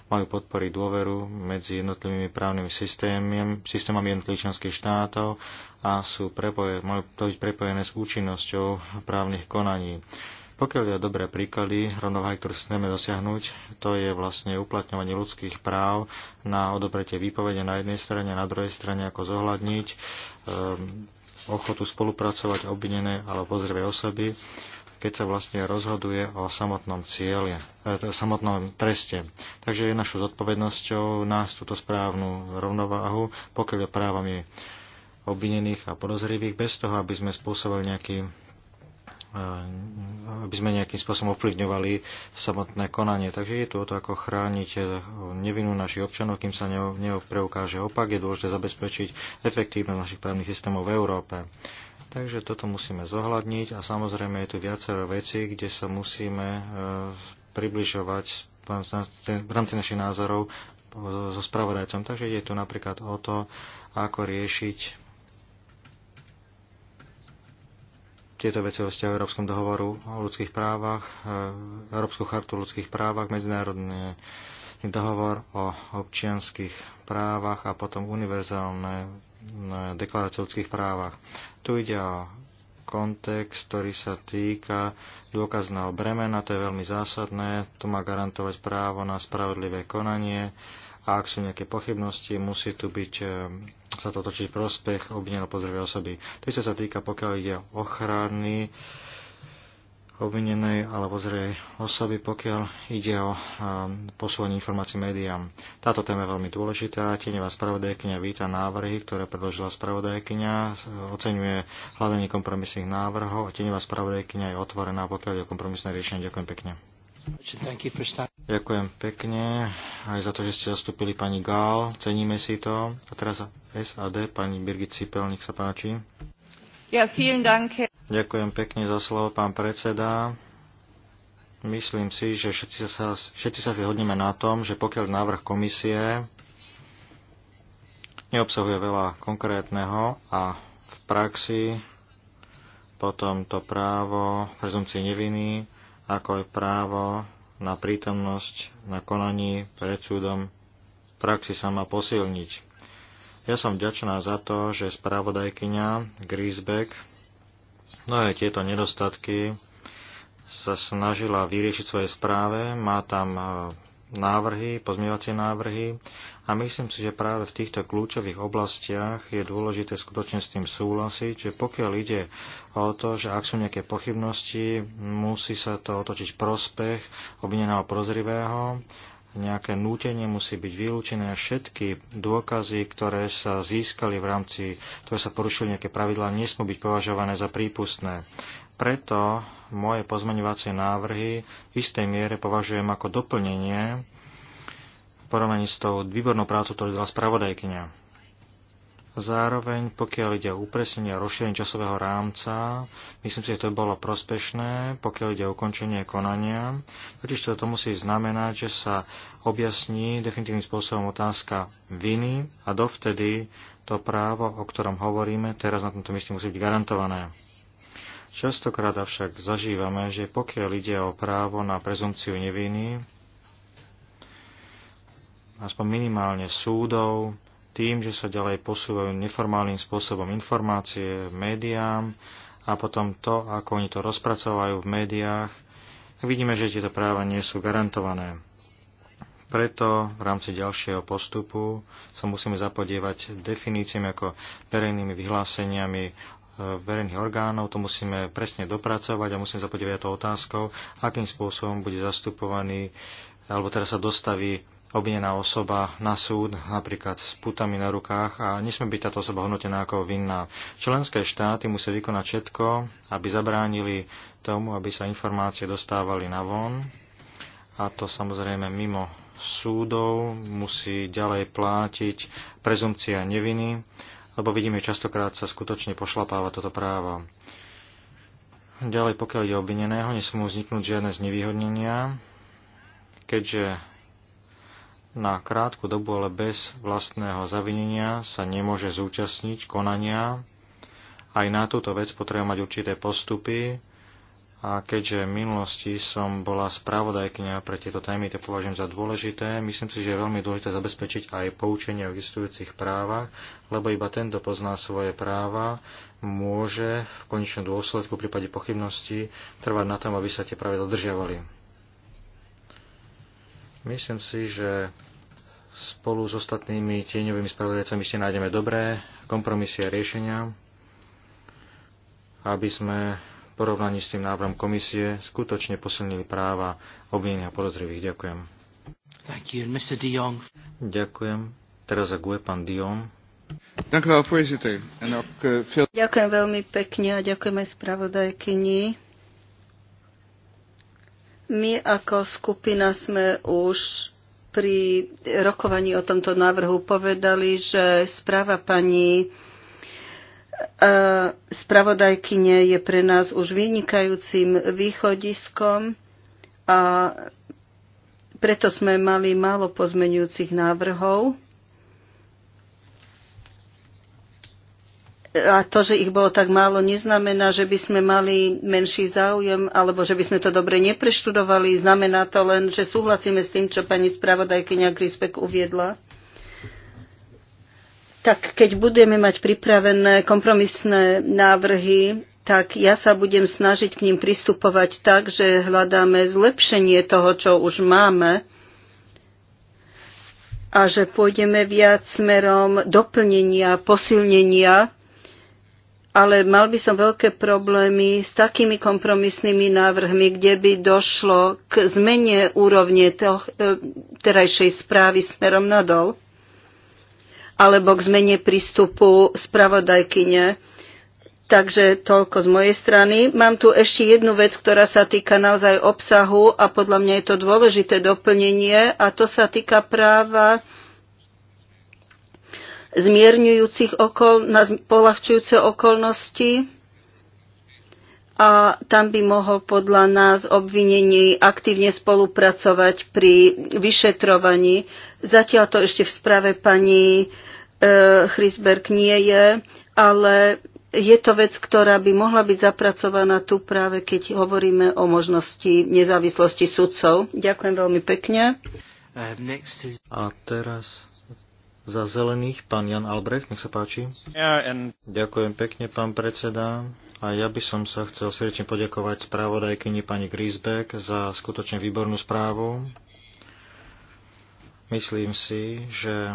majú podporiť dôveru medzi jednotlivými právnymi systémami, systémami jednotlivých členských štátov a sú prepoje, majú to byť prepojené s účinnosťou právnych konaní. Pokiaľ je dobré príklady rovnováhy, ktorú chceme dosiahnuť, to je vlastne uplatňovanie ľudských práv na odobretie výpovede na jednej strane a na druhej strane ako zohľadniť um, ochotu spolupracovať obvinené alebo pozrievej osoby, keď sa vlastne rozhoduje o samotnom e, samotnom treste. Takže je našou zodpovednosťou nás túto správnu rovnováhu, pokiaľ je právami obvinených a podozrivých, bez toho, aby sme spôsobili nejaký aby sme nejakým spôsobom ovplyvňovali samotné konanie. Takže je tu o to, ako chrániť e, nevinu našich občanov, kým sa neopreukáže opak. Je dôležité zabezpečiť efektívnosť našich právnych systémov v Európe. Takže toto musíme zohľadniť a samozrejme je tu viacero vecí, kde sa musíme e, približovať v rámci našich názorov so spravodajcom. Takže je tu napríklad o to, ako riešiť tieto veci o vzťahu Európskom dohovoru o ľudských právach, e, Európsku chartu o ľudských právach, medzinárodný dohovor o občianských právach a potom univerzálne e, deklarácie o ľudských právach. Tu ide o kontext, ktorý sa týka dôkazného bremena, to je veľmi zásadné, to má garantovať právo na spravodlivé konanie, a ak sú nejaké pochybnosti, musí tu byť, e, sa to točiť prospech obvineného pozdravia osoby. To sa týka, pokiaľ ide o ochrany obvinenej alebo zrej osoby, pokiaľ ide o um, posúvanie informácií médiám. Táto téma je veľmi dôležitá. Tieňová spravodajkynia víta návrhy, ktoré predložila spravodajkynia, e, oceňuje hľadanie kompromisných návrhov a tieňová spravodajkynia je otvorená, pokiaľ ide o kompromisné riešenie. Ďakujem pekne. Ďakujem pekne aj za to, že ste zastúpili pani Gál. Ceníme si to. A teraz SAD, pani Birgit Cipel, nech sa páči. Ja, vielen dank. Ďakujem pekne za slovo, pán predseda. Myslím si, že všetci sa, všetci sa zhodneme na tom, že pokiaľ návrh komisie neobsahuje veľa konkrétneho a v praxi potom to právo prezumcie neviny, ako aj právo na prítomnosť na konaní pred súdom praxi sa má posilniť. Ja som vďačná za to, že spravodajkyňa no aj tieto nedostatky sa snažila vyriešiť svoje správe, má tam e, návrhy, pozmievacie návrhy a myslím si, že práve v týchto kľúčových oblastiach je dôležité skutočne s tým súhlasiť, že pokiaľ ide o to, že ak sú nejaké pochybnosti, musí sa to otočiť prospech obvineného prozrivého, nejaké nútenie musí byť vylúčené a všetky dôkazy, ktoré sa získali v rámci, ktoré sa porušili nejaké pravidlá, nesmú byť považované za prípustné. Preto moje pozmeňovacie návrhy v istej miere považujem ako doplnenie v porovnaní s tou výbornou prácou, ktorú dala spravodajkynia. Zároveň, pokiaľ ide o upresnenie a rozšírenie časového rámca, myslím si, že to bolo prospešné, pokiaľ ide o ukončenie konania. Totiž to, to musí znamenať, že sa objasní definitívnym spôsobom otázka viny a dovtedy to právo, o ktorom hovoríme, teraz na tomto mieste musí byť garantované. Častokrát avšak zažívame, že pokiaľ ide o právo na prezumciu neviny, aspoň minimálne súdov, tým, že sa ďalej posúvajú neformálnym spôsobom informácie médiám a potom to, ako oni to rozpracovajú v médiách, tak vidíme, že tieto práva nie sú garantované. Preto v rámci ďalšieho postupu sa musíme zapodievať definíciami ako verejnými vyhláseniami e, verejných orgánov, to musíme presne dopracovať a musíme zapodievať to otázkou, akým spôsobom bude zastupovaný alebo teraz sa dostaví obvinená osoba na súd, napríklad s putami na rukách a nesme byť táto osoba hodnotená ako vinná. Členské štáty musia vykonať všetko, aby zabránili tomu, aby sa informácie dostávali na von a to samozrejme mimo súdov musí ďalej plátiť prezumcia neviny, lebo vidíme, častokrát sa skutočne pošlapáva toto právo. Ďalej, pokiaľ je obvineného, nesmú vzniknúť žiadne znevýhodnenia, keďže na krátku dobu, ale bez vlastného zavinenia sa nemôže zúčastniť konania. Aj na túto vec potrebujem mať určité postupy a keďže v minulosti som bola spravodajkňa pre tieto témy, to považujem za dôležité. Myslím si, že je veľmi dôležité zabezpečiť aj poučenie o existujúcich právach, lebo iba ten, kto pozná svoje práva, môže v konečnom dôsledku v prípade pochybnosti trvať na tom, aby sa tie práve dodržiavali. Myslím si, že Spolu s ostatnými tieňovými spravodajcami ešte nájdeme dobré kompromisy a riešenia, aby sme v porovnaní s tým návrhom komisie skutočne posilnili práva obvinených a podozrivých. Ďakujem. Thank you, Mr. De Jong. Ďakujem. Teraz za GUE pán Dion. Uh, ďakujem veľmi pekne a ďakujem aj spravodajkyni. My ako skupina sme už pri rokovaní o tomto návrhu povedali, že správa pani e, spravodajkyne je pre nás už vynikajúcim východiskom a preto sme mali málo pozmenujúcich návrhov. a to, že ich bolo tak málo, neznamená, že by sme mali menší záujem alebo že by sme to dobre nepreštudovali. Znamená to len, že súhlasíme s tým, čo pani spravodajkyňa Grispek uviedla. Tak keď budeme mať pripravené kompromisné návrhy, tak ja sa budem snažiť k ním pristupovať tak, že hľadáme zlepšenie toho, čo už máme a že pôjdeme viac smerom doplnenia, posilnenia ale mal by som veľké problémy s takými kompromisnými návrhmi, kde by došlo k zmene úrovne toho, e, terajšej správy smerom nadol alebo k zmene prístupu spravodajkyne. Takže toľko z mojej strany. Mám tu ešte jednu vec, ktorá sa týka naozaj obsahu a podľa mňa je to dôležité doplnenie a to sa týka práva zmierňujúcich okol, na polahčujúce okolnosti a tam by mohol podľa nás obvinení aktívne spolupracovať pri vyšetrovaní. Zatiaľ to ešte v sprave pani e, Chrisberg nie je, ale je to vec, ktorá by mohla byť zapracovaná tu práve, keď hovoríme o možnosti nezávislosti sudcov. Ďakujem veľmi pekne. Um, a teraz za zelených pán Jan Albrecht, nech sa páči. Yeah, and... Ďakujem pekne, pán predseda. A ja by som sa chcel srdečne poďakovať správodajkyni pani Grisbeck za skutočne výbornú správu. Myslím si, že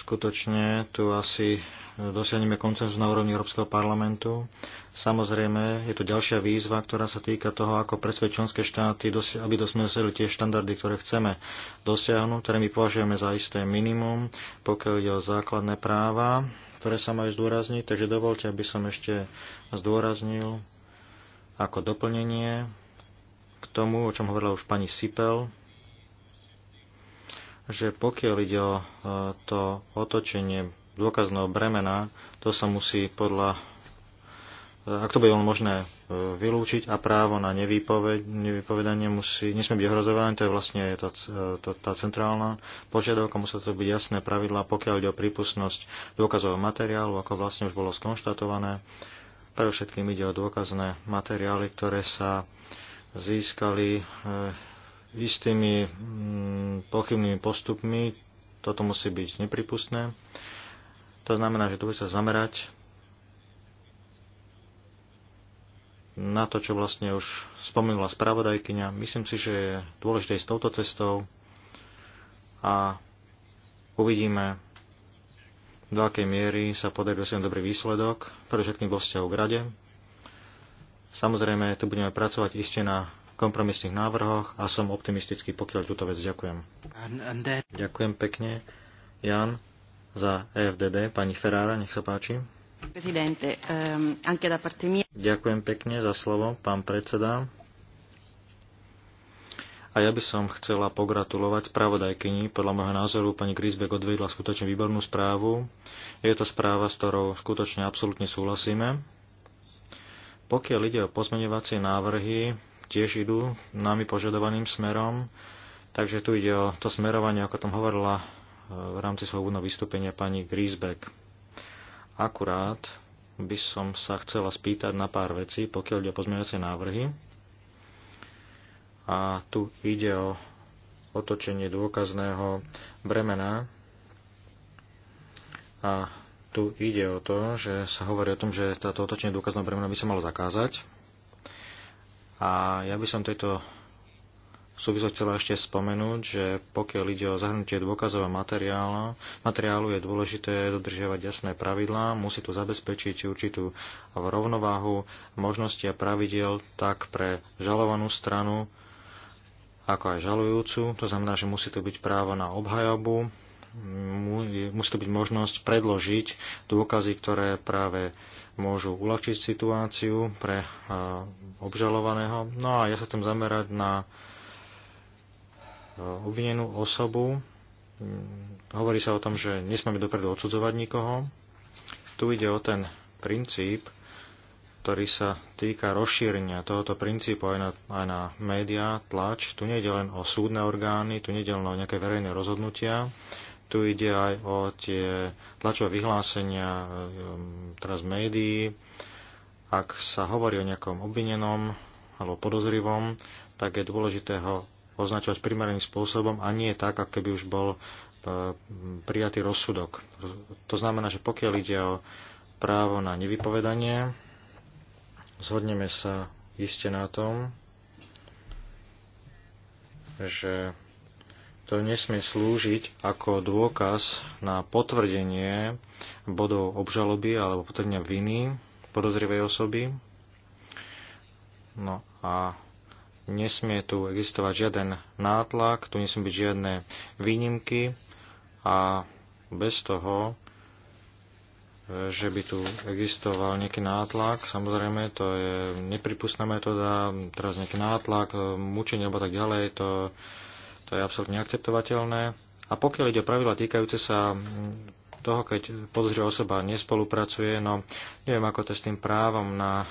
skutočne tu asi dosiahneme koncenzus na úrovni Európskeho parlamentu. Samozrejme, je tu ďalšia výzva, ktorá sa týka toho, ako presvedčiť členské štáty, aby dosiahli tie štandardy, ktoré chceme dosiahnuť, ktoré my považujeme za isté minimum, pokiaľ ide o základné práva, ktoré sa majú zdôrazniť. Takže dovolte, aby som ešte zdôraznil ako doplnenie k tomu, o čom hovorila už pani Sipel, že pokiaľ ide o e, to otočenie dôkazného bremena, to sa musí podľa ak to bude len možné e, vylúčiť a právo na nevýpoved, nevypovedanie musí, nesmie byť ohrozované, to je vlastne tá, e, tá, tá centrálna požiadavka, musí to byť jasné pravidlá, pokiaľ ide o prípustnosť dôkazového materiálu, ako vlastne už bolo skonštatované. Pre všetkým ide o dôkazné materiály, ktoré sa získali e, istými mm, pochybnými postupmi. Toto musí byť nepripustné. To znamená, že tu sa zamerať na to, čo vlastne už spomenula spravodajkyňa. Myslím si, že je dôležité s touto cestou a uvidíme, do akej miery sa podarí dosiahnuť dobrý výsledok, pre všetkým vo vzťahu k rade. Samozrejme, tu budeme pracovať iste na kompromisných návrhoch a som optimistický, pokiaľ túto vec ďakujem. Ďakujem pekne, Jan, za EFDD. Pani Ferrara, nech sa páči. Ehm, Ďakujem pekne za slovo, pán predseda. A ja by som chcela pogratulovať spravodajkyni. Podľa môjho názoru pani Grisbeck odvedla skutočne výbornú správu. Je to správa, s ktorou skutočne absolútne súhlasíme. Pokiaľ ide o pozmeňovacie návrhy, tiež idú nami požadovaným smerom. Takže tu ide o to smerovanie, ako tom hovorila eh, v rámci svojho vystúpenia pani Grisbeck. Akurát by som sa chcela spýtať na pár vecí, pokiaľ ide o pozmeňovacie návrhy. A tu ide o otočenie dôkazného bremena. A tu ide o to, že sa hovorí o tom, že táto otočenie dôkazného bremena by sa malo zakázať. A ja by som tejto súvislosti chcela ešte spomenúť, že pokiaľ ide o zahrnutie dôkazového materiálu, materiálu je dôležité dodržiavať jasné pravidlá, musí tu zabezpečiť určitú rovnováhu možnosti a pravidel tak pre žalovanú stranu, ako aj žalujúcu. To znamená, že musí tu byť právo na obhajobu, musí to byť možnosť predložiť dôkazy, ktoré práve môžu uľahčiť situáciu pre eh, obžalovaného. No a ja sa chcem zamerať na Eh, obvinenú osobu. Mm, hovorí sa o tom, že nesmieme dopredu odsudzovať nikoho. Tu ide o ten princíp, ktorý sa týka rozšírenia tohoto princípu aj na, aj na médiá, tlač. Tu nejde len o súdne orgány, tu nejde len o nejaké verejné rozhodnutia, tu ide aj o tie tlačové vyhlásenia eh, mm, teraz médií. Ak sa hovorí o nejakom obvinenom alebo podozrivom, tak je dôležité ho označovať primeraným spôsobom a nie tak, ako keby už bol e, prijatý rozsudok. To znamená, že pokiaľ ide o právo na nevypovedanie, zhodneme sa iste na tom, že to nesmie slúžiť ako dôkaz na potvrdenie bodov obžaloby alebo potvrdenia viny podozrivej osoby. No a nesmie tu existovať žiaden nátlak, tu nesmie byť žiadne výnimky a bez toho, e, že by tu existoval nejaký nátlak, samozrejme to je nepripustná metóda, teraz nejaký nátlak, e, mučenie alebo tak ďalej, to, to je absolútne akceptovateľné. A pokiaľ ide o pravidla týkajúce sa toho, keď podozrivá osoba nespolupracuje, no neviem, ako to s tým právom na e,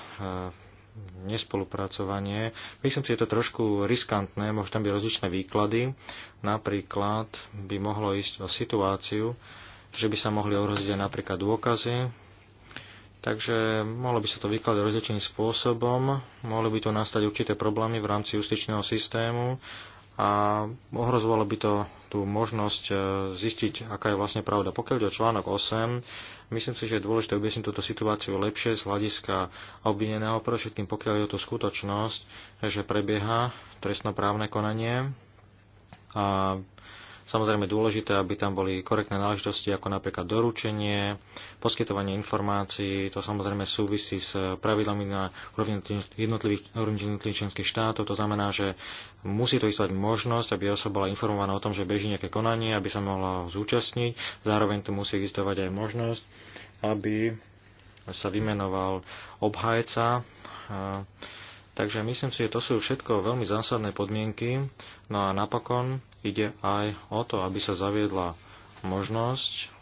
nespolupracovanie. Myslím si, je to trošku riskantné, môžu tam byť rozličné výklady. Napríklad by mohlo ísť o situáciu, že by sa mohli ohroziť aj napríklad dôkazy, Takže mohlo by sa to vykladať rozličným spôsobom, mohli by tu nastať určité problémy v rámci justičného systému a ohrozovalo by to tú možnosť e, zistiť, aká je vlastne pravda. Pokiaľ ide o článok 8, myslím si, že je dôležité objasniť túto situáciu lepšie z hľadiska obvineného, pre všetkým pokiaľ je o tú skutočnosť, že prebieha trestnoprávne konanie a Samozrejme dôležité, aby tam boli korektné náležitosti, ako napríklad doručenie, poskytovanie informácií. To samozrejme súvisí s pravidlami na úrovni jednotlivých, jednotlivých členských štátov. To znamená, že musí to istovať možnosť, aby osoba bola informovaná o tom, že beží nejaké konanie, aby sa mohla zúčastniť. Zároveň tu musí existovať aj možnosť, aby sa vymenoval obhajca Takže myslím si, že to sú všetko veľmi zásadné podmienky. No a napokon ide aj o to, aby sa zaviedla možnosť,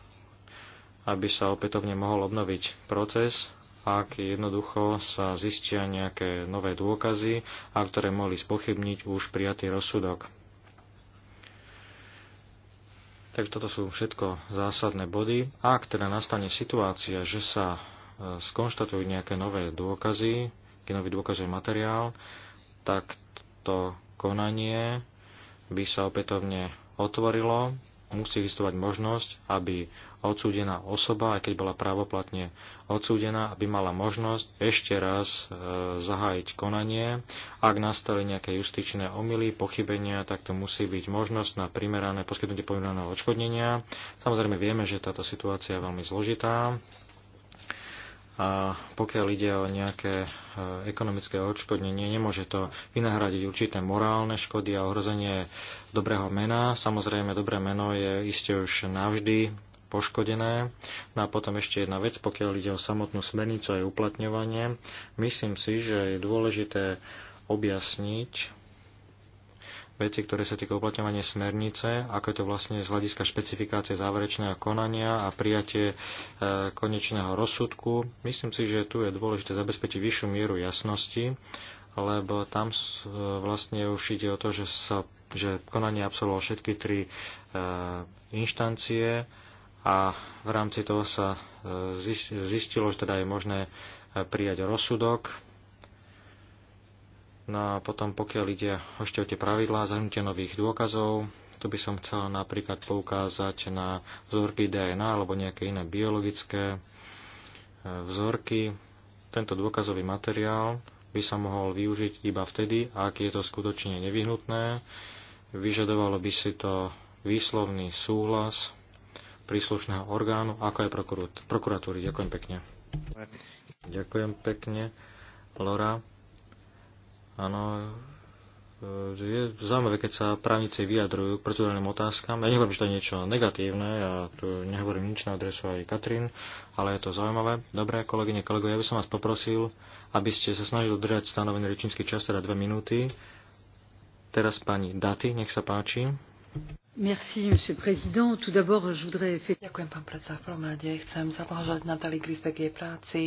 aby sa opätovne mohol obnoviť proces, ak jednoducho sa zistia nejaké nové dôkazy, a ktoré mohli spochybniť už prijatý rozsudok. Takže toto sú všetko zásadné body. Ak teda nastane situácia, že sa e, skonštatujú nejaké nové dôkazy, genový dôkazový materiál, tak to konanie by sa opätovne otvorilo. Musí existovať možnosť, aby odsúdená osoba, aj keď bola právoplatne odsúdená, aby mala možnosť ešte raz e, zahájiť konanie. Ak nastali nejaké justičné omily, pochybenia, tak to musí byť možnosť na primerané poskytnutie povinného odškodnenia. Samozrejme vieme, že táto situácia je veľmi zložitá a pokiaľ ide o nejaké e, ekonomické odškodnenie, nemôže to vynahradiť určité morálne škody a ohrozenie dobrého mena. Samozrejme, dobré meno je iste už navždy poškodené. No a potom ešte jedna vec, pokiaľ ide o samotnú smernicu a jej uplatňovanie. Myslím si, že je dôležité objasniť veci, ktoré sa týka uplatňovania smernice, ako je to vlastne z hľadiska špecifikácie záverečného konania a prijatie e, konečného rozsudku. Myslím si, že tu je dôležité zabezpečiť vyššiu mieru jasnosti, lebo tam e, vlastne už ide o to, že, sa, že konanie absolvovalo všetky tri e, inštancie a v rámci toho sa zistilo, že teda je možné prijať rozsudok No a potom, pokiaľ ide ešte o tie pravidlá, zahrnutie nových dôkazov, tu by som chcela napríklad poukázať na vzorky DNA alebo nejaké iné biologické e, vzorky. Tento dôkazový materiál by sa mohol využiť iba vtedy, ak je to skutočne nevyhnutné. Vyžadovalo by si to výslovný súhlas príslušného orgánu, ako aj prokuratúry. Ďakujem pekne. Ďakujem pekne, Lora. Áno, e, je zaujímavé, keď sa právnici vyjadrujú k procedurálnym otázkam. Ja nehovorím, že to je niečo negatívne, ja tu nehovorím nič na adresu aj Katrin, ale je to zaujímavé. Dobre, kolegyne, kolegovia, ja by som vás poprosil, aby ste sa snažili dodržať stanovený rečnícky čas, teda dve minúty. Teraz pani Daty, nech sa páči monsieur le président. Tout d'abord, je voudrais... Ďakujem, pán predseda. V prvom rade chcem zablahožať Natali Grisbeck jej práci,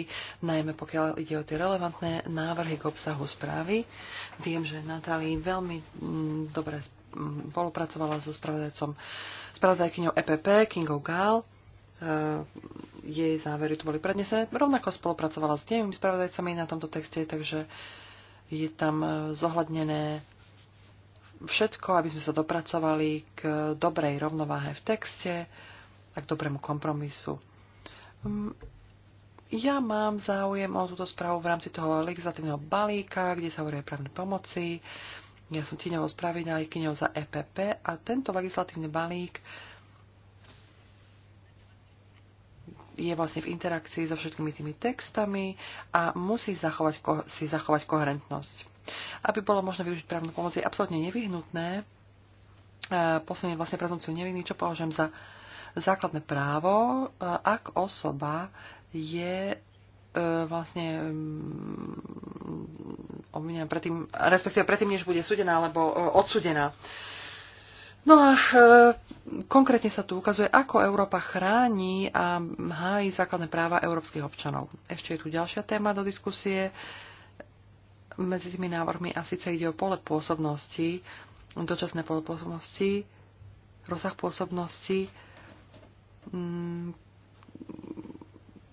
najmä pokiaľ ide o tie relevantné návrhy k obsahu správy. Viem, že Natali veľmi mm, dobre mm, spolupracovala so spravodajcom, spravodajkyňou EPP, Kingou Gál. E, jej závery tu boli prednesené. Rovnako spolupracovala s tými spravodajcami na tomto texte, takže je tam e, zohľadnené všetko, aby sme sa dopracovali k dobrej rovnováhe v texte a k dobrému kompromisu. Mm, ja mám záujem o túto správu v rámci toho legislatívneho balíka, kde sa hovorí o právnej pomoci. Ja som tíňovou spravodajkyňou za EPP a tento legislatívny balík je vlastne v interakcii so všetkými tými textami a musí zachovať, si zachovať koherentnosť. Aby bolo možné využiť právnu pomoc, je absolútne nevyhnutné e, posunieť vlastne prezumciu neviny, čo považujem za základné právo, e, ak osoba je e, vlastne mm, obvinená predtým, respektíve predtým, než bude súdená alebo odsudená. No a konkrétne sa tu ukazuje, ako Európa chráni a hájí základné práva európskych občanov. Ešte je tu ďalšia téma do diskusie medzi tými návrhmi a síce ide o pole pôsobnosti, dočasné pole pôsobnosti, rozsah pôsobnosti, mm,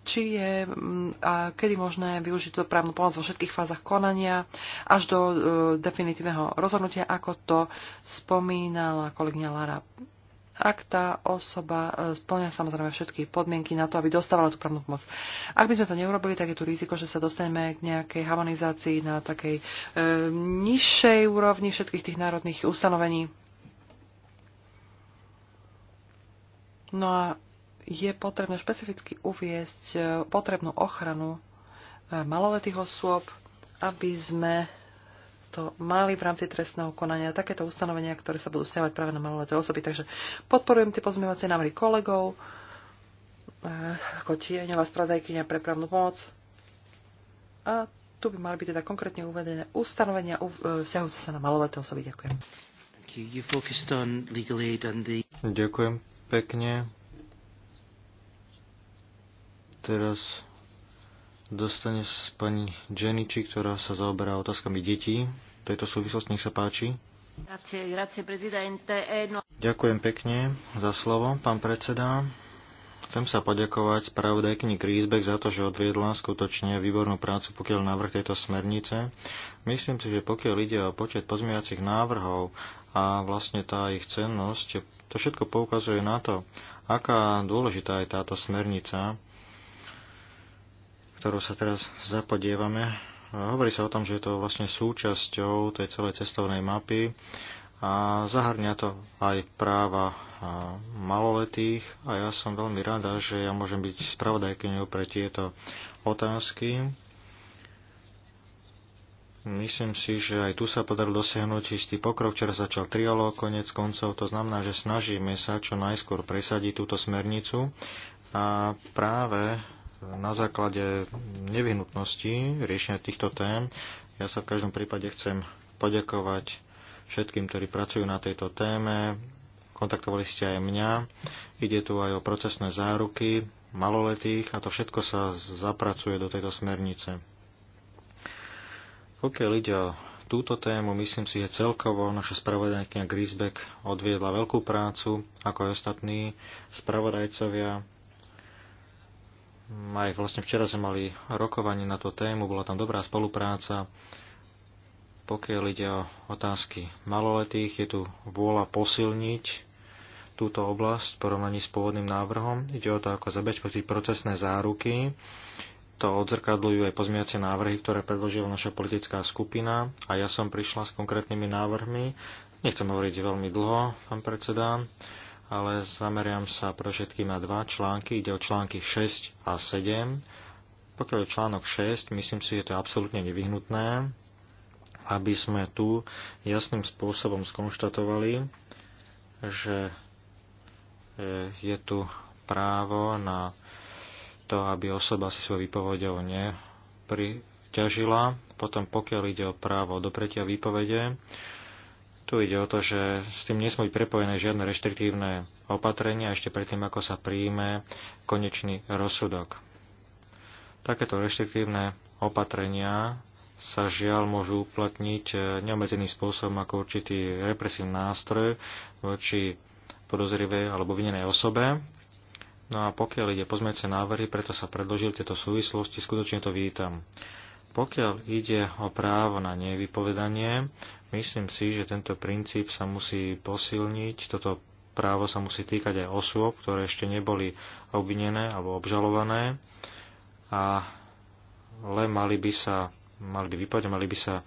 či je mm, a kedy možné využiť túto právnu pomoc vo všetkých fázach konania až do e, definitívneho rozhodnutia, ako to spomínala kolegyňa Lara ak tá osoba e, splňa samozrejme všetky podmienky na to, aby dostávala tú právnu pomoc. Ak by sme to neurobili, tak je tu riziko, že sa dostaneme k nejakej harmonizácii na takej e, nižšej úrovni všetkých tých národných ustanovení. No a je potrebné špecificky uviesť e, potrebnú ochranu e, maloletých osôb, aby sme to mali v rámci trestného konania takéto ustanovenia, ktoré sa budú vzťahovať práve na maloleté osoby. Takže podporujem tie pozmievacie návrhy kolegov, eh, ako tieňová spravodajkynia pre právnu pomoc. A tu by mali byť teda konkrétne uvedené ustanovenia eh, vzťahujúce sa na maloleté osoby. Ďakujem. Ďakujem pekne. Teraz dostane s pani Jeniči, ktorá sa zaoberá otázkami detí. V tejto súvislosti nech sa páči. Grazie, grazie, e, no... Ďakujem pekne za slovo, pán predseda. Chcem sa poďakovať spravodajkyni Griesbeck za to, že odviedla skutočne výbornú prácu, pokiaľ návrh tejto smernice. Myslím si, že pokiaľ ide o počet pozmiacich návrhov a vlastne tá ich cennosť, to všetko poukazuje na to, aká dôležitá je táto smernica ktorú sa teraz zapodievame. Hovorí sa o tom, že je to vlastne súčasťou tej celej cestovnej mapy a zahrňa to aj práva maloletých a ja som veľmi rada, že ja môžem byť spravodajkyňou pre tieto otázky. Myslím si, že aj tu sa podarilo dosiahnuť istý pokrok. Včera začal trialo konec koncov, to znamená, že snažíme sa čo najskôr presadiť túto smernicu a práve na základe nevyhnutnosti riešenia týchto tém. Ja sa v každom prípade chcem poďakovať všetkým, ktorí pracujú na tejto téme. Kontaktovali ste aj mňa. Ide tu aj o procesné záruky maloletých a to všetko sa zapracuje do tejto smernice. Pokiaľ ide o túto tému, myslím si, že celkovo naša spravodajkňa Grisbeck odviedla veľkú prácu, ako aj ostatní spravodajcovia Mm, aj vlastne včera sme mali rokovanie na tú tému, bola tam dobrá spolupráca. Pokiaľ ide o otázky maloletých, je tu vôľa posilniť túto oblasť v porovnaní s pôvodným návrhom. Ide o to, ako zabezpečiť procesné záruky. To odzrkadľujú aj pozmiacie návrhy, ktoré predložila naša politická skupina a ja som prišla s konkrétnymi návrhmi. Nechcem hovoriť veľmi dlho, pán predseda ale zameriam sa pre všetkým na dva články. Ide o články 6 a 7. Pokiaľ je článok 6, myslím si, že to je absolútne nevyhnutné, aby sme tu jasným spôsobom skonštatovali, že eh, je tu právo na to, aby osoba si svoj výpovedou nepriťažila. Potom pokiaľ ide o právo dopretia výpovede, tu ide o to, že s tým nesmú byť prepojené žiadne reštriktívne opatrenia ešte predtým, ako sa príjme konečný rozsudok. Takéto reštriktívne opatrenia sa žiaľ môžu uplatniť e, neobmedzeným spôsobom ako určitý represívny nástroj voči podozrivej alebo vinenej osobe. No a pokiaľ ide pozmeňce návrhy, preto sa predložil tieto súvislosti, skutočne to vítam. Pokiaľ ide o právo na nevypovedanie, myslím si, že tento princíp sa musí posilniť, toto právo sa musí týkať aj osôb, ktoré ešte neboli obvinené alebo obžalované a len mali by sa mali by vypovedať, mali by sa e,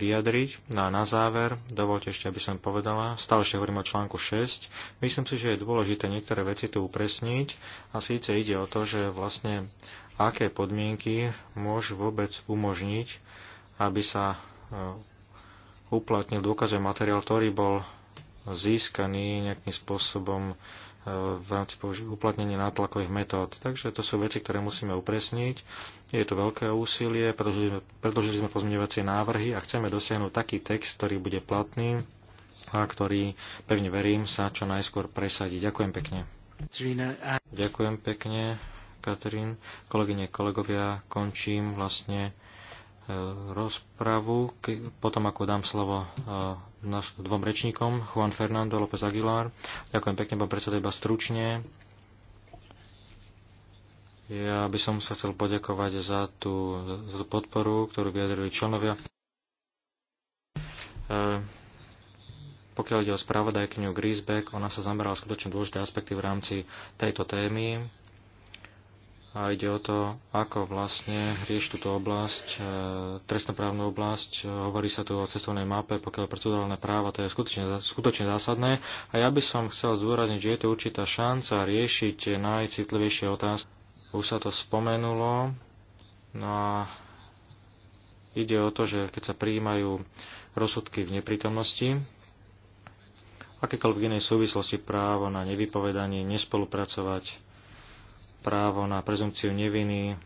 vyjadriť. No a na záver, dovolte ešte, aby som povedala, stále ešte hovorím o článku 6. Myslím si, že je dôležité niektoré veci tu upresniť a síce ide o to, že vlastne aké podmienky môžu vôbec umožniť, aby sa e, uplatnil dôkazový materiál, ktorý bol získaný nejakým spôsobom e, v rámci uplatnenia nátlakových metód. Takže to sú veci, ktoré musíme upresniť. Je to veľké úsilie, predložili, sme pozmeňovacie návrhy a chceme dosiahnuť taký text, ktorý bude platný a ktorý, pevne verím, sa čo najskôr presadí. Ďakujem pekne. Ďakujem pekne. Katrin. Kolegyne, kolegovia, končím vlastne e, rozpravu. Potom ako dám slovo e, dvom rečníkom, Juan Fernando López Aguilar. Ďakujem pekne, pán predseda, iba stručne. Ja by som sa chcel poďakovať za tú, za tú podporu, ktorú vyjadrili členovia. E, pokiaľ ide o spravodajkyňu Grisbeck, ona sa zamerala skutočne dôležité aspekty v rámci tejto témy a ide o to, ako vlastne rieši túto oblasť, e, trestnoprávnu oblasť. E, hovorí sa tu o cestovnej mape, pokiaľ procedurálne práva, to je skutočne, skutočne zásadné. A ja by som chcel zdôrazniť, že je to určitá šanca riešiť najcitlivejšie otázky. Už sa to spomenulo. No a ide o to, že keď sa prijímajú rozsudky v neprítomnosti, akékoľvek inej súvislosti právo na nevypovedanie, nespolupracovať, právo na prezumciu neviny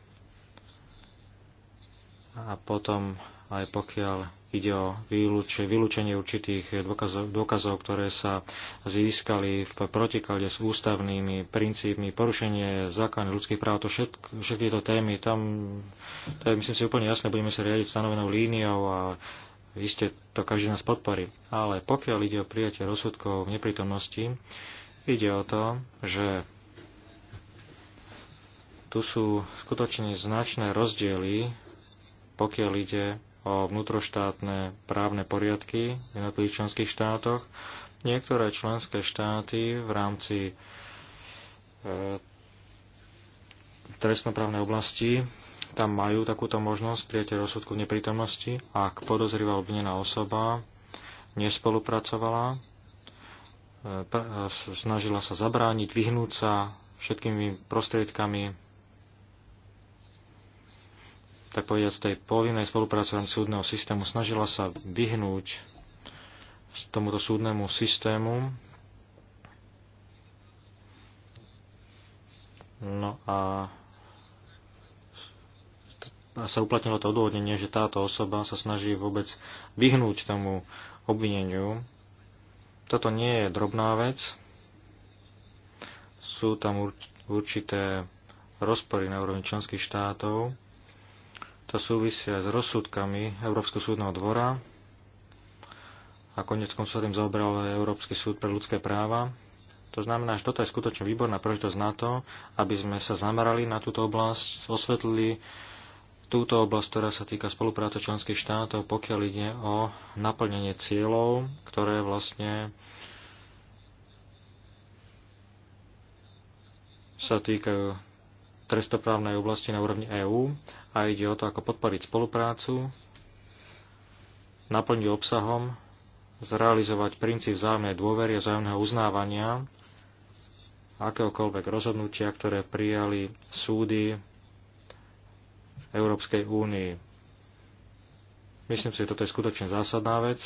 a potom aj pokiaľ ide o vylúčenie určitých dôkazov, dôkazov, ktoré sa získali v protiklade s ústavnými princípmi, porušenie základných ľudských práv, to všetky, všetky tieto témy, tam, to je myslím si úplne jasné, budeme sa riadiť stanovenou líniou a iste to každý nás podporí. Ale pokiaľ ide o prijatie rozsudkov v neprítomnosti, ide o to, že tu sú skutočne značné rozdiely, pokiaľ ide o vnútroštátne právne poriadky v jednotlivých členských štátoch. Niektoré členské štáty v rámci e, trestnoprávnej oblasti tam majú takúto možnosť prijatia rozsudku v neprítomnosti, ak podozrivá obvinená osoba nespolupracovala, e, e, snažila sa zabrániť, vyhnúť sa všetkými prostriedkami tak povedať, z tej povinnej spolupráce v rámci súdneho systému snažila sa vyhnúť tomuto súdnemu systému. No a sa uplatnilo to odôvodnenie, že táto osoba sa snaží vôbec vyhnúť tomu obvineniu. Toto nie je drobná vec. Sú tam určité rozpory na úrovni členských štátov to súvisia s rozsudkami Európskeho súdneho dvora a konec koncov tým zaoberal Európsky súd pre ľudské práva. To znamená, že toto je skutočne výborná príležitosť na to, aby sme sa zamerali na túto oblasť, osvetlili túto oblasť, ktorá sa týka spolupráce členských štátov, pokiaľ ide o naplnenie cieľov, ktoré vlastne sa týkajú trestoprávnej oblasti na úrovni EÚ a ide o to, ako podporiť spoluprácu, naplniť obsahom, zrealizovať princíp vzájomnej dôvery a vzájomného uznávania akéhokoľvek rozhodnutia, ktoré prijali súdy v Európskej únii. Myslím si, že toto je skutočne zásadná vec.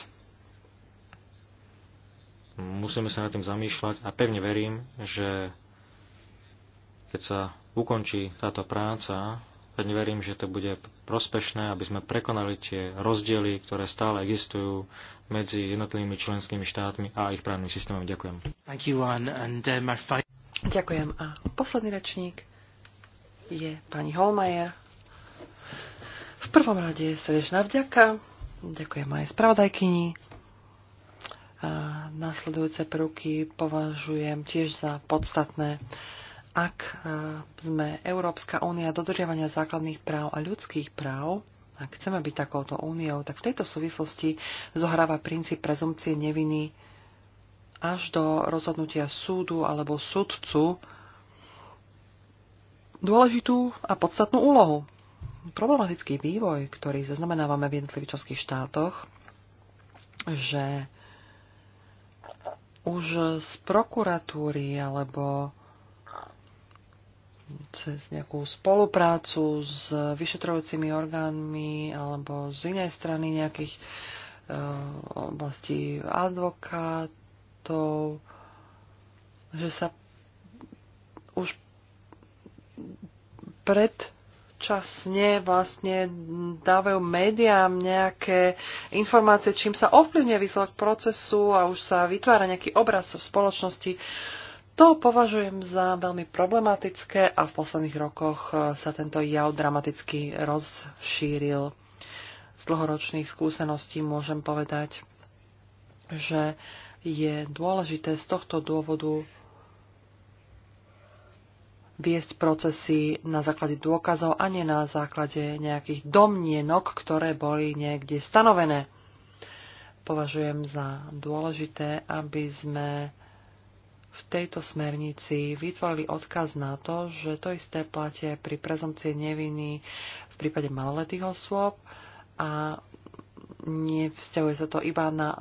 Musíme sa nad tým zamýšľať a pevne verím, že keď sa ukončí táto práca Pevne verím, že to bude prospešné, aby sme prekonali tie rozdiely, ktoré stále existujú medzi jednotlivými členskými štátmi a ich právnym systémom. Ďakujem. Uh, Ďakujem. A posledný rečník je pani Holmajer. V prvom rade srdečná vďaka. Ďakujem aj spravodajkyni. A nasledujúce prvky považujem tiež za podstatné ak e, sme Európska únia dodržiavania základných práv a ľudských práv, ak chceme byť takouto úniou, tak v tejto súvislosti zohráva princíp prezumcie neviny až do rozhodnutia súdu alebo sudcu dôležitú a podstatnú úlohu. Problematický vývoj, ktorý zaznamenávame v jednotlivých členských štátoch, že už z prokuratúry alebo cez nejakú spoluprácu s vyšetrovacími orgánmi alebo z inej strany nejakých e, oblastí advokátov, že sa už predčasne vlastne dávajú médiám nejaké informácie, čím sa ovplyvňuje výsledok procesu a už sa vytvára nejaký obraz v spoločnosti. Uh, to považujem za veľmi problematické a v posledných rokoch e, sa tento jav dramaticky rozšíril. Z dlhoročných skúseností môžem povedať, že je dôležité z tohto dôvodu viesť procesy na základe dôkazov a nie na základe nejakých domnienok, ktoré boli niekde stanovené. Považujem za dôležité, aby sme v tejto smernici vytvorili odkaz na to, že to isté platie pri prezumcie neviny v prípade maloletých osôb a nevzťahuje sa to iba na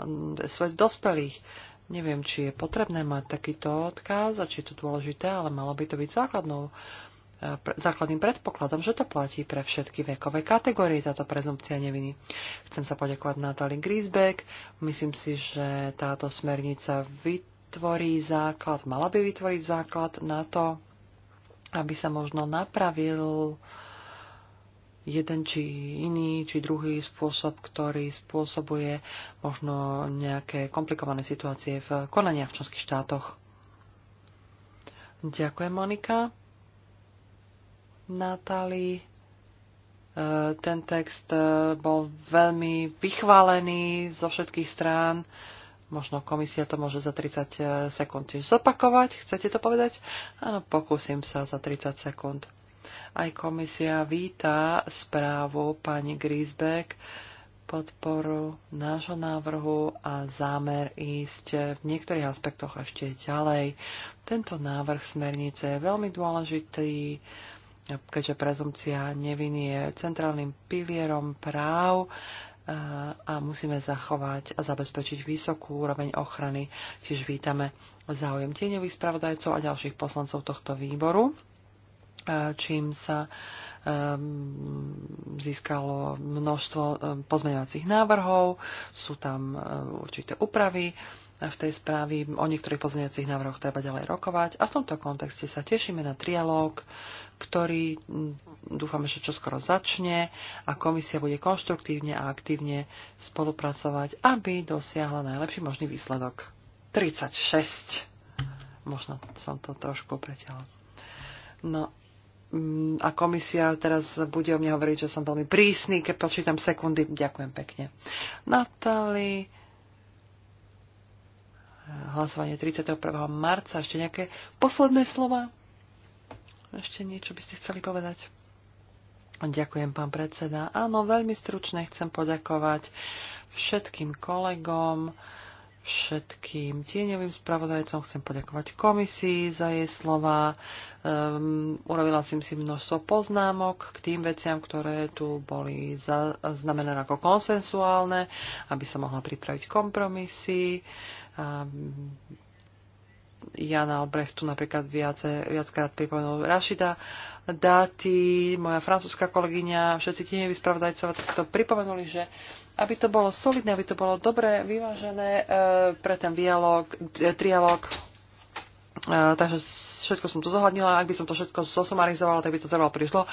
svet dospelých. Neviem, či je potrebné mať takýto odkaz a či je to dôležité, ale malo by to byť základnou eh, základným predpokladom, že to platí pre všetky vekové kategórie táto prezumpcia neviny. Chcem sa poďakovať Natali Griesbeck. Myslím si, že táto smernica vytvorila tvorí základ, mala by vytvoriť základ na to, aby sa možno napravil jeden či iný, či druhý spôsob, ktorý spôsobuje možno nejaké komplikované situácie v konania v členských štátoch. Ďakujem, Monika. Natali, e, ten text e, bol veľmi vychválený zo všetkých strán. Možno komisia to môže za 30 e, sekúnd tiež zopakovať. Chcete to povedať? Áno, pokúsim sa za 30 sekúnd. Aj komisia víta správu pani Griesbeck, podporu nášho návrhu a zámer ísť v niektorých aspektoch ešte ďalej. Tento návrh smernice je veľmi dôležitý, keďže prezumcia neviny je centrálnym pilierom práv a musíme zachovať a zabezpečiť vysokú úroveň ochrany. Tiež vítame záujem tieňových spravodajcov a ďalších poslancov tohto výboru, čím sa získalo množstvo pozmeňovacích návrhov, sú tam určité úpravy v tej správy. O niektorých pozniacich návrhoch treba ďalej rokovať a v tomto kontexte sa tešíme na trialóg, ktorý dúfame, že čoskoro začne a komisia bude konštruktívne a aktívne spolupracovať, aby dosiahla najlepší možný výsledok. 36. Možno som to trošku preťala. No a komisia teraz bude o mne hovoriť, že som veľmi prísny, keď počítam sekundy. Ďakujem pekne. Natali hlasovanie 31. marca. Ešte nejaké posledné slova? Ešte niečo by ste chceli povedať? Ďakujem, pán predseda. Áno, veľmi stručne chcem poďakovať všetkým kolegom, všetkým tieňovým spravodajcom, chcem poďakovať komisii za jej slova. Um, urobila som si množstvo poznámok k tým veciam, ktoré tu boli zaznamenané ako konsensuálne, aby sa mohla pripraviť kompromisy. Uh, Mm, Jana tu napríklad viac, viackrát pripomenul Rašida Dati, moja francúzska kolegyňa, všetci tie spravodajcovia to pripomenuli, že aby to bolo solidné, aby to bolo dobre vyvážené e, pre ten dialog, e, trialog. E, takže všetko som tu zohľadnila. Ak by som to všetko zosumarizovala, tak by to trvalo prišlo.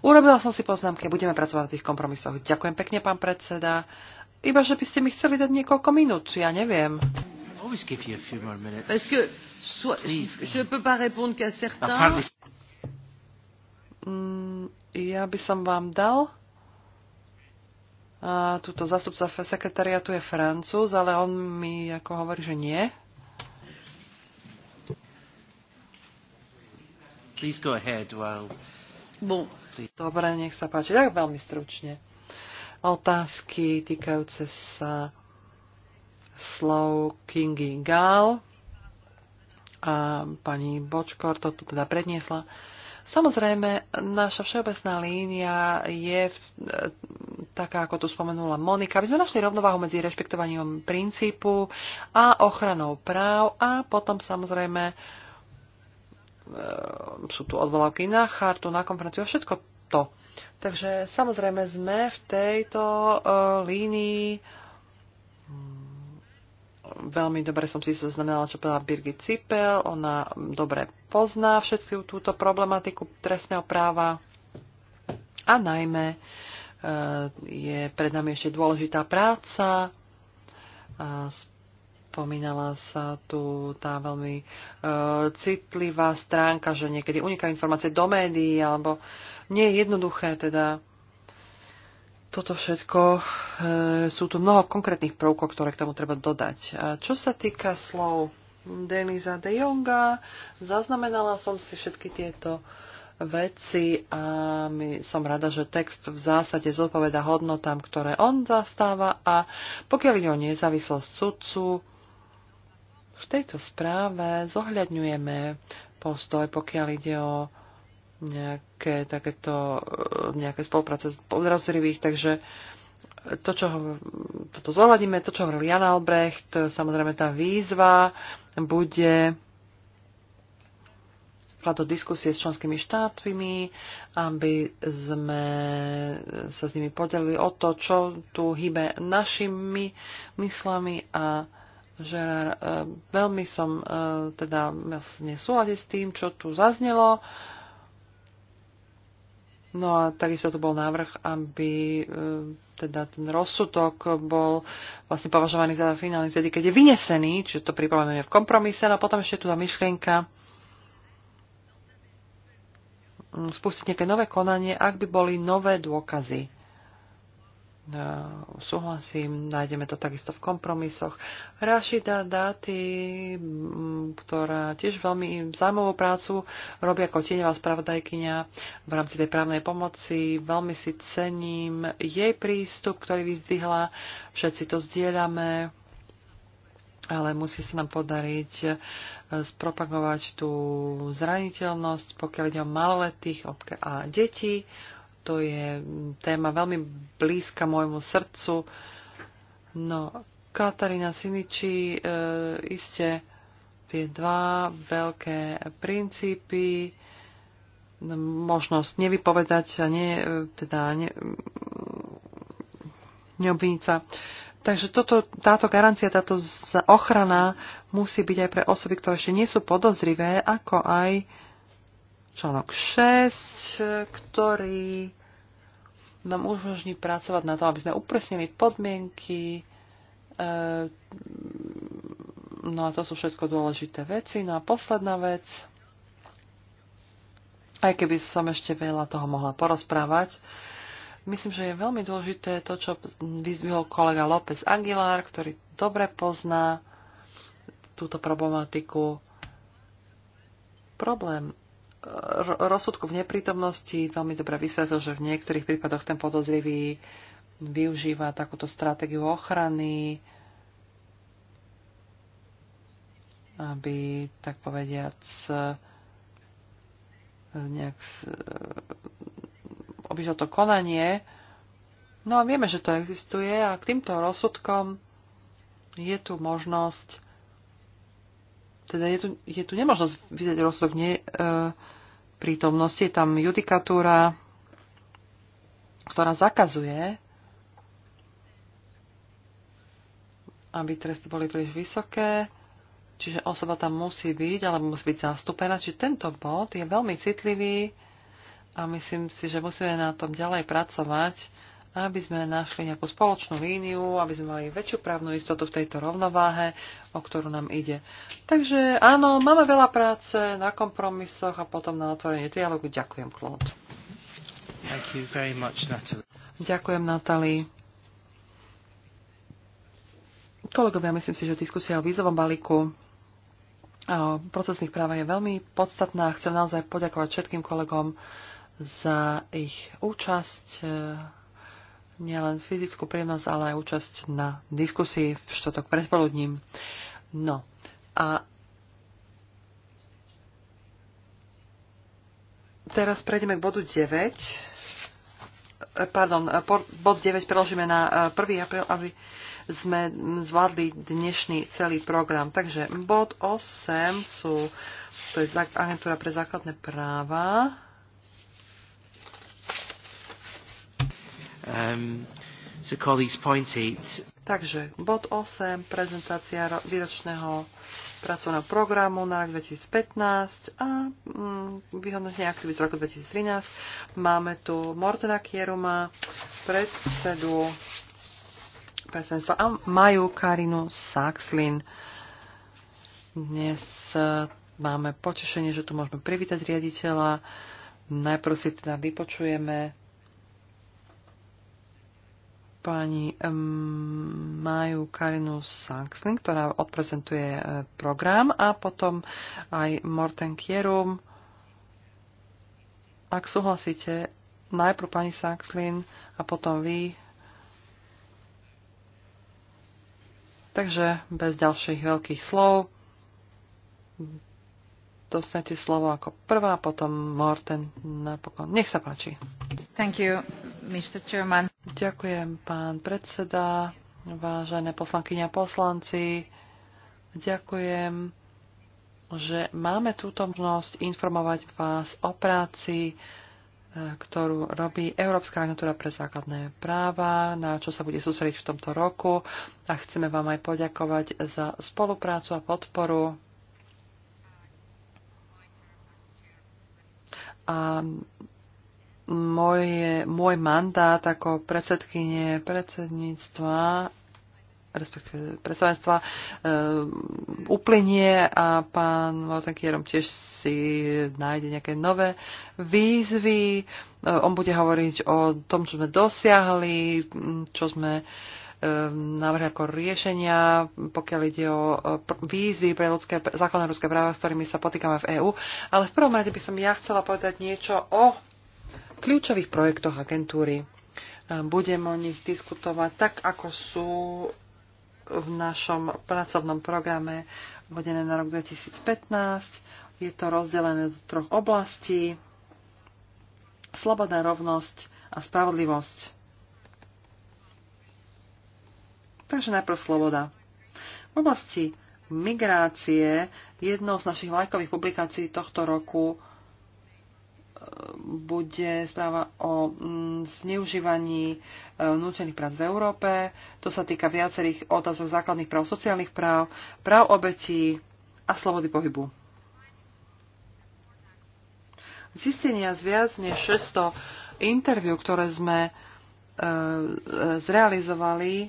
Urobila som si poznámky, budeme pracovať na tých kompromisoch. Ďakujem pekne, pán predseda. Iba, že by ste mi chceli dať niekoľko minút, ja neviem always give Parce que soit, je ne peux pas répondre qu'à certains. Mm, ja by som vám dal. A tuto zastupca sekretariatu je Francúz, ale on mi ako hovorí, že nie. Please go ahead while... Bon. Dobre, nech sa páči. Tak veľmi stručne. Otázky týkajúce sa slov Kingy Gall a pani Bočkor to tu teda predniesla. Samozrejme, naša všeobecná línia je v, taká, ako tu spomenula Monika, aby sme našli rovnováhu medzi rešpektovaním princípu a ochranou práv a potom samozrejme e, sú tu odvolávky na chartu, na konferenciu, všetko to. Takže samozrejme sme v tejto e, línii veľmi dobre som si zaznamenala, čo povedala Birgit Cipel. Ona dobre pozná všetku túto problematiku trestného práva a najmä e, je pred nami ešte dôležitá práca. spomínala sa tu tá veľmi e, citlivá stránka, že niekedy unikajú informácie do médií alebo nie je jednoduché teda toto všetko, e, sú tu mnoho konkrétnych prvkov, ktoré k tomu treba dodať. A čo sa týka slov Denisa de Jonga, zaznamenala som si všetky tieto veci a my, som rada, že text v zásade zodpoveda hodnotám, ktoré on zastáva a pokiaľ ide o nezávislosť sudcu, v tejto správe zohľadňujeme postoj, pokiaľ ide o nejaké takéto e, nejaké spolupráce s podrazrivých, takže to, čo ho, toto zohľadíme, to, čo hovoril Jan Albrecht, samozrejme tá výzva bude do diskusie s členskými štátmi, aby sme sa s nimi podelili o to, čo tu hýbe našimi myslami a že e, veľmi som e, teda vlastne súlade s tým, čo tu zaznelo. No a takisto tu bol návrh, aby e, teda ten rozsudok bol vlastne považovaný za finálny vtedy, keď je vynesený, čiže to pripomenuje v kompromise, no a potom ešte tu tá myšlienka mm, spustiť nejaké nové konanie, ak by boli nové dôkazy. No, súhlasím, nájdeme to takisto v kompromisoch. Rašida Dáty, ktorá tiež veľmi zaujímavú prácu robí ako tieňová spravodajkyňa v rámci tej právnej pomoci. Veľmi si cením jej prístup, ktorý vyzdvihla. Všetci to zdieľame, ale musí sa nám podariť e, spropagovať tú zraniteľnosť, pokiaľ ide o maloletých a detí to je téma veľmi blízka môjmu srdcu. No, Katarína Siniči, e, iste tie dva veľké princípy, no, možnosť nevypovedať a ne, e, teda ne, neobviniť sa. Takže toto, táto garancia, táto ochrana musí byť aj pre osoby, ktoré ešte nie sú podozrivé, ako aj článok 6, ktorý nám umožní pracovať na tom, aby sme upresnili podmienky. Eh, no a to sú všetko dôležité veci. No a posledná vec, aj keby som ešte veľa toho mohla porozprávať, myslím, že je veľmi dôležité to, čo vyzvihol kolega López Aguilar, ktorý dobre pozná túto problematiku. Problém rozsudku v neprítomnosti veľmi dobre vysvetlil, že v niektorých prípadoch ten podozrivý využíva takúto stratégiu ochrany, aby, tak povediac, nejak obišiel to konanie. No a vieme, že to existuje a k týmto rozsudkom je tu možnosť teda je tu, je tu nemožnosť vidieť rozsudok ne, e, prítomnosti. Je tam judikatúra, ktorá zakazuje, aby tresty boli príliš vysoké, čiže osoba tam musí byť, alebo musí byť zastúpená. Čiže tento bod je veľmi citlivý a myslím si, že musíme na tom ďalej pracovať aby sme našli nejakú spoločnú líniu, aby sme mali väčšiu právnu istotu v tejto rovnováhe, o ktorú nám ide. Takže áno, máme veľa práce na kompromisoch a potom na otvorenie dialogu. Ďakujem, Claude. Much, Natalie. Ďakujem, Natalie. Kolegovia, myslím si, že diskusia o vízovom balíku a o procesných právach je veľmi podstatná. Chcem naozaj poďakovať všetkým kolegom za ich účasť nielen fyzickú príjemnosť, ale aj účasť na diskusii v štotok predpoludním. No a teraz prejdeme k bodu 9. Pardon, bod 9 preložíme na 1. Eh, apríl, aby sme zvládli dnešný celý program. Takže bod 8 sú, to je agentúra pre základné práva. Um, so colleagues, point eight. Takže bod 8, prezentácia výročného pracovného programu na rok 2015 a mm, vyhodnotenie aktivít z roku 2013. Máme tu Mortena Kieruma, predsedu predsedníctva a Maju Karinu Saxlin. Dnes e, máme potešenie, že tu môžeme privítať riaditeľa. Najprv si teda vypočujeme pani Maju Karinu Sanksen, ktorá odprezentuje e, program a potom aj Morten Kierum. Ak súhlasíte, najprv pani Saxlin a potom vy. Takže bez ďalších veľkých slov dostanete slovo ako prvá, potom Morten napokon. Nech sa páči. Thank you, Mr. Chairman. Ďakujem, pán predseda, vážené poslankyňa a poslanci. Ďakujem, že máme túto možnosť informovať vás o práci, e, ktorú robí Európska agentúra pre základné práva, na čo sa bude sústrediť v tomto roku. A chceme vám aj poďakovať za spoluprácu a podporu. A moje, môj mandát ako predsedkynie predsedníctva respektíve predstavenstva uh, uplynie a pán Morten Kierom tiež si nájde nejaké nové výzvy. Uh, on bude hovoriť o tom, čo sme dosiahli, čo sme e, návrh ako riešenia, pokiaľ ide o výzvy pre ľudské, základné ľudské práva, s ktorými sa potýkame v EÚ. Ale v prvom rade by som ja chcela povedať niečo o kľúčových projektoch agentúry. E, budem o nich diskutovať tak, ako sú v našom pracovnom programe vodené na rok 2015. Je to rozdelené do troch oblastí. Sloboda, rovnosť a spravodlivosť. Takže najprv sloboda. V oblasti migrácie jednou z našich lajkových publikácií tohto roku bude správa o mm, zneužívaní e, nútených prác v Európe. To sa týka viacerých otázok základných práv, sociálnych práv, práv obetí a slobody pohybu. Zistenia z viac než 600 interviu, ktoré sme e, zrealizovali, e,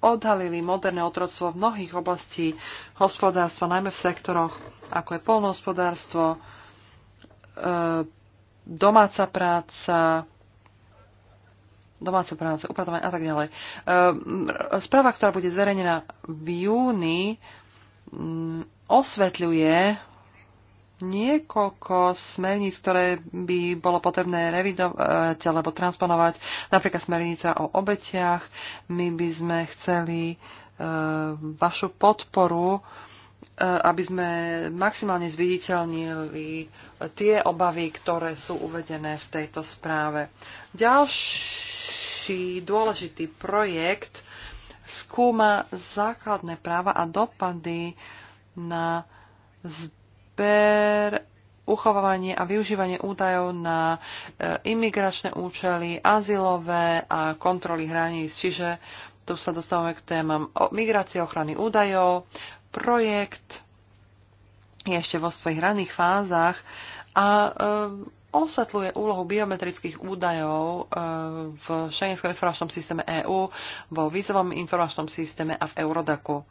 odhalili moderné otroctvo v mnohých oblastí hospodárstva, najmä v sektoroch, ako je polnohospodárstvo, E, domáca práca, domáca práca, upratovanie a tak ďalej. E, správa, ktorá bude zverejnená v júni, mm, osvetľuje niekoľko smerníc, ktoré by bolo potrebné revidovať alebo transponovať, napríklad smernica o obetiach. My by sme chceli e, vašu podporu Eh, aby sme maximálne zviditeľnili tie obavy, ktoré sú uvedené v tejto správe. Ďalší dôležitý projekt skúma základné práva a dopady na zber, uchovávanie a využívanie údajov na eh, imigračné účely, azylové a kontroly hraníc. Čiže tu sa dostávame k témam migrácie ochrany údajov, projekt je ešte vo svojich raných fázach a eh, osvetľuje úlohu biometrických údajov eh, v Schengenskom informačnom systéme EÚ, vo vízovom informačnom systéme a v Eurodaku.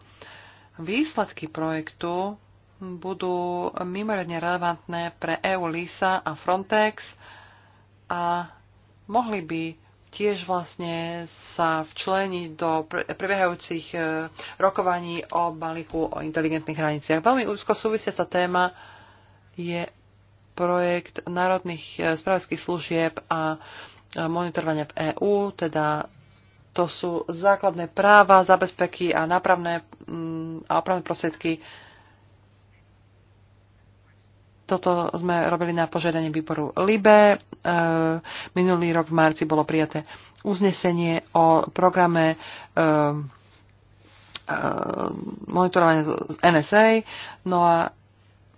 Výsledky projektu budú mimoriadne relevantné pre EU, LISA a Frontex a mohli by tiež vlastne sa včleniť do prebiehajúcich e, rokovaní o balíku o inteligentných hraniciach. Veľmi úzko súvisiaca téma je projekt národných e, spravodských služieb a e, monitorovania v EÚ, teda to sú základné práva, zabezpeky a nápravné mm, a opravné prostriedky toto sme robili na požiadanie výboru LIBE. E, minulý rok v marci bolo prijaté uznesenie o programe e, e, monitorovania z NSA. No a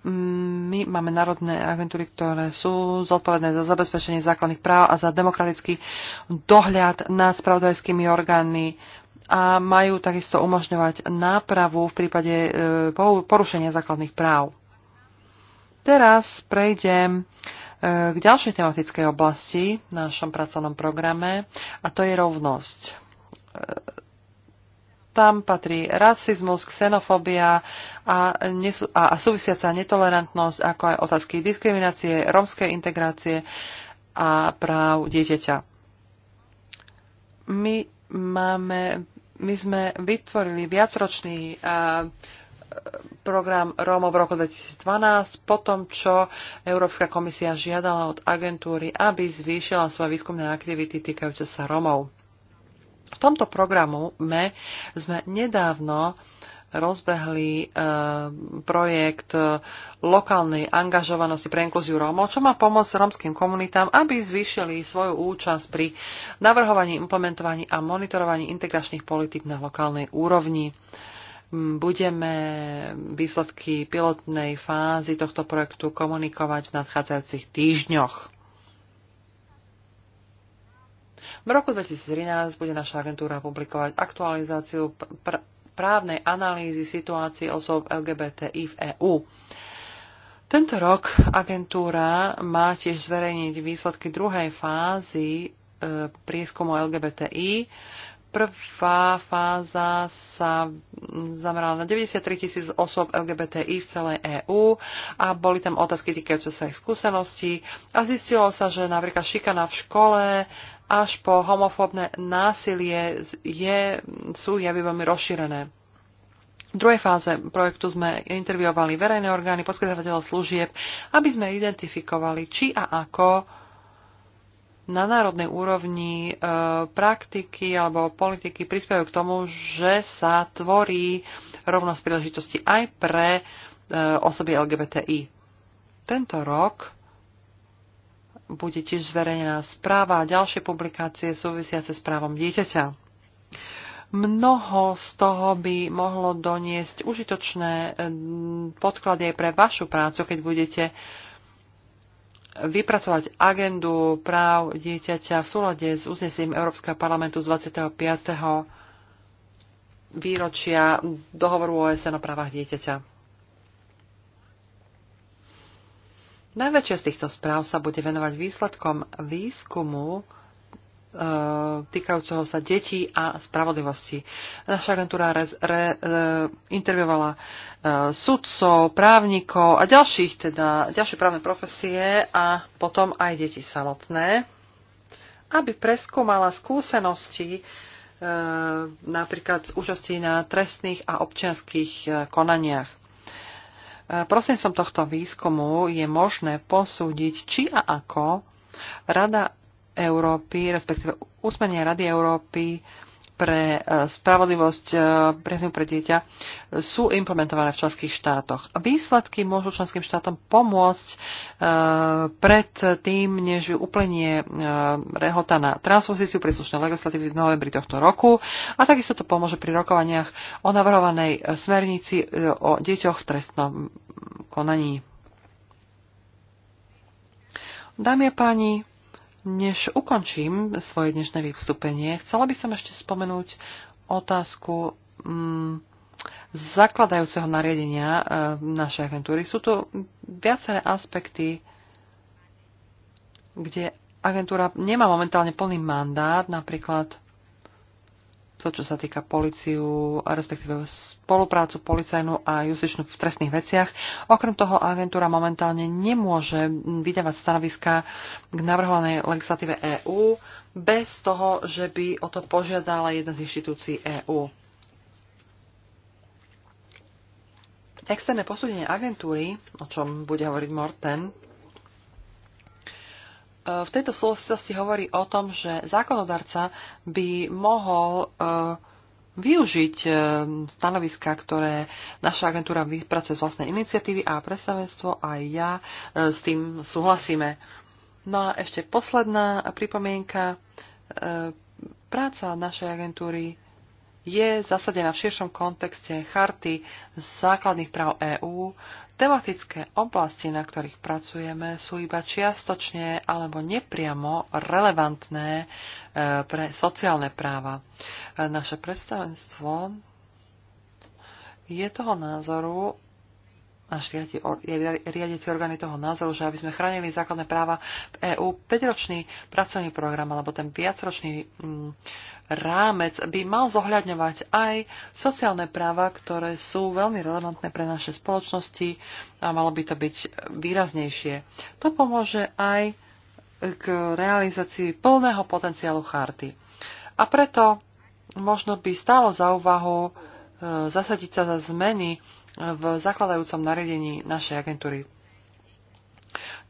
mm, my máme národné agentúry, ktoré sú zodpovedné za zabezpečenie základných práv a za demokratický dohľad nad spravodajskými orgánmi a majú takisto umožňovať nápravu v prípade porušenia základných práv. Teraz prejdem e, k ďalšej tematickej oblasti v našom pracovnom programe a to je rovnosť. E, tam patrí rasizmus, xenofóbia a, a, a súvisiaca netolerantnosť, ako aj otázky diskriminácie, rómskej integrácie a práv dieťaťa. My, máme, my sme vytvorili viacročný uh, program Rómov v roku 2012, po tom, čo Európska komisia žiadala od agentúry, aby zvýšila svoje výskumné aktivity týkajúce sa Rómov. V tomto programu me sme nedávno rozbehli e, projekt e, lokálnej angažovanosti pre inkluziu Rómov, čo má pomôcť rómskym komunitám, aby zvýšili svoju účasť pri navrhovaní, implementovaní a monitorovaní integračných politik na lokálnej úrovni. E, budeme výsledky pilotnej fázy tohto projektu komunikovať v nadchádzajúcich týždňoch. V roku 2013 bude naša agentúra publikovať aktualizáciu pr- právnej analýzy situácie osôb LGBTI v EÚ. Tento rok agentúra má tiež zverejniť výsledky druhej fázy e, prieskumu LGBTI, Prvá fáza sa zamerala na 93 tisíc osôb LGBTI v celej EÚ a boli tam otázky týkajúce sa ich skúseností a zistilo sa, že napríklad šikana v škole až po homofóbne násilie je, sú javy veľmi rozšírené. V druhej fáze projektu sme interviovali verejné orgány, poskytovateľov služieb, aby sme identifikovali, či a ako na národnej úrovni e, praktiky alebo politiky prispievajú k tomu, že sa tvorí rovnosť príležitosti aj pre e, osoby LGBTI. Tento rok bude tiež zverejnená správa a ďalšie publikácie súvisiace s právom dieťaťa. Mnoho z toho by mohlo doniesť užitočné podklady aj pre vašu prácu, keď budete uh, vypracovať agendu práv dieťaťa v súlade s uznesením Európskeho parlamentu z 25. výročia dohovoru OSN o právach dieťaťa. Najväčšia z týchto správ sa bude venovať výsledkom výskumu, E, týkajúceho sa detí a spravodlivosti. Naša agentúra re, re, intervjuovala e, sudcov, právnikov a ďalších, teda ďalšie právne profesie a potom aj deti samotné, aby preskúmala skúsenosti e, napríklad z účasti na trestných a občianských konaniach. Prosím som tohto výskumu je možné posúdiť, či a ako Rada Európy, respektíve úsmenie Rady Európy pre e, spravodlivosť e, priaznú pre dieťa sú implementované v členských štátoch. Výsledky môžu členským štátom pomôcť e, pred tým, než uplenie rehota na transpozíciu príslušnej legislatívy v novembri tohto roku a takisto to pomôže pri rokovaniach o navrhovanej smernici o deťoch v trestnom konaní. Dámy a páni, než ukončím svoje dnešné vystúpenie, chcela by som ešte spomenúť otázku mm, zakladajúceho nariadenia e, našej agentúry. Sú tu viaceré aspekty, kde agentúra nemá momentálne plný mandát, napríklad to, čo sa týka policiu, respektíve spoluprácu policajnú a justičnú v trestných veciach. Okrem toho agentúra momentálne nemôže vydávať stanoviska k navrhovanej legislatíve EÚ bez toho, že by o to požiadala jedna z inštitúcií EÚ. Externé posúdenie agentúry, o čom bude hovoriť Morten, v tejto súvislosti hovorí o tom, že zákonodarca by mohol eh, využiť eh, stanoviska, ktoré naša agentúra vypracuje z vlastnej iniciatívy a predstavenstvo aj ja eh, s tým súhlasíme. No a ešte posledná pripomienka. Práca našej agentúry je zasadená v širšom kontexte charty základných práv EÚ, Tematické oblasti, na ktorých pracujeme, sú iba čiastočne alebo nepriamo relevantné e, pre sociálne práva. E, naše predstavenstvo je toho názoru, náš riadi, riadiaci orgán je toho názoru, že aby sme chránili základné práva v EÚ, 5-ročný pracovný program alebo ten viacročný mm, rámec by mal zohľadňovať aj sociálne práva, ktoré sú veľmi relevantné pre naše spoločnosti a malo by to byť výraznejšie. To pomôže aj k realizácii plného potenciálu charty. A preto možno by stálo za úvahu e, zasadiť sa za zmeny v zakladajúcom nariadení našej agentúry.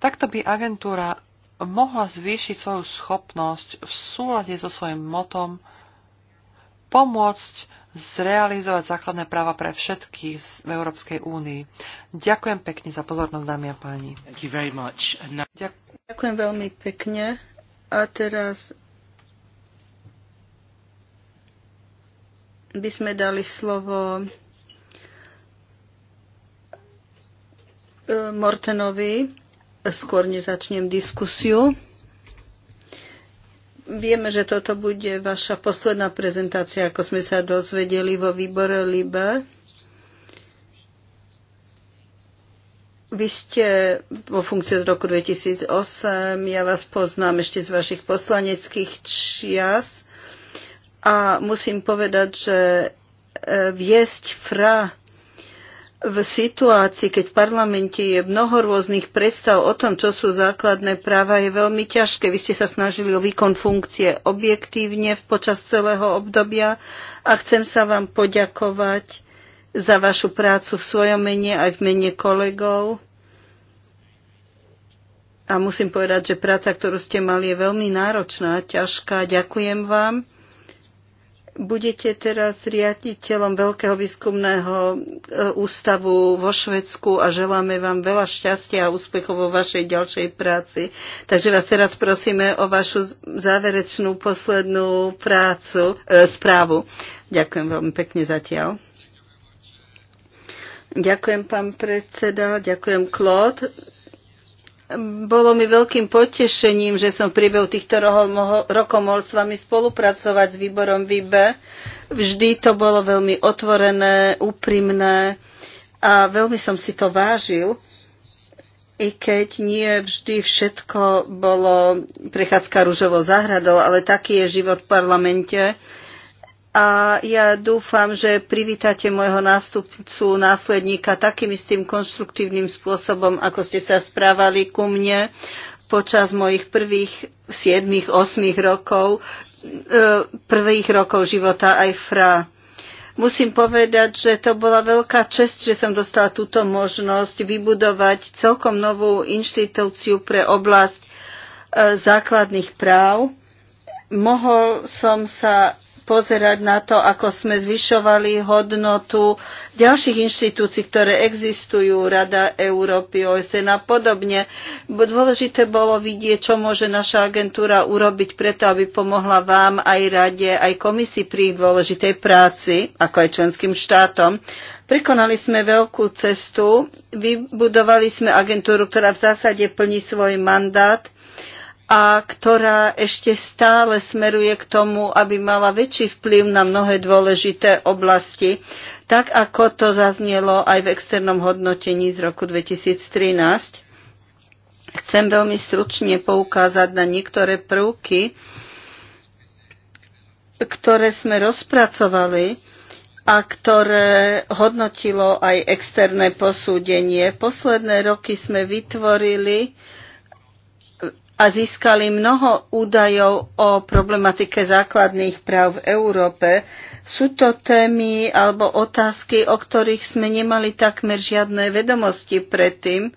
Takto by agentúra mohla zvýšiť svoju schopnosť v súlade so svojim motom pomôcť zrealizovať základné práva pre všetkých v Európskej únii. Ďakujem pekne za pozornosť, dámy a páni. Ďakujem veľmi pekne. A teraz by sme dali slovo Mortenovi, skôr nezačnem diskusiu. Vieme, že toto bude vaša posledná prezentácia, ako sme sa dozvedeli vo výbore LIBE. Vy ste vo funkcii od roku 2008, ja vás poznám ešte z vašich poslaneckých čias a musím povedať, že e, viesť FRA v situácii, keď v parlamente je mnoho rôznych predstav o tom, čo sú základné práva, je veľmi ťažké. Vy ste sa snažili o výkon funkcie objektívne počas celého obdobia a chcem sa vám poďakovať za vašu prácu v svojom mene aj v mene kolegov. A musím povedať, že práca, ktorú ste mali, je veľmi náročná, ťažká. Ďakujem vám. Budete teraz riaditeľom Veľkého výskumného eh, ústavu vo Švedsku a želáme vám veľa šťastia a úspechov vo vašej ďalšej práci. Takže vás teraz prosíme o vašu záverečnú poslednú prácu, e, správu. Ďakujem veľmi pekne zatiaľ. Ďakujem, pán predseda, ďakujem, Claude. Bolo mi veľkým potešením, že som v priebehu týchto rokov mohol s vami spolupracovať s výborom VIBE. Vždy to bolo veľmi otvorené, úprimné a veľmi som si to vážil, i keď nie vždy všetko bolo prechádzka rúžovou záhradou, ale taký je život v parlamente a ja dúfam, že privítate môjho nástupcu, následníka takým istým konštruktívnym spôsobom, ako ste sa správali ku mne počas mojich prvých 7-8 rokov, e, prvých rokov života aj fra. Musím povedať, že to bola veľká čest, že som dostala túto možnosť vybudovať celkom novú inštitúciu pre oblasť e, základných práv. Mohol som sa pozerať na to, ako sme zvyšovali hodnotu ďalších inštitúcií, ktoré existujú, Rada Európy, OSN a podobne. Dôležité bolo vidieť, čo môže naša agentúra urobiť preto, aby pomohla vám aj Rade, aj komisii pri ich dôležitej práci, ako aj členským štátom. Prekonali sme veľkú cestu, vybudovali sme agentúru, ktorá v zásade plní svoj mandát a ktorá ešte stále smeruje k tomu, aby mala väčší vplyv na mnohé dôležité oblasti, tak ako to zaznelo aj v externom hodnotení z roku 2013. Chcem veľmi stručne poukázať na niektoré prvky, ktoré sme rozpracovali a ktoré hodnotilo aj externé posúdenie. Posledné roky sme vytvorili a získali mnoho údajov o problematike základných práv v Európe. Sú to témy alebo otázky, o ktorých sme nemali takmer žiadne vedomosti predtým,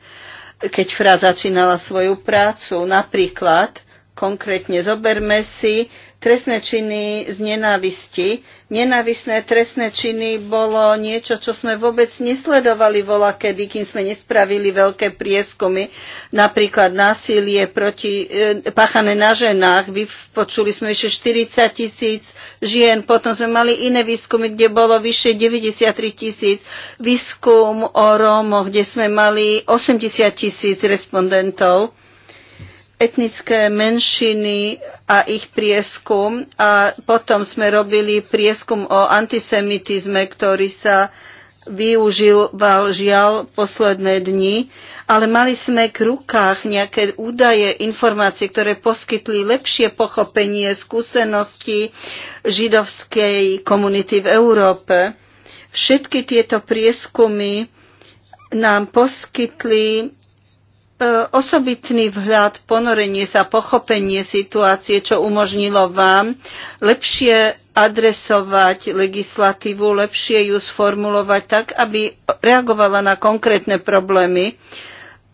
keď FRA začínala svoju prácu. Napríklad, konkrétne zoberme si trestné činy z nenávisti. Nenávisné trestné činy bolo niečo, čo sme vôbec nesledovali vola, kedy, kým sme nespravili veľké prieskumy, napríklad násilie proti, e, páchané na ženách. Vypočuli sme vyše 40 tisíc žien, potom sme mali iné výskumy, kde bolo vyše 93 tisíc. Výskum o Rómoch, kde sme mali 80 tisíc respondentov etnické menšiny a ich prieskum a potom sme robili prieskum o antisemitizme, ktorý sa využíval žiaľ posledné dni, ale mali sme k rukách nejaké údaje, informácie, ktoré poskytli lepšie pochopenie skúsenosti židovskej komunity v Európe. Všetky tieto prieskumy nám poskytli E, osobitný vhľad, ponorenie sa, pochopenie situácie, čo umožnilo vám lepšie adresovať legislatívu, lepšie ju sformulovať tak, aby reagovala na konkrétne problémy.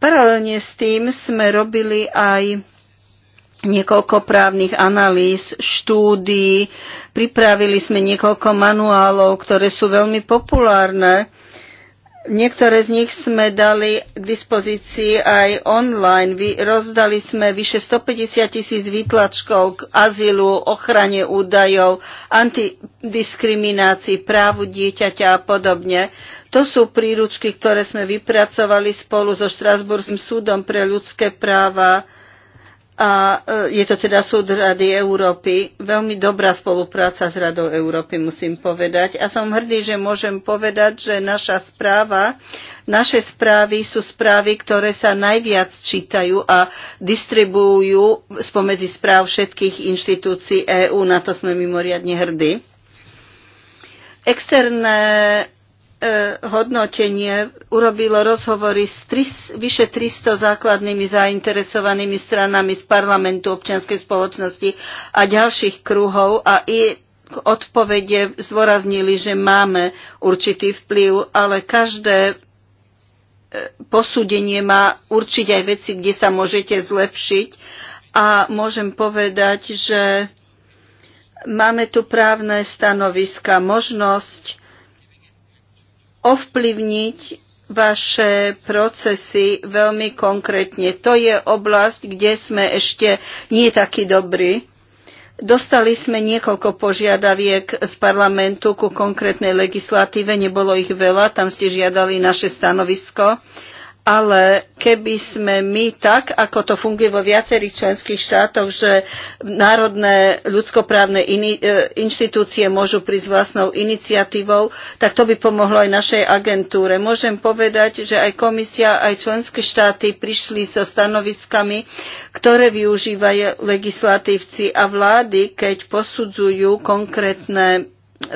Paralelne s tým sme robili aj niekoľko právnych analýz, štúdií, pripravili sme niekoľko manuálov, ktoré sú veľmi populárne Niektoré z nich sme dali k dispozícii aj online. Rozdali sme vyše 150 tisíc výtlačkov k azylu, ochrane údajov, antidiskriminácii, právu dieťaťa a podobne. To sú príručky, ktoré sme vypracovali spolu so Štrasburským súdom pre ľudské práva a e, je to teda súd Rady Európy. Veľmi dobrá spolupráca s Radou Európy, musím povedať. A som hrdý, že môžem povedať, že naša správa, naše správy sú správy, ktoré sa najviac čítajú a distribujú spomedzi správ všetkých inštitúcií EÚ. Na to sme mimoriadne hrdí. Externé E, hodnotenie urobilo rozhovory s tris, vyše 300 základnými zainteresovanými stranami z parlamentu občianskej spoločnosti a ďalších kruhov a i odpovede zdôraznili, že máme určitý vplyv, ale každé e, posúdenie má určiť aj veci, kde sa môžete zlepšiť. A môžem povedať, že máme tu právne stanoviska, možnosť ovplyvniť vaše procesy veľmi konkrétne. To je oblasť, kde sme ešte nie takí dobrí. Dostali sme niekoľko požiadaviek z parlamentu ku konkrétnej legislatíve, nebolo ich veľa, tam ste žiadali naše stanovisko ale keby sme my tak, ako to funguje vo viacerých členských štátoch, že národné ľudskoprávne in, e, inštitúcie môžu prísť vlastnou iniciatívou, tak to by pomohlo aj našej agentúre. Môžem povedať, že aj komisia, aj členské štáty prišli so stanoviskami, ktoré využívajú legislatívci a vlády, keď posudzujú konkrétne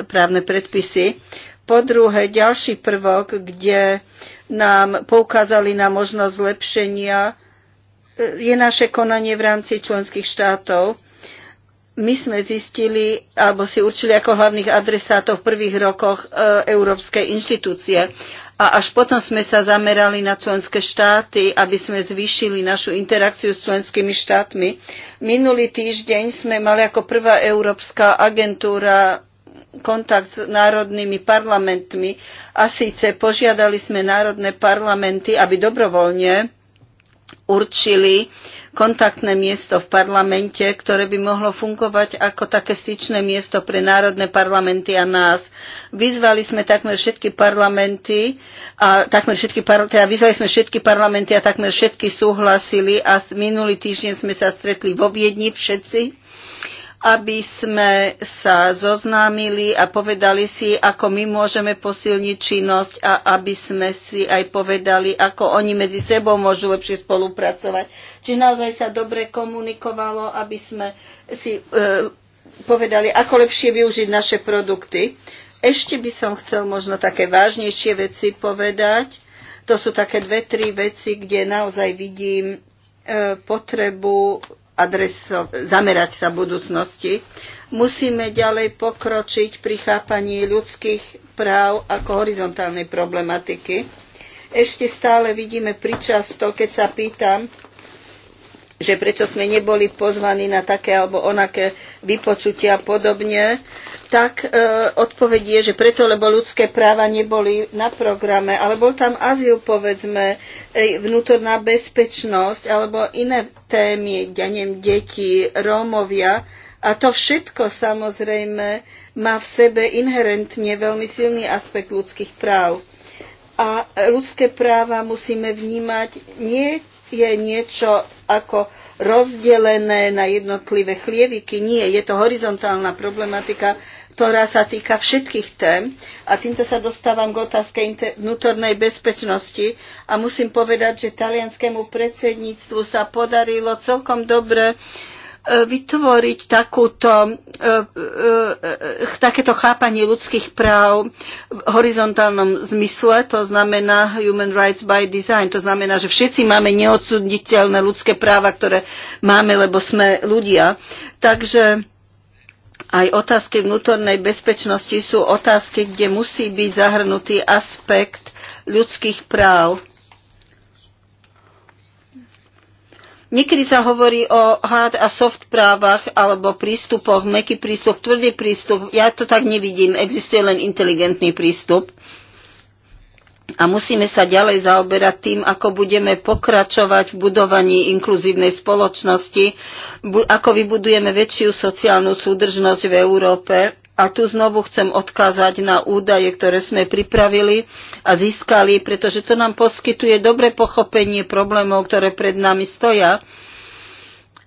právne predpisy. Po druhé, ďalší prvok, kde nám poukázali na možnosť zlepšenia, e, je naše konanie v rámci členských štátov. My sme zistili, alebo si určili ako hlavných adresátov v prvých rokoch e, európskej inštitúcie. A až potom sme sa zamerali na členské štáty, aby sme zvýšili našu interakciu s členskými štátmi. Minulý týždeň sme mali ako prvá európska agentúra kontakt s národnými parlamentmi a síce požiadali sme národné parlamenty, aby dobrovoľne určili kontaktné miesto v parlamente, ktoré by mohlo fungovať ako také styčné miesto pre národné parlamenty a nás. Vyzvali sme takmer všetky parlamenty a takmer všetky, teda vyzvali sme všetky parlamenty a takmer všetky súhlasili a minulý týždeň sme sa stretli vo Viedni všetci aby sme sa zoznámili a povedali si, ako my môžeme posilniť činnosť a aby sme si aj povedali, ako oni medzi sebou môžu lepšie spolupracovať. Čiže naozaj sa dobre komunikovalo, aby sme si e, povedali, ako lepšie využiť naše produkty. Ešte by som chcel možno také vážnejšie veci povedať. To sú také dve, tri veci, kde naozaj vidím e, potrebu adreso, zamerať sa v budúcnosti. Musíme ďalej pokročiť pri chápaní ľudských práv ako horizontálnej problematiky. Ešte stále vidíme pričasto, keď sa pýtam, že prečo sme neboli pozvaní na také alebo onaké vypočutia a podobne, tak e, odpoveď je, že preto, lebo ľudské práva neboli na programe, ale bol tam azyl, povedzme, e, vnútorná bezpečnosť alebo iné témy, ja neviem, deti, Rómovia. A to všetko samozrejme má v sebe inherentne veľmi silný aspekt ľudských práv. A ľudské práva musíme vnímať nie je niečo ako rozdelené na jednotlivé chlieviky. Nie, je to horizontálna problematika, ktorá sa týka všetkých tém. A týmto sa dostávam k otázke vnútornej bezpečnosti. A musím povedať, že talianskému predsedníctvu sa podarilo celkom dobre uh, vytvoriť takúto, e, e, e, takéto chápanie ľudských práv v horizontálnom zmysle, to znamená human rights by design, to znamená, že všetci máme neodsuditeľné ľudské práva, ktoré máme, lebo sme ľudia. Takže aj otázky vnútornej bezpečnosti sú otázky, kde musí byť zahrnutý aspekt ľudských práv Niekedy sa hovorí o hard a soft právach alebo prístupoch, meký prístup, tvrdý prístup. Ja to tak nevidím. Existuje len inteligentný prístup. A musíme sa ďalej zaoberať tým, ako budeme pokračovať v budovaní inkluzívnej spoločnosti, ako vybudujeme väčšiu sociálnu súdržnosť v Európe a tu znovu chcem odkázať na údaje, ktoré sme pripravili a získali, pretože to nám poskytuje dobre pochopenie problémov, ktoré pred nami stoja.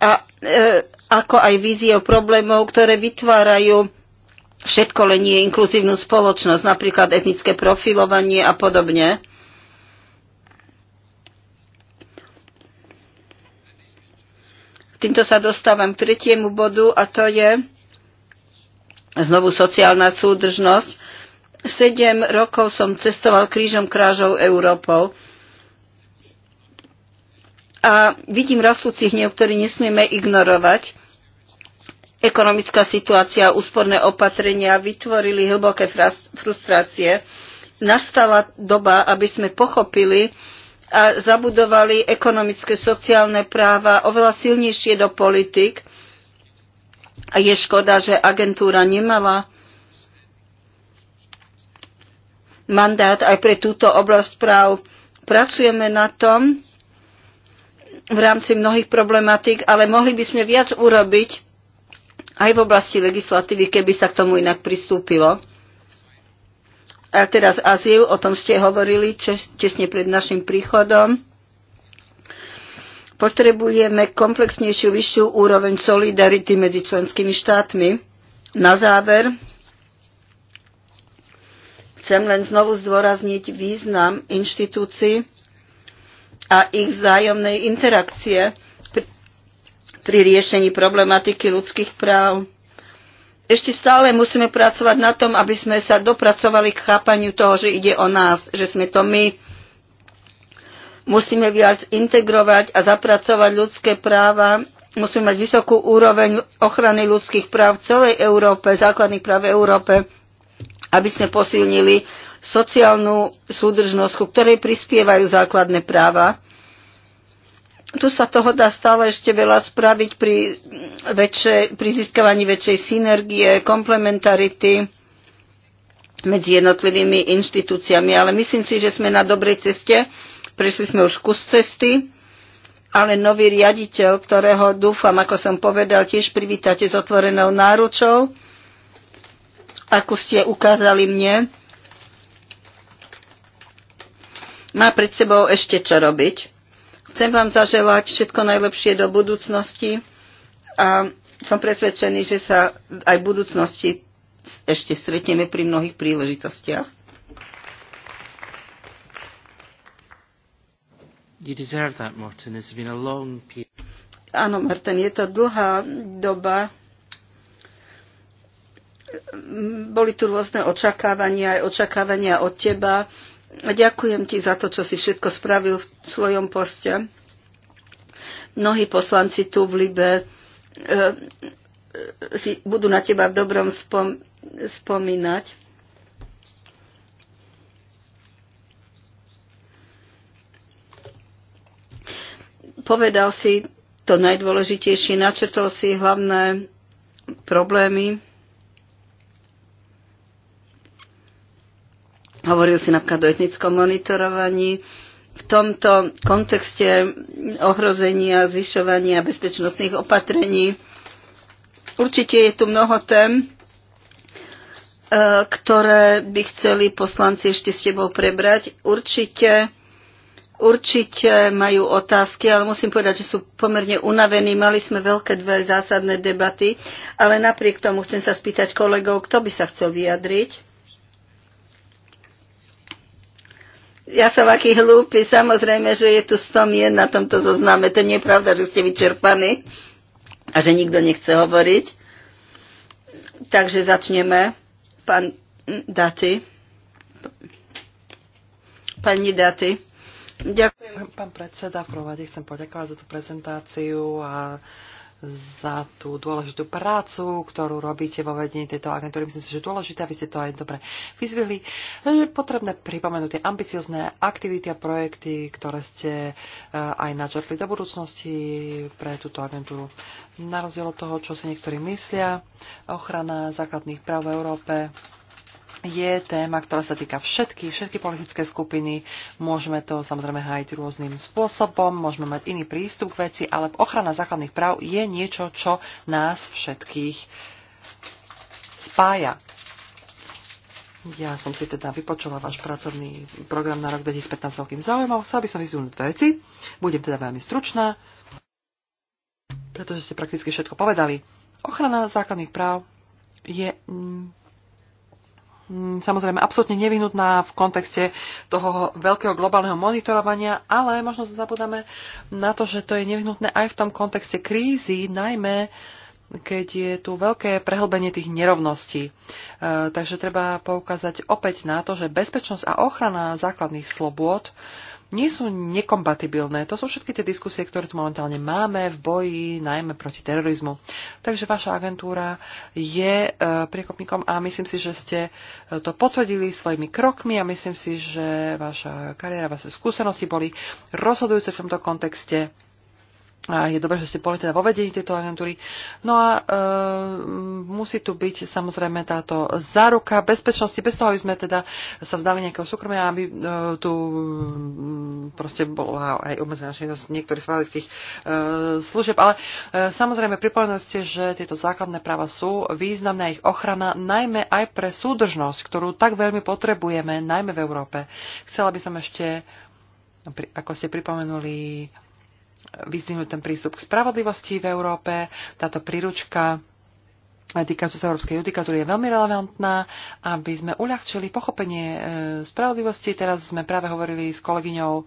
A e, ako aj vízie problémov, ktoré vytvárajú všetko len nie inkluzívnu spoločnosť, napríklad etnické profilovanie a podobne. Týmto sa dostávam k tretiemu bodu a to je znovu sociálna súdržnosť. Sedem rokov som cestoval krížom krážov Európou a vidím rastúcich hnev, ktorý nesmieme ignorovať. Ekonomická situácia, úsporné opatrenia vytvorili hlboké frustrácie. Nastala doba, aby sme pochopili a zabudovali ekonomické, sociálne práva oveľa silnejšie do politik a je škoda, že agentúra nemala mandát aj pre túto oblasť práv. Pracujeme na tom v rámci mnohých problematík, ale mohli by sme viac urobiť aj v oblasti legislatívy, keby sa k tomu inak pristúpilo. A teraz azyl, o tom ste hovorili česne pred našim príchodom. Potrebujeme komplexnejšiu, vyššiu úroveň solidarity medzi členskými štátmi. Na záver chcem len znovu zdôrazniť význam inštitúcií a ich vzájomnej interakcie pri, pri riešení problematiky ľudských práv. Ešte stále musíme pracovať na tom, aby sme sa dopracovali k chápaniu toho, že ide o nás, že sme to my, Musíme viac integrovať a zapracovať ľudské práva. Musíme mať vysokú úroveň ochrany ľudských práv v celej Európe, základných práv v Európe, aby sme posilnili sociálnu súdržnosť, ku ktorej prispievajú základné práva. Tu sa toho dá stále ešte veľa spraviť pri, väčšie, pri získavaní väčšej synergie, komplementarity medzi jednotlivými inštitúciami, ale myslím si, že sme na dobrej ceste prišli sme už kus cesty, ale nový riaditeľ, ktorého dúfam, ako som povedal, tiež privítate s otvorenou náručou, ako ste ukázali mne, má pred sebou ešte čo robiť. Chcem vám zaželať všetko najlepšie do budúcnosti a som presvedčený, že sa aj v budúcnosti ešte stretneme pri mnohých príležitostiach. You deserve that, Martin. It's been a long period. Áno, Martin, je to dlhá doba. Boli tu rôzne očakávania, aj očakávania od teba. ďakujem ti za to, čo si všetko spravil v svojom poste. Mnohí poslanci tu v Libe e, e, si budú na teba v dobrom spom, spomínať. Povedal si to najdôležitejšie, načrtol si hlavné problémy. Hovoril si napríklad o etnickom monitorovaní. V tomto kontexte ohrozenia, zvyšovania bezpečnostných opatrení určite je tu mnoho tém, e, ktoré by chceli poslanci ešte s tebou prebrať. Určite Určite majú otázky, ale musím povedať, že sú pomerne unavení. Mali sme veľké dve zásadné debaty, ale napriek tomu chcem sa spýtať kolegov, kto by sa chcel vyjadriť. Ja som aký hlúpy, samozrejme, že je tu stom jen na tomto zozname. To nie je pravda, že ste vyčerpaní a že nikto nechce hovoriť. Takže začneme. Pán Daty. Pani Daty. Ďakujem. Pán predseda, v prvom rade chcem poďakovať za tú prezentáciu a za tú dôležitú prácu, ktorú robíte vo vedení tejto agentúry. Myslím si, že dôležité, aby ste to aj dobre vyzvihli. Je potrebné pripomenúť tie ambiciozne aktivity a projekty, ktoré ste eh, aj načrtli do budúcnosti pre túto agentúru. Na rozdiel od toho, čo si niektorí myslia, ochrana základných práv v Európe je téma, ktorá sa týka všetky, všetky politické skupiny. Môžeme to samozrejme hájiť rôznym spôsobom, môžeme mať iný prístup k veci, ale ochrana základných práv je niečo, čo nás všetkých spája. Ja som si teda vypočula váš pracovný program na rok 2015 s veľkým záujmom. Chcela by som vyzvúnuť dve veci. Budem teda veľmi stručná, pretože ste prakticky všetko povedali. Ochrana základných práv je mm, Mm, samozrejme absolútne nevyhnutná v kontexte toho veľkého globálneho monitorovania, ale možno sa zabudáme na to, že to je nevyhnutné aj v tom kontexte krízy, najmä keď je tu veľké prehlbenie tých nerovností. E, takže treba poukázať opäť na to, že bezpečnosť a ochrana základných slobôd e, nie sú nekompatibilné. To sú všetky tie diskusie, ktoré tu momentálne máme v boji, najmä proti terorizmu. Takže vaša agentúra je e, priekopníkom a myslím si, že ste e, to potvrdili svojimi krokmi a myslím si, že vaša kariéra, vaše skúsenosti boli rozhodujúce v tomto kontexte a je dobré, že ste boli teda vo vedení tejto agentúry. No a e, musí tu byť samozrejme táto záruka bezpečnosti, bez toho, aby sme teda sa vzdali nejakého súkromia, aby e, tu mm, proste bola aj obmedzená činnosť niektorých svalických e, služieb. Ale e, samozrejme pripomenuli ste, že tieto základné práva sú významná ich ochrana, najmä aj pre súdržnosť, ktorú tak veľmi potrebujeme, najmä v Európe. Chcela by som ešte, ako ste pripomenuli, vyzdihnúť ten prístup k spravodlivosti v Európe. Táto príručka týkajúca sa európskej judikatúry je veľmi relevantná, aby sme uľahčili pochopenie e, spravodlivosti. Teraz sme práve hovorili s kolegyňou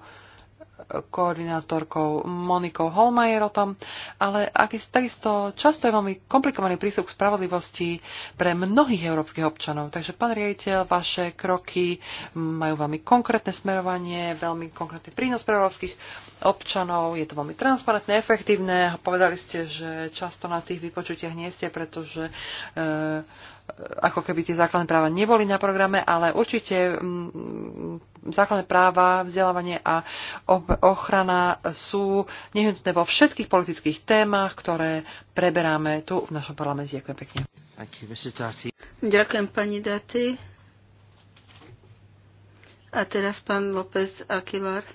koordinátorkou Monikou Holmajer o tom, ale aký, takisto často je veľmi komplikovaný prístup k spravodlivosti pre mnohých európskych občanov. Takže, pán riaditeľ, vaše kroky majú veľmi konkrétne smerovanie, veľmi konkrétny prínos pre európskych občanov, je to veľmi transparentné, efektívne. Povedali ste, že často na tých vypočutiach nie ste, pretože e, ako keby tie základné práva neboli na programe, ale určite mm, základné práva, vzdelávanie a ochrana sú nehnutné vo všetkých politických témach, ktoré preberáme tu v našom parlamente. Ďakujem pekne. Ďakujem pani Daty. A teraz pán López Aquilar.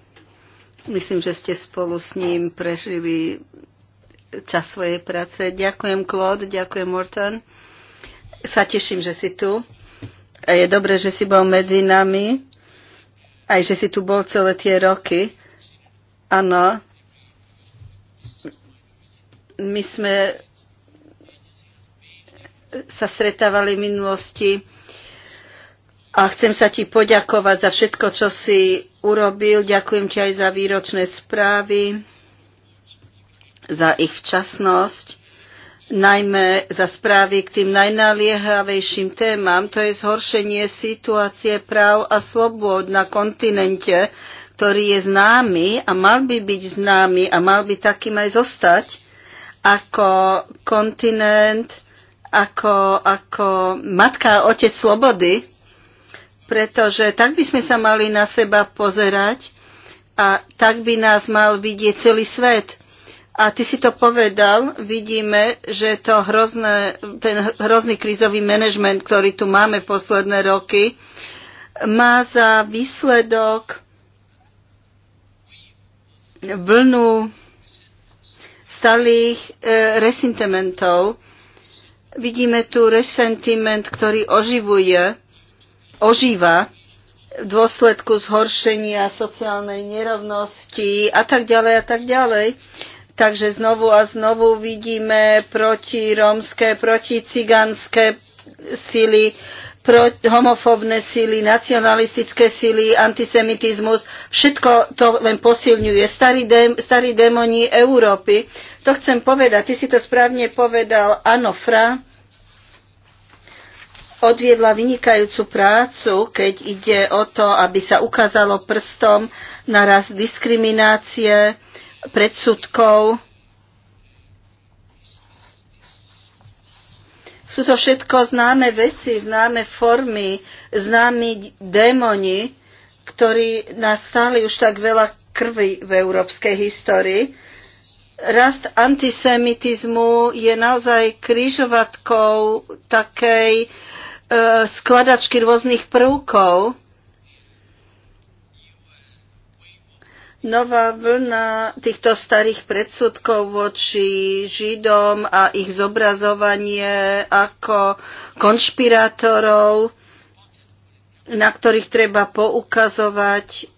Myslím, že ste spolu s ním prežili čas svojej práce. Ďakujem Claude, ďakujem Morton sa teším, že si tu. A je dobré, že si bol medzi nami. Aj, že si tu bol celé tie roky. Áno. My sme sa stretávali v minulosti a chcem sa ti poďakovať za všetko, čo si urobil. Ďakujem ti aj za výročné správy, za ich včasnosť najmä za správy k tým najnaliehavejším témam, to je zhoršenie situácie práv a slobôd na kontinente, ktorý je známy a mal by byť známy a mal by takým aj zostať ako kontinent, ako, ako matka a otec slobody, pretože tak by sme sa mali na seba pozerať a tak by nás mal vidieť celý svet a ty si to povedal, vidíme, že to hrozné, ten hrozný krízový manažment, ktorý tu máme posledné roky, má za výsledok vlnu stálých e, resentimentov. Vidíme tu resentiment, ktorý oživuje, ožíva v dôsledku zhoršenia sociálnej nerovnosti a tak ďalej a tak ďalej. Takže znovu a znovu vidíme proti rómske, proti ciganské sily, proti homofóbne sily, nacionalistické síly, antisemitizmus. Všetko to len posilňuje. Starí, dé, starí démoni Európy. To chcem povedať. Ty si to správne povedal. Anofra odviedla vynikajúcu prácu, keď ide o to, aby sa ukázalo prstom na rast diskriminácie, predsudkov. Sú to všetko známe veci, známe formy, známi démoni, ktorí nás stáli už tak veľa krvi v európskej histórii. Rast antisemitizmu je naozaj krížovatkou takej e, skladačky rôznych prvkov, nová vlna týchto starých predsudkov voči Židom a ich zobrazovanie ako konšpirátorov, na ktorých treba poukazovať,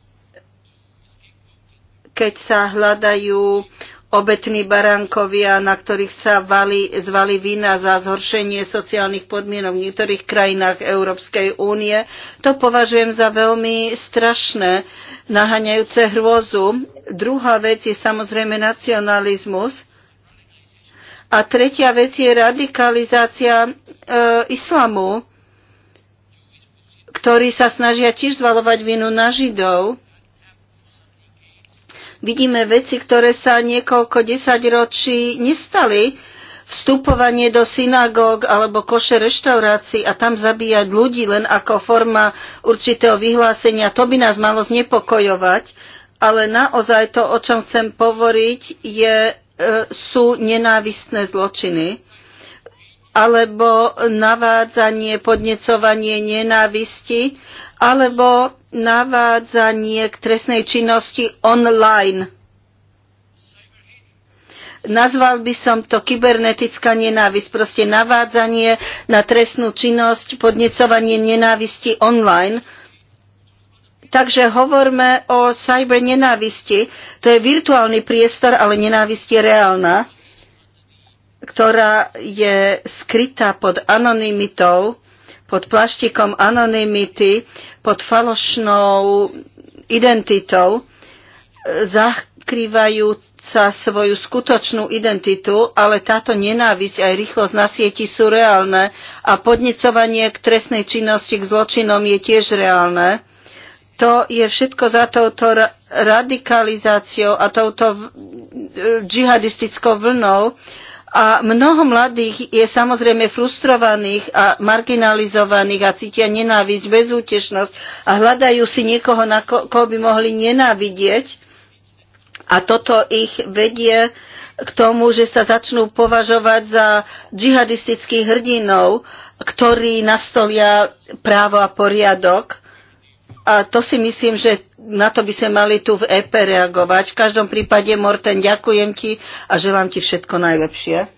keď sa hľadajú obetní baránkovia, na ktorých sa valí, zvali vina za zhoršenie sociálnych podmienok v niektorých krajinách Európskej únie. To považujem za veľmi strašné, naháňajúce hrôzu. Druhá vec je samozrejme nacionalizmus. A tretia vec je radikalizácia e, islamu, ktorí sa snažia tiež zvalovať vinu na Židov Vidíme veci, ktoré sa niekoľko desaťročí nestali. Vstupovanie do synagóg alebo koše reštaurácií a tam zabíjať ľudí len ako forma určitého vyhlásenia, to by nás malo znepokojovať. Ale naozaj to, o čom chcem povoriť, je, e, sú nenávistné zločiny alebo navádzanie, podnecovanie nenávisti alebo navádzanie k trestnej činnosti online. Nazval by som to kybernetická nenávisť, proste navádzanie na trestnú činnosť, podnecovanie nenávisti online. Takže hovorme o cyber nenávisti. To je virtuálny priestor, ale nenávisť je reálna, ktorá je skrytá pod anonymitou pod plaštikom anonymity pod falošnou identitou, e, zakrývajúca svoju skutočnú identitu, ale táto nenávisť aj rýchlosť na sieti sú reálne a podnecovanie k trestnej činnosti, k zločinom je tiež reálne. To je všetko za touto radikalizáciou a touto e, džihadistickou vlnou, a mnoho mladých je samozrejme frustrovaných a marginalizovaných a cítia nenávisť, bezútešnosť a hľadajú si niekoho, na ko- koho by mohli nenávidieť. A toto ich vedie k tomu, že sa začnú považovať za džihadistických hrdinov, ktorí nastolia právo a poriadok. A to si myslím, že na to by sme mali tu v EP reagovať. V každom prípade, Morten, ďakujem ti a želám ti všetko najlepšie.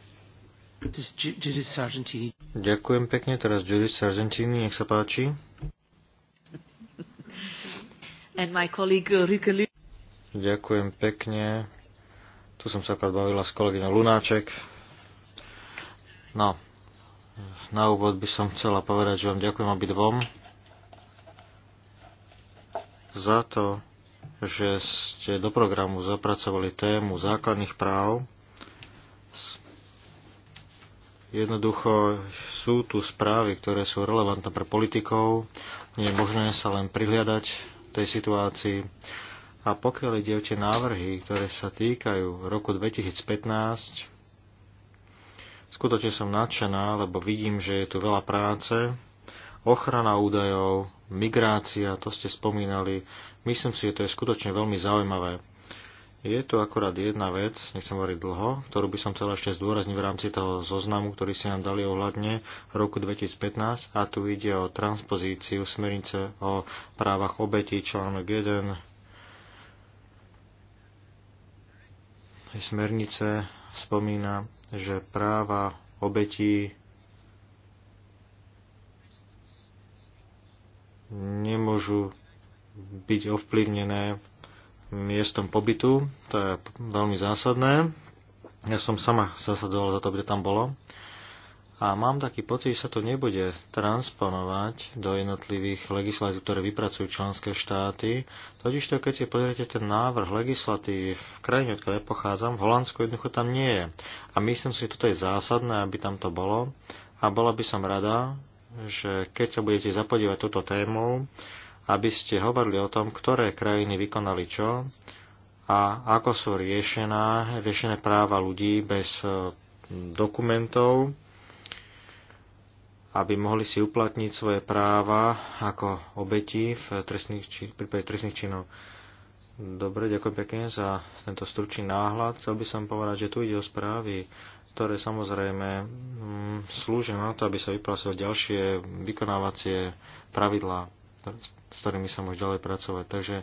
Ďakujem pekne, teraz Judith Sargentini, nech sa páči. And my colleague uh, Ďakujem pekne. Tu som sa akorát bavila s kolegyňou Lunáček. No, na úvod by som chcela povedať, že vám ďakujem obidvom. dvom za to, že ste do programu zapracovali tému základných práv. Jednoducho sú tu správy, ktoré sú relevantné pre politikov. Nie je možné sa len prihliadať tej situácii. A pokiaľ ide o tie návrhy, ktoré sa týkajú roku 2015, skutočne som nadšená, lebo vidím, že je tu veľa práce ochrana údajov, migrácia, to ste spomínali. Myslím si, že to je skutočne veľmi zaujímavé. Je tu akorát jedna vec, nechcem hovoriť dlho, ktorú by som chcel ešte zdôrazniť v rámci toho zoznamu, ktorý ste nám dali ohľadne roku 2015 a tu ide o transpozíciu smernice o právach obetí článok 1. Smernice spomína, že práva obetí nemôžu byť ovplyvnené miestom pobytu. To je veľmi zásadné. Ja som sama zasadzoval za to, kde tam bolo. A mám taký pocit, že sa to nebude transponovať do jednotlivých legislatív, ktoré vypracujú členské štáty. Totiž to, keď si pozriete ten návrh legislatív v krajine, odkiaľ ja pochádzam, v Holandsku jednoducho tam nie je. A myslím si, že toto je zásadné, aby tam to bolo. A bola by som rada, že keď sa budete zapodívať túto tému, aby ste hovorili o tom, ktoré krajiny vykonali čo a ako sú riešená, riešené práva ľudí bez e, dokumentov, aby mohli si uplatniť svoje práva ako obeti v trestných, v prípade trestných činov. Dobre, ďakujem pekne za tento stručný náhľad. Chcel by som povedať, že tu ide o správy ktoré samozrejme mm, slúžia na to, aby sa vypracovali ďalšie vykonávacie pravidlá, s ktorými sa môže ďalej pracovať. Takže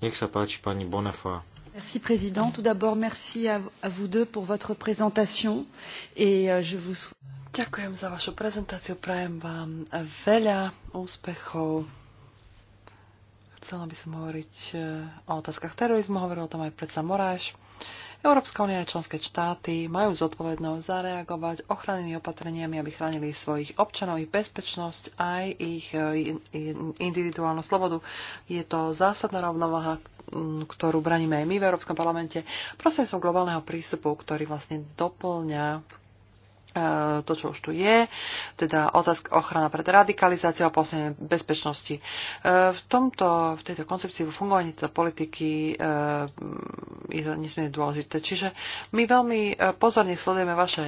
nech sa páči pani Bonefa. Merci Président. Tout d'abord, merci à, à vous deux pour votre présentation et euh, je vous Ďakujem za vašu prezentáciu, prajem vám veľa úspechov. Chcela by som hovoriť eh, o otázkach terorizmu, hovoril o tom aj predsa Moráš. Európska únia a členské štáty majú zodpovednosť zareagovať ochrannými opatreniami, aby chránili svojich občanov, ich bezpečnosť aj ich eh, individuálnu slobodu. Je to zásadná rovnováha, mm, ktorú braníme aj my v Európskom parlamente, prosím som globálneho prístupu, ktorý vlastne doplňa E, to, čo už tu je, teda otázka ochrana pred radikalizáciou a posledne bezpečnosti. E, v, tomto, v tejto koncepcii, vo fungovaní tejto politiky e, je to nesmierne dôležité. Čiže my veľmi pozorne sledujeme vaše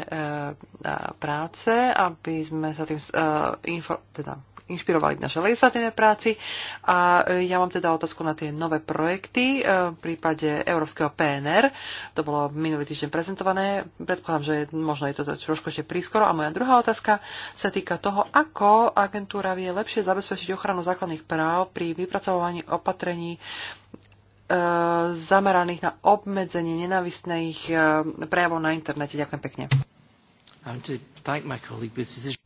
práce, aby sme sa tým teda inšpirovali naše legislatívne práci. A e, ja mám teda otázku na tie nové projekty e, v prípade Európskeho PNR. To bolo minulý týždeň prezentované. Predpokladám, že možno je to trošku ešte prískoro. A moja druhá otázka sa týka toho, ako agentúra vie lepšie zabezpečiť ochranu základných práv pri vypracovaní opatrení e, zameraných na obmedzenie nenávistných prejavov na internete. Ďakujem pekne.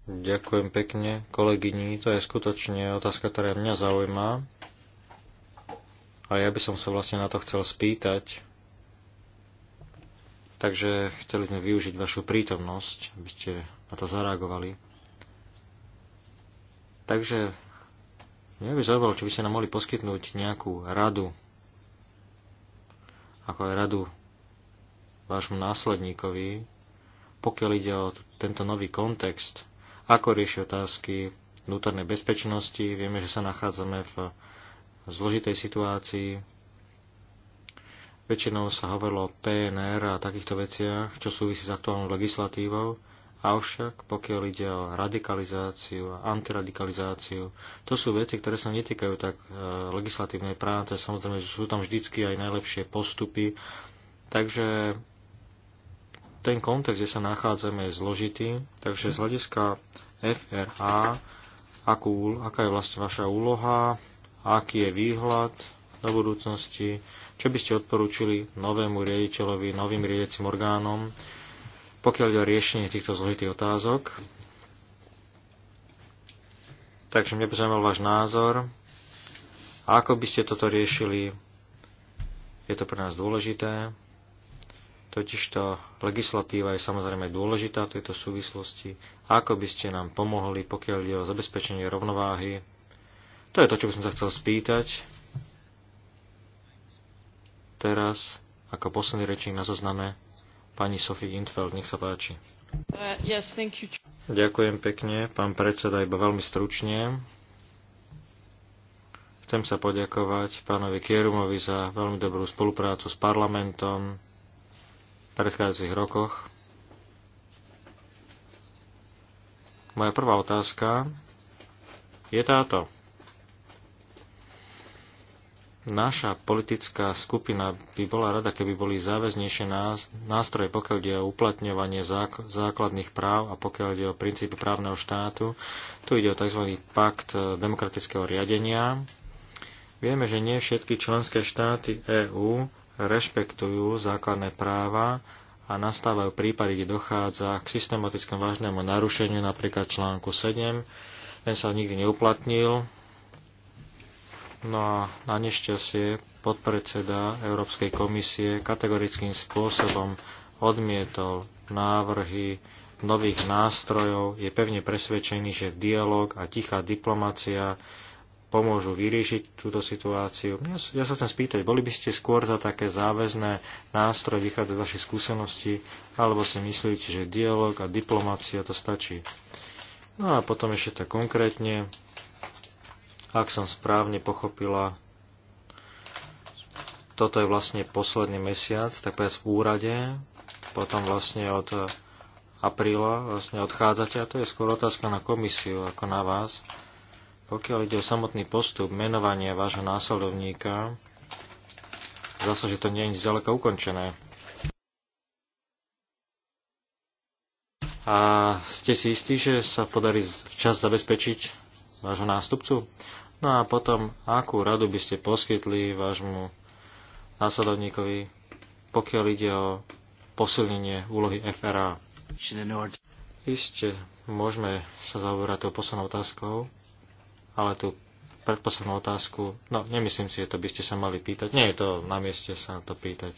Ďakujem pekne kolegyni, to je skutočne otázka, ktorá mňa zaujíma. A ja by som sa vlastne na to chcel spýtať. Takže chceli sme využiť vašu prítomnosť, aby ste na to zareagovali. Takže mňa by zaujímalo, či by ste nám mohli poskytnúť nejakú radu, ako aj radu vášmu následníkovi, pokiaľ ide o tento nový kontext, ako rieši otázky vnútornej bezpečnosti. Vieme, že sa nachádzame v zložitej situácii. Väčšinou sa hovorilo o PNR a takýchto veciach, čo súvisí s aktuálnou legislatívou. Avšak pokiaľ ide o radikalizáciu a antiradikalizáciu, to sú veci, ktoré sa netýkajú tak e, legislatívnej práce. Samozrejme, sú tam vždycky aj najlepšie postupy. Takže ten kontext, kde sa nachádzame, je zložitý, takže z hľadiska FRA, akú, aká je vlastne vaša úloha, aký je výhľad do budúcnosti, čo by ste odporúčili novému riaditeľovi, novým riadiacim orgánom, pokiaľ ide o riešenie týchto zložitých otázok. Takže mňa by zaujímal váš názor. Ako by ste toto riešili? Je to pre nás dôležité. Totižto legislatíva je samozrejme dôležitá v tejto súvislosti. Ako by ste nám pomohli, pokiaľ ide o zabezpečenie rovnováhy? To je to, čo by som sa chcel spýtať. Teraz, ako posledný rečník na zozname, pani Sophie Intfeld, nech sa páči. Uh, yes, thank you. Ďakujem pekne, pán predseda, iba veľmi stručne. Chcem sa poďakovať pánovi Kierumovi za veľmi dobrú spoluprácu s parlamentom, predchádzajúcich rokoch. Moja prvá otázka je táto. Naša politická skupina by bola rada, keby boli záväznejšie nástroje, pokiaľ ide o uplatňovanie základných práv a pokiaľ ide o princípy právneho štátu. Tu ide o tzv. pakt e, demokratického riadenia. Vieme, že nie všetky členské štáty EÚ rešpektujú základné práva a nastávajú prípady, kde dochádza k systematickému vážnemu narušeniu, napríklad článku 7, ten sa nikdy neuplatnil. No a na nešťastie podpredseda Európskej komisie kategorickým spôsobom odmietol návrhy nových nástrojov, je pevne presvedčený, že dialog a tichá diplomácia pomôžu vyriešiť túto situáciu. Ja, ja sa chcem spýtať, boli by ste skôr za také záväzné nástroje vychádzať z vašej skúsenosti, alebo si myslíte, že dialog a diplomácia to stačí? No a potom ešte tak konkrétne, ak som správne pochopila, toto je vlastne posledný mesiac, tak povedať v úrade, potom vlastne od apríla vlastne odchádzate a to je skôr otázka na komisiu ako na vás. Pokiaľ ide o samotný postup menovania vášho následovníka, zase, že to nie je ďaleko ukončené. A ste si istí, že sa podarí včas zabezpečiť vášho nástupcu? No a potom, akú radu by ste poskytli vášmu následovníkovi, pokiaľ ide o posilnenie úlohy FRA? Isté, môžeme sa zaoberať tou poslednou otázkou ale tú predposlednú otázku, no nemyslím si, že to by ste sa mali pýtať. Nie je to na mieste sa na to pýtať.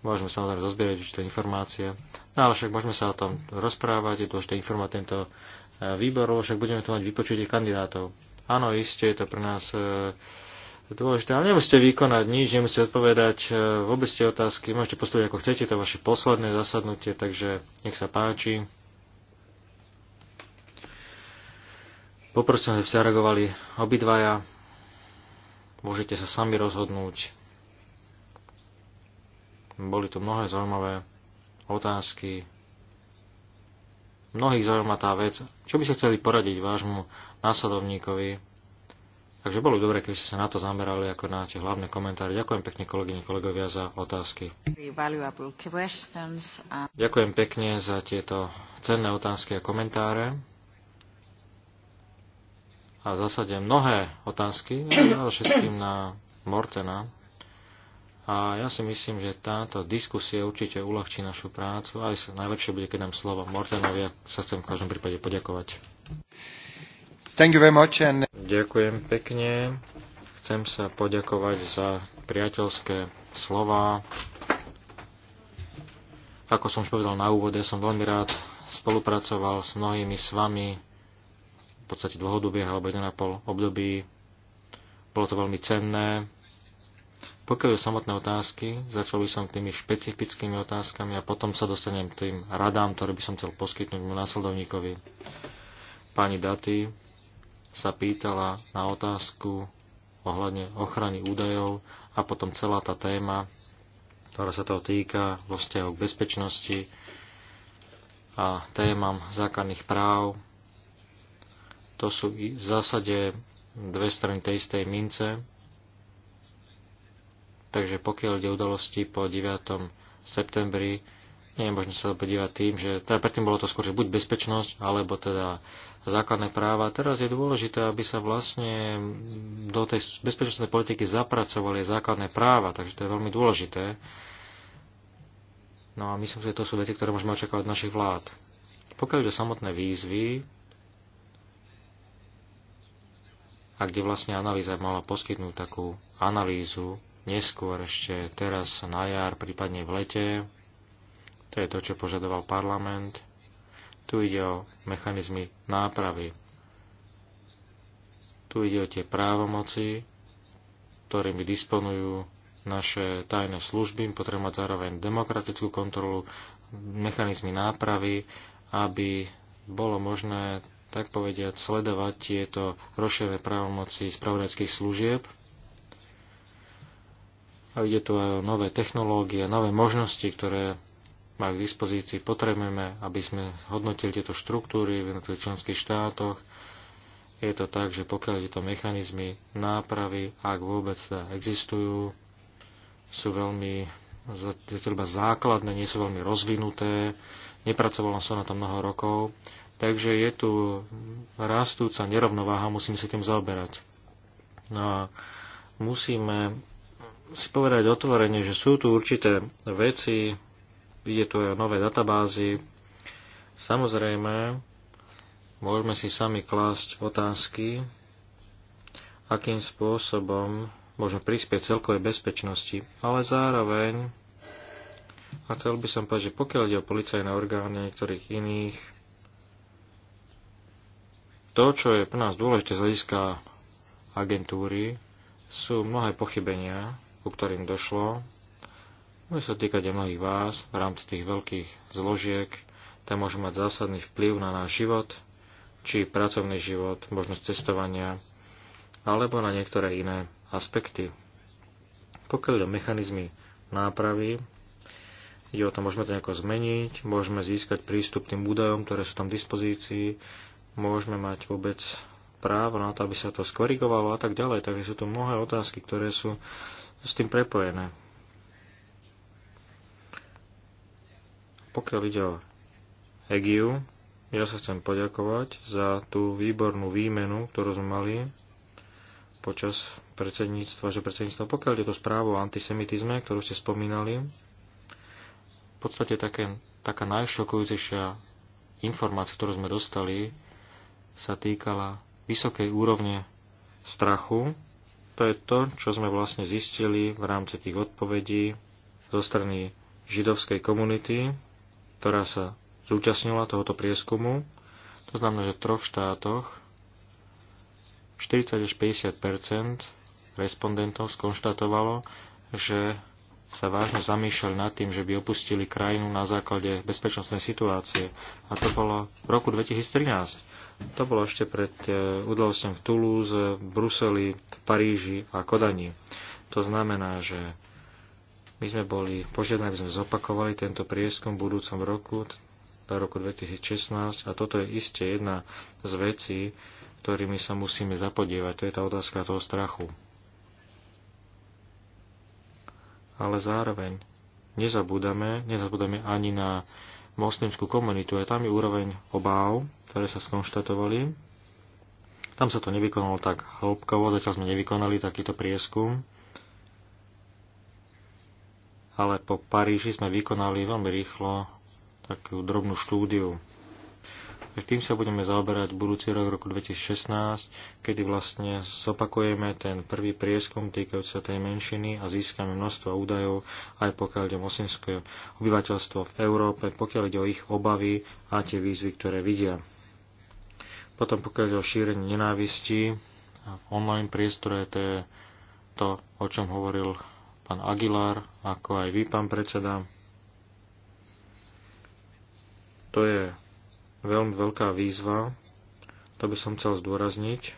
Môžeme samozrejme zozbierať určité informácie. No ale však môžeme sa o tom rozprávať, je dôležité informovať tento e, výbor, však budeme tu mať vypočutie kandidátov. Áno, iste je to pre nás e, dôležité, ale nemusíte vykonať nič, nemusíte odpovedať e, vôbec tie otázky, môžete postupovať ako chcete, to je vaše posledné zasadnutie, takže nech sa páči. Poprosím, aby ste reagovali obidvaja. Môžete sa sami rozhodnúť. Boli tu mnohé zaujímavé otázky. Mnohých zaujíma tá vec, čo by ste chceli poradiť vášmu následovníkovi. Takže bolo dobre, keby ste sa na to zamerali ako na tie hlavné komentáre. Ďakujem pekne kolegyne, kolegovia za otázky. Ďakujem pekne za tieto cenné otázky a komentáre a v zásade mnohé otázky, ale všetkým na Mortena. A ja si myslím, že táto diskusia určite uľahčí našu prácu. Aj najlepšie bude, keď nám slovo Mortenovi. Ja sa chcem v každom prípade poďakovať. Thank you very much and... Ďakujem pekne. Chcem sa poďakovať za priateľské slova. Ako som už povedal na úvode, som veľmi rád spolupracoval s mnohými s vami v podstate dlhodobých alebo 1,5 období. Bolo to veľmi cenné. Pokiaľ je samotné otázky, začal by som tými špecifickými otázkami a potom sa dostanem k tým radám, ktoré by som chcel poskytnúť mu následovníkovi. Pani Daty sa pýtala na otázku ohľadne ochrany údajov a potom celá tá téma, ktorá sa toho týka vo vzťahu k bezpečnosti a témam základných práv to sú v zásade dve strany tej istej mince. Takže pokiaľ ide udalosti po 9. septembri, nie je možné sa podívať tým, že teda predtým bolo to skôr, že buď bezpečnosť, alebo teda základné práva. Teraz je dôležité, aby sa vlastne do tej bezpečnostnej politiky zapracovali základné práva, takže to je veľmi dôležité. No a myslím, že to sú veci, ktoré môžeme očakávať od našich vlád. Pokiaľ ide samotné výzvy, a kde vlastne analýza mala poskytnúť takú analýzu neskôr ešte teraz na jar, prípadne v lete. To je to, čo požadoval parlament. Tu ide o mechanizmy nápravy. Tu ide o tie právomoci, ktorými disponujú naše tajné služby. potrebujú mať zároveň demokratickú kontrolu, mechanizmy nápravy, aby bolo možné tak povediať, sledovať tieto rozšerené právomoci spravodajských služieb. A ide tu aj o nové technológie, nové možnosti, ktoré má k dispozícii. Potrebujeme, aby sme hodnotili tieto štruktúry v jednotlivých členských štátoch. Je to tak, že pokiaľ tieto mechanizmy nápravy, ak vôbec teda existujú, sú veľmi iba základné, nie sú veľmi rozvinuté. Nepracovala som na to mnoho rokov Takže je tu rastúca nerovnováha, musíme sa tým zaoberať. No a musíme si povedať otvorene, že sú tu určité veci, ide tu aj o nové databázy. Samozrejme, môžeme si sami klásť otázky, akým spôsobom môžeme prispieť celkovej bezpečnosti, ale zároveň a chcel by som povedať, že pokiaľ ide o policajné orgány niektorých iných to, čo je pre nás dôležité z hľadiska agentúry, sú mnohé pochybenia, ku ktorým došlo. Môže sa týkať aj mnohých vás v rámci tých veľkých zložiek. Tam môžu mať zásadný vplyv na náš život, či pracovný život, možnosť cestovania, alebo na niektoré iné aspekty. Pokiaľ o mechanizmy nápravy, ide o to, môžeme to nejako zmeniť, môžeme získať prístup tým údajom, ktoré sú tam v dispozícii, môžeme mať vôbec právo na to, aby sa to skorigovalo a tak ďalej. Takže sú to mnohé otázky, ktoré sú s tým prepojené. Pokiaľ ide o Egiu, ja sa chcem poďakovať za tú výbornú výmenu, ktorú sme mali počas predsedníctva, že predsedníctva, pokiaľ je to správu o antisemitizme, ktorú ste spomínali, v podstate také, taká najšokujúcejšia informácia, ktorú sme dostali sa týkala vysokej úrovne strachu. To je to, čo sme vlastne zistili v rámci tých odpovedí zo strany židovskej komunity, ktorá sa zúčastnila tohoto prieskumu. To znamená, že v troch štátoch 40 až 50 respondentov skonštatovalo, že sa vážne zamýšľali nad tým, že by opustili krajinu na základe bezpečnostnej situácie. A to bolo v roku 2013. To bolo ešte pred e, udalosťom v Toulouse, Bruseli, v Paríži a Kodani. To znamená, že my sme boli požiadani, aby sme zopakovali tento prieskum v budúcom roku, roku 2016 a toto je iste jedna z vecí, ktorými sa musíme zapodievať. To je tá otázka toho strachu. Ale zároveň nezabúdame, nezabúdame ani na moslimskú komunitu a tam je úroveň obáv, ktoré sa skonštatovali. Tam sa to nevykonalo tak hĺbkovo, zatiaľ sme nevykonali takýto prieskum, ale po Paríži sme vykonali veľmi rýchlo takú drobnú štúdiu tým sa budeme zaoberať budúci rok, roku 2016, kedy vlastne zopakujeme ten prvý prieskum týkajúci sa tej menšiny a získame množstvo údajov, aj pokiaľ ide o mosinské obyvateľstvo v Európe, pokiaľ ide o ich obavy a tie výzvy, ktoré vidia. Potom pokiaľ ide o šírenie nenávisti v online priestore, to je to, o čom hovoril pán Aguilar, ako aj vy, pán predseda. To je veľmi veľká výzva, to by som chcel zdôrazniť.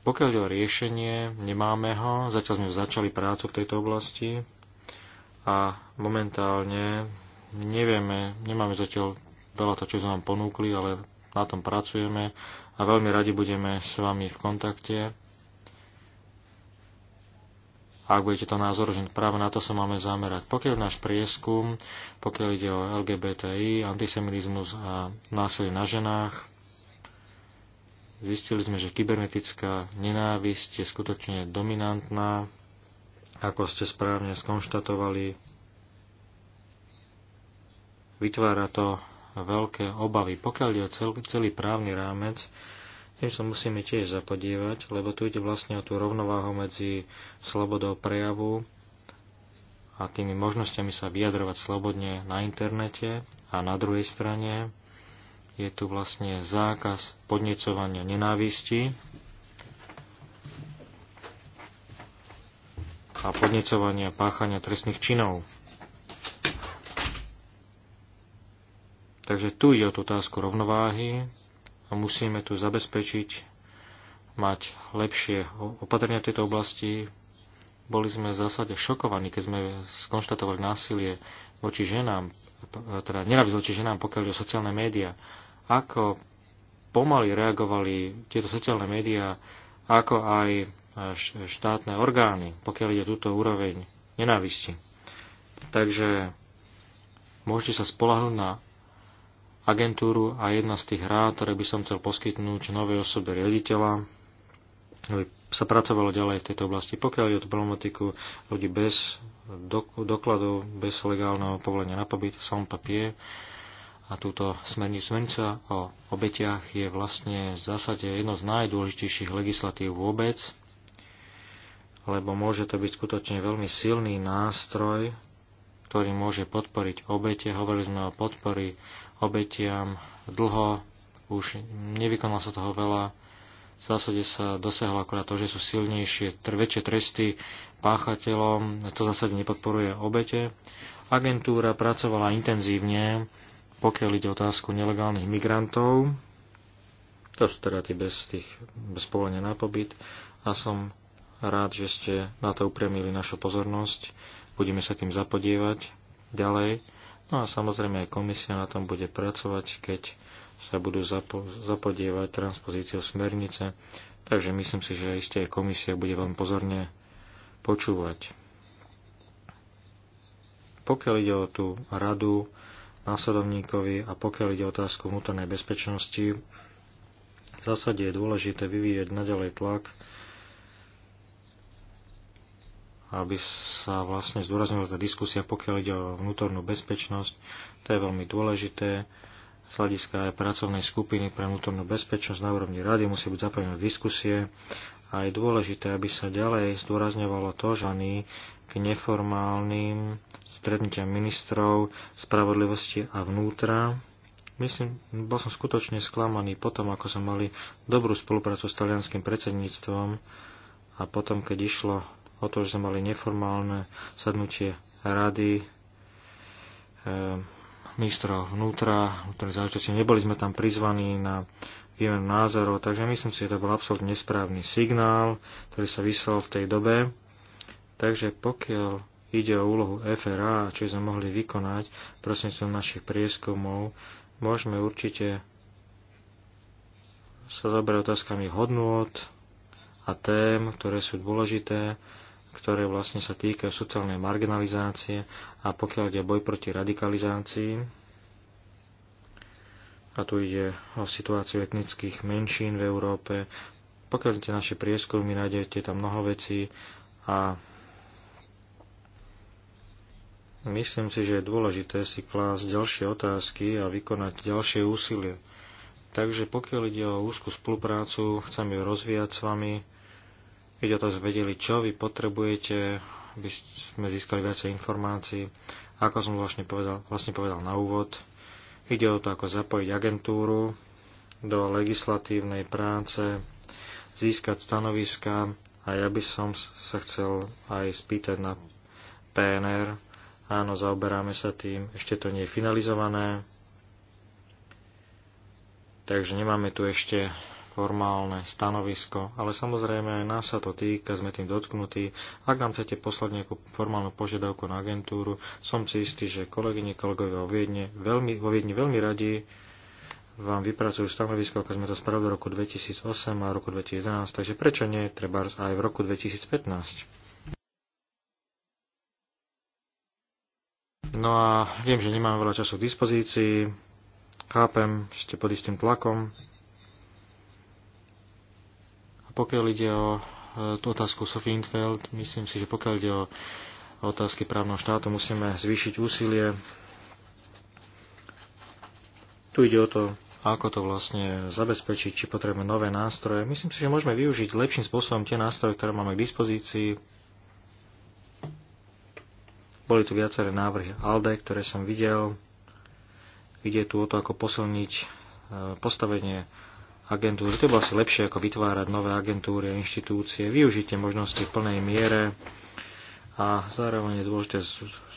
Pokiaľ o riešenie, nemáme ho, zatiaľ sme začali prácu v tejto oblasti a momentálne nevieme, nemáme zatiaľ veľa to, čo sme vám ponúkli, ale na tom pracujeme a veľmi radi budeme s vami v kontakte ak budete to názor, že práve na to sa máme zamerať. Pokiaľ náš prieskum, pokiaľ ide o LGBTI, antisemitizmus a násilie na ženách, zistili sme, že kybernetická nenávisť je skutočne dominantná, ako ste správne skonštatovali. Vytvára to veľké obavy. Pokiaľ je celý právny rámec, tým sa musíme tiež zapodívať, lebo tu ide vlastne o tú rovnováhu medzi slobodou prejavu a tými možnosťami sa vyjadrovať slobodne na internete a na druhej strane je tu vlastne zákaz podnecovania nenávisti a podnecovania páchania trestných činov. Takže tu je o tú otázku rovnováhy a musíme tu zabezpečiť mať lepšie opatrenia v tejto oblasti. Boli sme v zásade šokovaní, keď sme skonštatovali násilie voči ženám, teda nenávisť voči ženám, pokiaľ je o sociálne médiá. Ako pomaly reagovali tieto sociálne médiá, ako aj štátne orgány, pokiaľ ide túto úroveň nenávisti. Takže môžete sa spolahnúť na agentúru a jedna z tých rád, ktoré by som chcel poskytnúť novej osobe riaditeľa, aby sa pracovalo ďalej v tejto oblasti. Pokiaľ je o problematiku ľudí bez dokladov, bez legálneho povolenia na pobyt, som papier, a túto smernicu smernica o obetiach je vlastne v zásade jedno z najdôležitejších legislatív vôbec, lebo môže to byť skutočne veľmi silný nástroj, ktorý môže podporiť obete. Hovorili sme o podpory obetiam dlho, už nevykonalo sa toho veľa. V zásade sa dosiahlo akorát to, že sú silnejšie, väčšie tresty páchateľom, to v zásade nepodporuje obete. Agentúra pracovala intenzívne, pokiaľ ide otázku nelegálnych migrantov, to sú teda tí bez, tých, bez povolenia na pobyt, a som rád, že ste na to upremili našu pozornosť. Budeme sa tým zapodievať ďalej. No a samozrejme aj komisia na tom bude pracovať, keď sa budú zapo- zapodievať transpozíciou smernice, takže myslím si, že isté aj komisia bude vám pozorne počúvať. Pokiaľ ide o tú radu následovníkovi a pokiaľ ide o otázku vnútornej bezpečnosti, v zásade je dôležité vyvíjať naďalej tlak aby sa vlastne zdôraznila tá diskusia, pokiaľ ide o vnútornú bezpečnosť. To je veľmi dôležité. Z hľadiska aj pracovnej skupiny pre vnútornú bezpečnosť na úrovni rady musí byť zapojené diskusie a je dôležité, aby sa ďalej zdôrazňovalo to, že ani k neformálnym stretnutiam ministrov spravodlivosti a vnútra. Myslím, bol som skutočne sklamaný potom, ako sme mali dobrú spoluprácu s talianským predsedníctvom a potom, keď išlo o to, že sme mali neformálne sadnutie rady e, eh, ministra vnútra, vnútorných záležitosti. Neboli sme tam prizvaní na výmenu názorov, takže myslím si, že to bol absolútne nesprávny signál, ktorý sa vyslal v tej dobe. Takže pokiaľ ide o úlohu FRA, čo sme mohli vykonať prostredníctvom našich prieskumov, môžeme určite sa zabrať otázkami hodnôt a tém, ktoré sú dôležité ktoré vlastne sa týkajú sociálnej marginalizácie a pokiaľ ide boj proti radikalizácii, a tu ide o situáciu etnických menšín v Európe, pokiaľ idete naše prieskumy, nájdete tam mnoho vecí a myslím si, že je dôležité si klásť ďalšie otázky a vykonať ďalšie úsilie. Takže pokiaľ ide o úzku spoluprácu, chcem ju rozvíjať s vami, Ide o to, zvedeli, čo vy potrebujete, aby sme získali viacej informácií. Ako som vlastne povedal, vlastne povedal na úvod, ide o to, ako zapojiť agentúru do legislatívnej práce, získať stanoviska a ja by som sa chcel aj spýtať na PNR. Áno, zaoberáme sa tým, ešte to nie je finalizované, takže nemáme tu ešte formálne stanovisko, ale samozrejme aj nás sa to týka, sme tým dotknutí. Ak nám chcete poslať nejakú formálnu požiadavku na agentúru, som si istý, že kolegyne, kolegovia vo Viedne veľmi, vo Viedne veľmi radi vám vypracujú stanovisko, ako sme to spravili v roku 2008 a roku 2011, takže prečo nie, treba aj v roku 2015. No a viem, že nemám veľa času k dispozícii, chápem, ste pod istým tlakom, pokiaľ ide o e, tú otázku Sophie Infeld, myslím si, že pokiaľ ide o otázky právneho štátu, musíme zvýšiť úsilie. Tu ide o to, ako to vlastne zabezpečiť, či potrebujeme nové nástroje. Myslím si, že môžeme využiť lepším spôsobom tie nástroje, ktoré máme k dispozícii. Boli tu viaceré návrhy ALDE, ktoré som videl. Ide tu o to, ako posilniť e, postavenie agentúry. To bolo asi lepšie, ako vytvárať nové agentúry a inštitúcie. Využite možnosti v plnej miere a zároveň je dôležité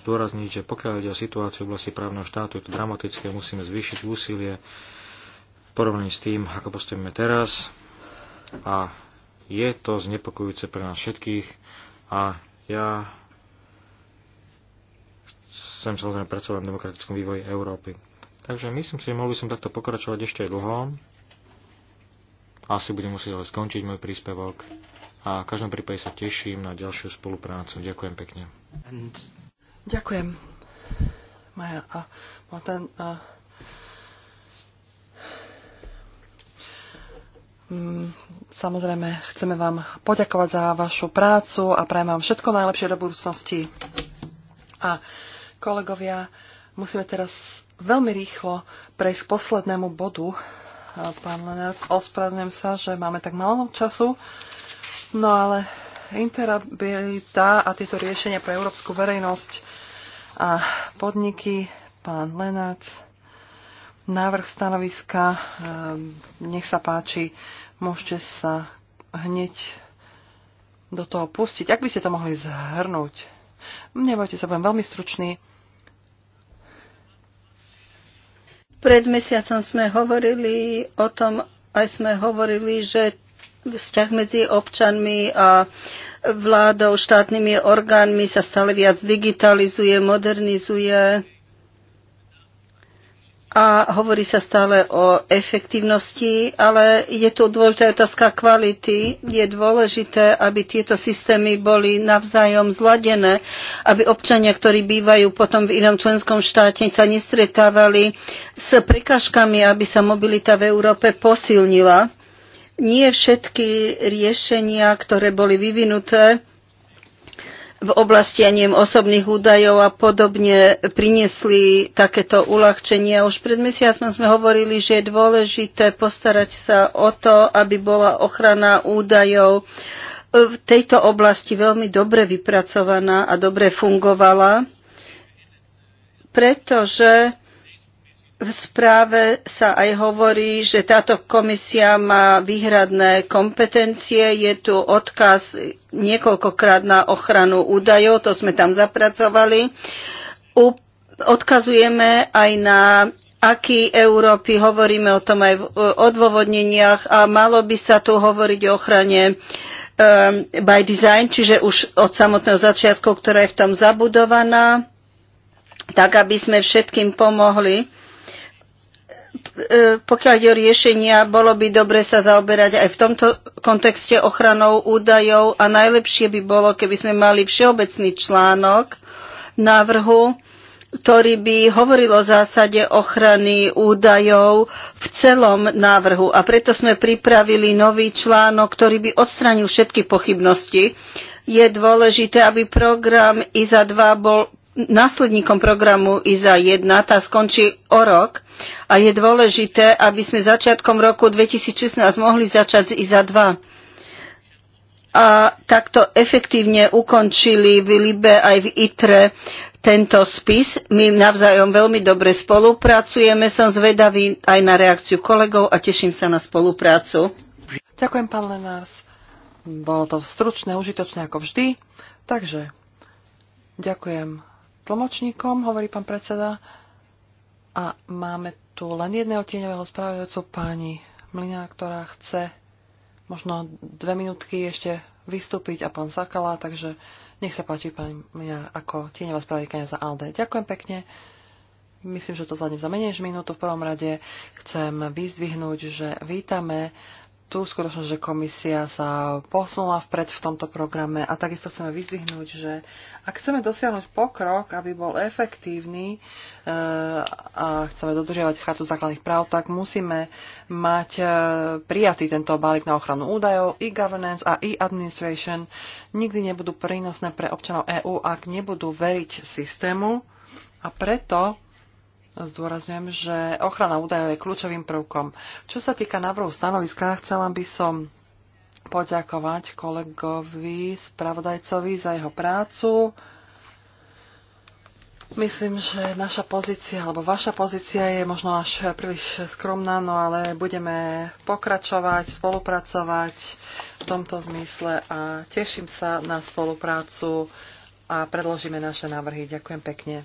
zdôrazniť, že pokiaľ ide o situáciu v oblasti právneho štátu, je to dramatické, musíme zvýšiť úsilie v porovnaní s tým, ako postavíme teraz. A je to znepokojúce pre nás všetkých a ja chcem samozrejme pracovať v demokratickom vývoji Európy. Takže myslím si, že mohli som takto pokračovať ešte aj dlho. Asi budem musieť ale skončiť môj príspevok a v každom prípade sa teším na ďalšiu spoluprácu. Ďakujem pekne. And... Ďakujem. Maja a ten, a... Mm, samozrejme, chceme vám poďakovať za vašu prácu a prajem vám všetko najlepšie do budúcnosti. A kolegovia, musíme teraz veľmi rýchlo prejsť k poslednému bodu pán Lenárc, Ospravedlňujem sa, že máme tak malo času, no ale interabilita a tieto riešenia pre európsku verejnosť a podniky, pán Lenárc, návrh stanoviska, eh, nech sa páči, môžete sa hneď do toho pustiť. Ak by ste to mohli zhrnúť, nebojte sa, budem veľmi stručný Pred mesiacom sme hovorili o tom, aj sme hovorili, že vzťah medzi občanmi a vládou, štátnymi orgánmi sa stále viac digitalizuje, modernizuje a hovorí sa stále o efektívnosti, ale je tu dôležitá otázka kvality. Je dôležité, aby tieto systémy boli navzájom zladené, aby občania, ktorí bývajú potom v inom členskom štáte, sa nestretávali s prekažkami, aby sa mobilita v Európe posilnila. Nie všetky riešenia, ktoré boli vyvinuté, v oblasti neviem, osobných údajov a podobne priniesli takéto uľahčenia. Už pred mesiacom sme hovorili, že je dôležité postarať sa o to, aby bola ochrana údajov v tejto oblasti veľmi dobre vypracovaná a dobre fungovala, pretože v správe sa aj hovorí, že táto komisia má výhradné kompetencie. Je tu odkaz niekoľkokrát na ochranu údajov, to sme tam zapracovali. U, odkazujeme aj na aký Európy, hovoríme o tom aj v e, odôvodneniach a malo by sa tu hovoriť o ochrane um, by design, čiže už od samotného začiatku, ktorá je v tom zabudovaná, tak aby sme všetkým pomohli E, pokiaľ ide o riešenia, bolo by dobre sa zaoberať aj v tomto kontexte ochranou údajov a najlepšie by bolo, keby sme mali všeobecný článok návrhu, ktorý by hovoril o zásade ochrany údajov v celom návrhu. A preto sme pripravili nový článok, ktorý by odstranil všetky pochybnosti. Je dôležité, aby program IZA 2 bol následníkom programu IZA 1, tá skončí o rok a je dôležité, aby sme začiatkom roku 2016 mohli začať i za 2 a takto efektívne ukončili v Libe aj v ITRE tento spis. My navzájom veľmi dobre spolupracujeme. Som zvedavý aj na reakciu kolegov a teším sa na spoluprácu. Ďakujem, pán Lenárs. Bolo to stručné, užitočné ako vždy. Takže ďakujem tlmočníkom, hovorí pán predseda. A máme tu len jedného tieňového spravodajcu, pani Mlina, ktorá chce možno dve minútky ešte vystúpiť a pán Sakala, takže nech sa páči pani Mlina ako tieňová spravodajkania za ALDE. Ďakujem pekne. Myslím, že to zvládnem za menej než minútu. V prvom rade chcem vyzdvihnúť, že vítame tu skutočnosť, že komisia sa posunula vpred v tomto programe a takisto chceme vyzvihnúť, že ak chceme dosiahnuť pokrok, aby bol efektívny e, a chceme dodržiavať chartu základných práv, tak musíme mať e, prijatý tento balík na ochranu údajov, e-governance a e-administration. Nikdy nebudú prínosné pre občanov EÚ, ak nebudú veriť systému a preto Zdôrazňujem, že ochrana údajov je kľúčovým prvkom. Čo sa týka návrhu stanoviska, chcela by som poďakovať kolegovi, spravodajcovi za jeho prácu. Myslím, že naša pozícia, alebo vaša pozícia je možno až príliš skromná, no ale budeme pokračovať, spolupracovať v tomto zmysle a teším sa na spoluprácu a predložíme naše návrhy. Ďakujem pekne.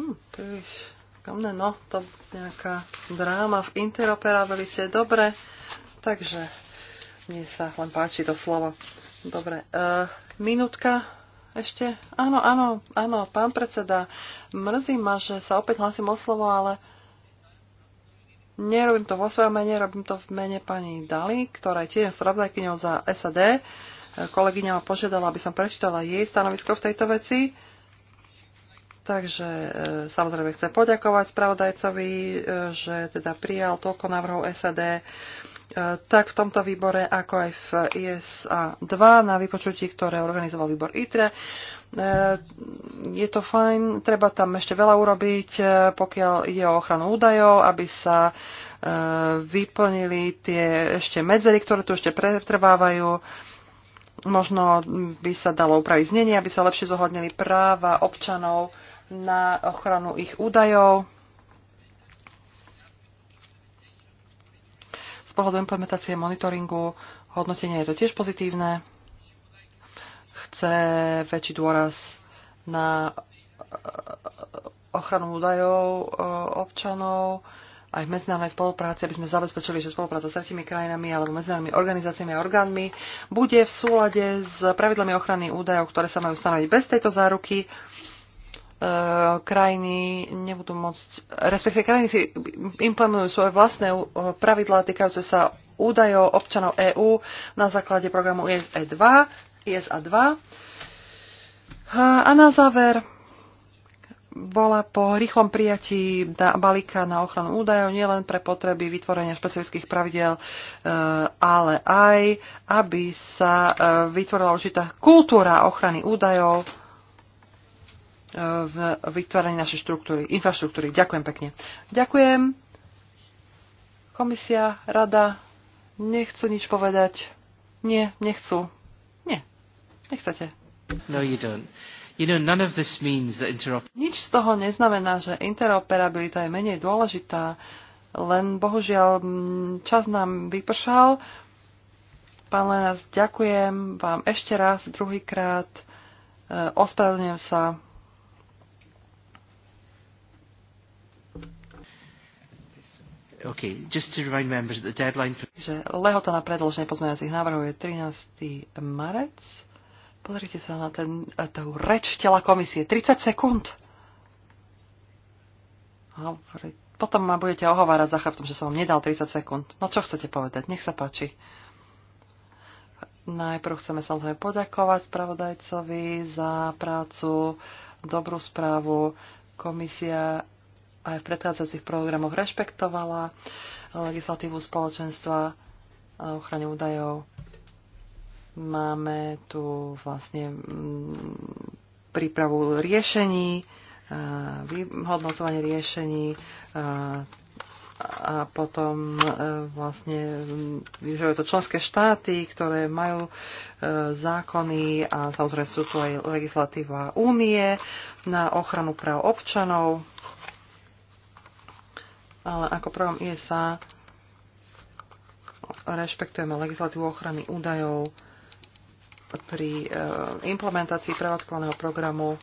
Hm, príliš komne. No, to nejaká dráma v interoperabilite. Dobre, takže mne sa len páči to slovo. Dobre, e, minútka ešte. Áno, áno, áno, pán predseda, mrzí ma, že sa opäť hlasím o slovo, ale nerobím to vo svojom mene, robím to v mene pani Dali, ktorá je tiež spravodajkyňou za SAD. Eh, kolegyňa ma požiadala, aby som prečítala jej stanovisko v tejto veci Takže e, samozrejme chcem poďakovať spravodajcovi, e, že teda prijal toľko návrhov SAD, e, tak v tomto výbore, ako aj v ISA 2 na vypočutí, ktoré organizoval výbor ITRE. Je to fajn, treba tam ešte veľa urobiť, pokiaľ ide o ochranu údajov, aby sa vyplnili tie ešte medzery, ktoré tu ešte pretrvávajú možno by sa dalo upraviť znenie, aby sa lepšie zohľadnili práva občanov na ochranu ich údajov. Z pohľadu implementácie monitoringu hodnotenia je to tiež pozitívne. Chce väčší dôraz na eh, ochranu údajov eh, občanov aj v medzinárodnej spolupráci, aby sme zabezpečili, že spolupráca s tretimi krajinami alebo medzinárodnými organizáciami a orgánmi bude v súlade s pravidlami ochrany údajov, ktoré sa majú stanoviť bez tejto záruky. E, krajiny nebudú môcť, respektíve krajiny si implementujú svoje vlastné e, pravidlá týkajúce sa údajov občanov EÚ na základe programu ISA 2. ISA 2. A na záver bola po rýchlom prijatí balíka na ochranu údajov nielen pre potreby vytvorenia špecifických pravidel, e, ale aj, aby sa vytvorila určitá kultúra ochrany údajov v vytváraní našej štruktúry, infraštruktúry. Ďakujem pekne. Ďakujem. Komisia, rada, nechcú nič povedať. Nie, nechcú. Nie, nechcete. No, you don't. You know, none of this means that interop- Nič z toho neznamená, že interoperabilita je menej dôležitá, len bohužiaľ čas nám vypršal. Pán Lenas, ďakujem vám ešte raz, druhýkrát. E, ospravedlňujem sa Okay, just to remind members that the deadline for... Že lehota na predĺženie pozmeňovacích návrhov je 13. marec. Pozrite sa na ten, eh, tú reč tela komisie. 30 sekúnd. Potom ma budete ohovárať za chrbtom, že som vám nedal 30 sekúnd. No čo chcete povedať? Nech sa páči. Najprv chceme samozrejme poďakovať spravodajcovi za prácu, dobrú správu. Komisia aj v predchádzajúcich programoch rešpektovala legislatívu spoločenstva a ochrane údajov. Máme tu vlastne mm, prípravu riešení, vyhodnocovanie riešení a potom e, vlastne mm, vyžadujú to členské štáty, ktoré majú e, zákony a samozrejme sú tu aj legislatíva únie na ochranu práv občanov ale ako prvom ISA rešpektujeme legislatívu ochrany údajov pri eh, implementácii prevádzkovaného programu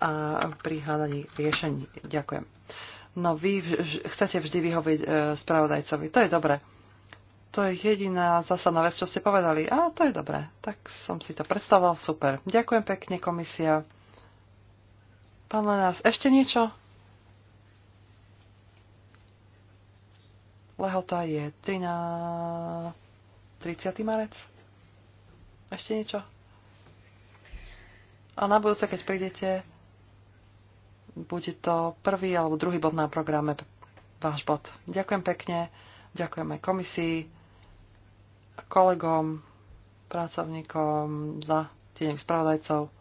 a pri hľadaní riešení. Ďakujem. No vy chcete vždy vyhovieť eh, spravodajcovi. To je dobre. To je jediná zásadná vec, čo ste povedali. A to je dobré. Tak som si to predstavoval. Super. Ďakujem pekne, komisia. Pán Lenás, ešte niečo? Lehota je 13... 30. marec. Ešte niečo? A na budúce, keď prídete, bude to prvý alebo druhý bod na programe váš bod. Ďakujem pekne, ďakujem aj komisii, kolegom, pracovníkom za tieňových spravodajcov.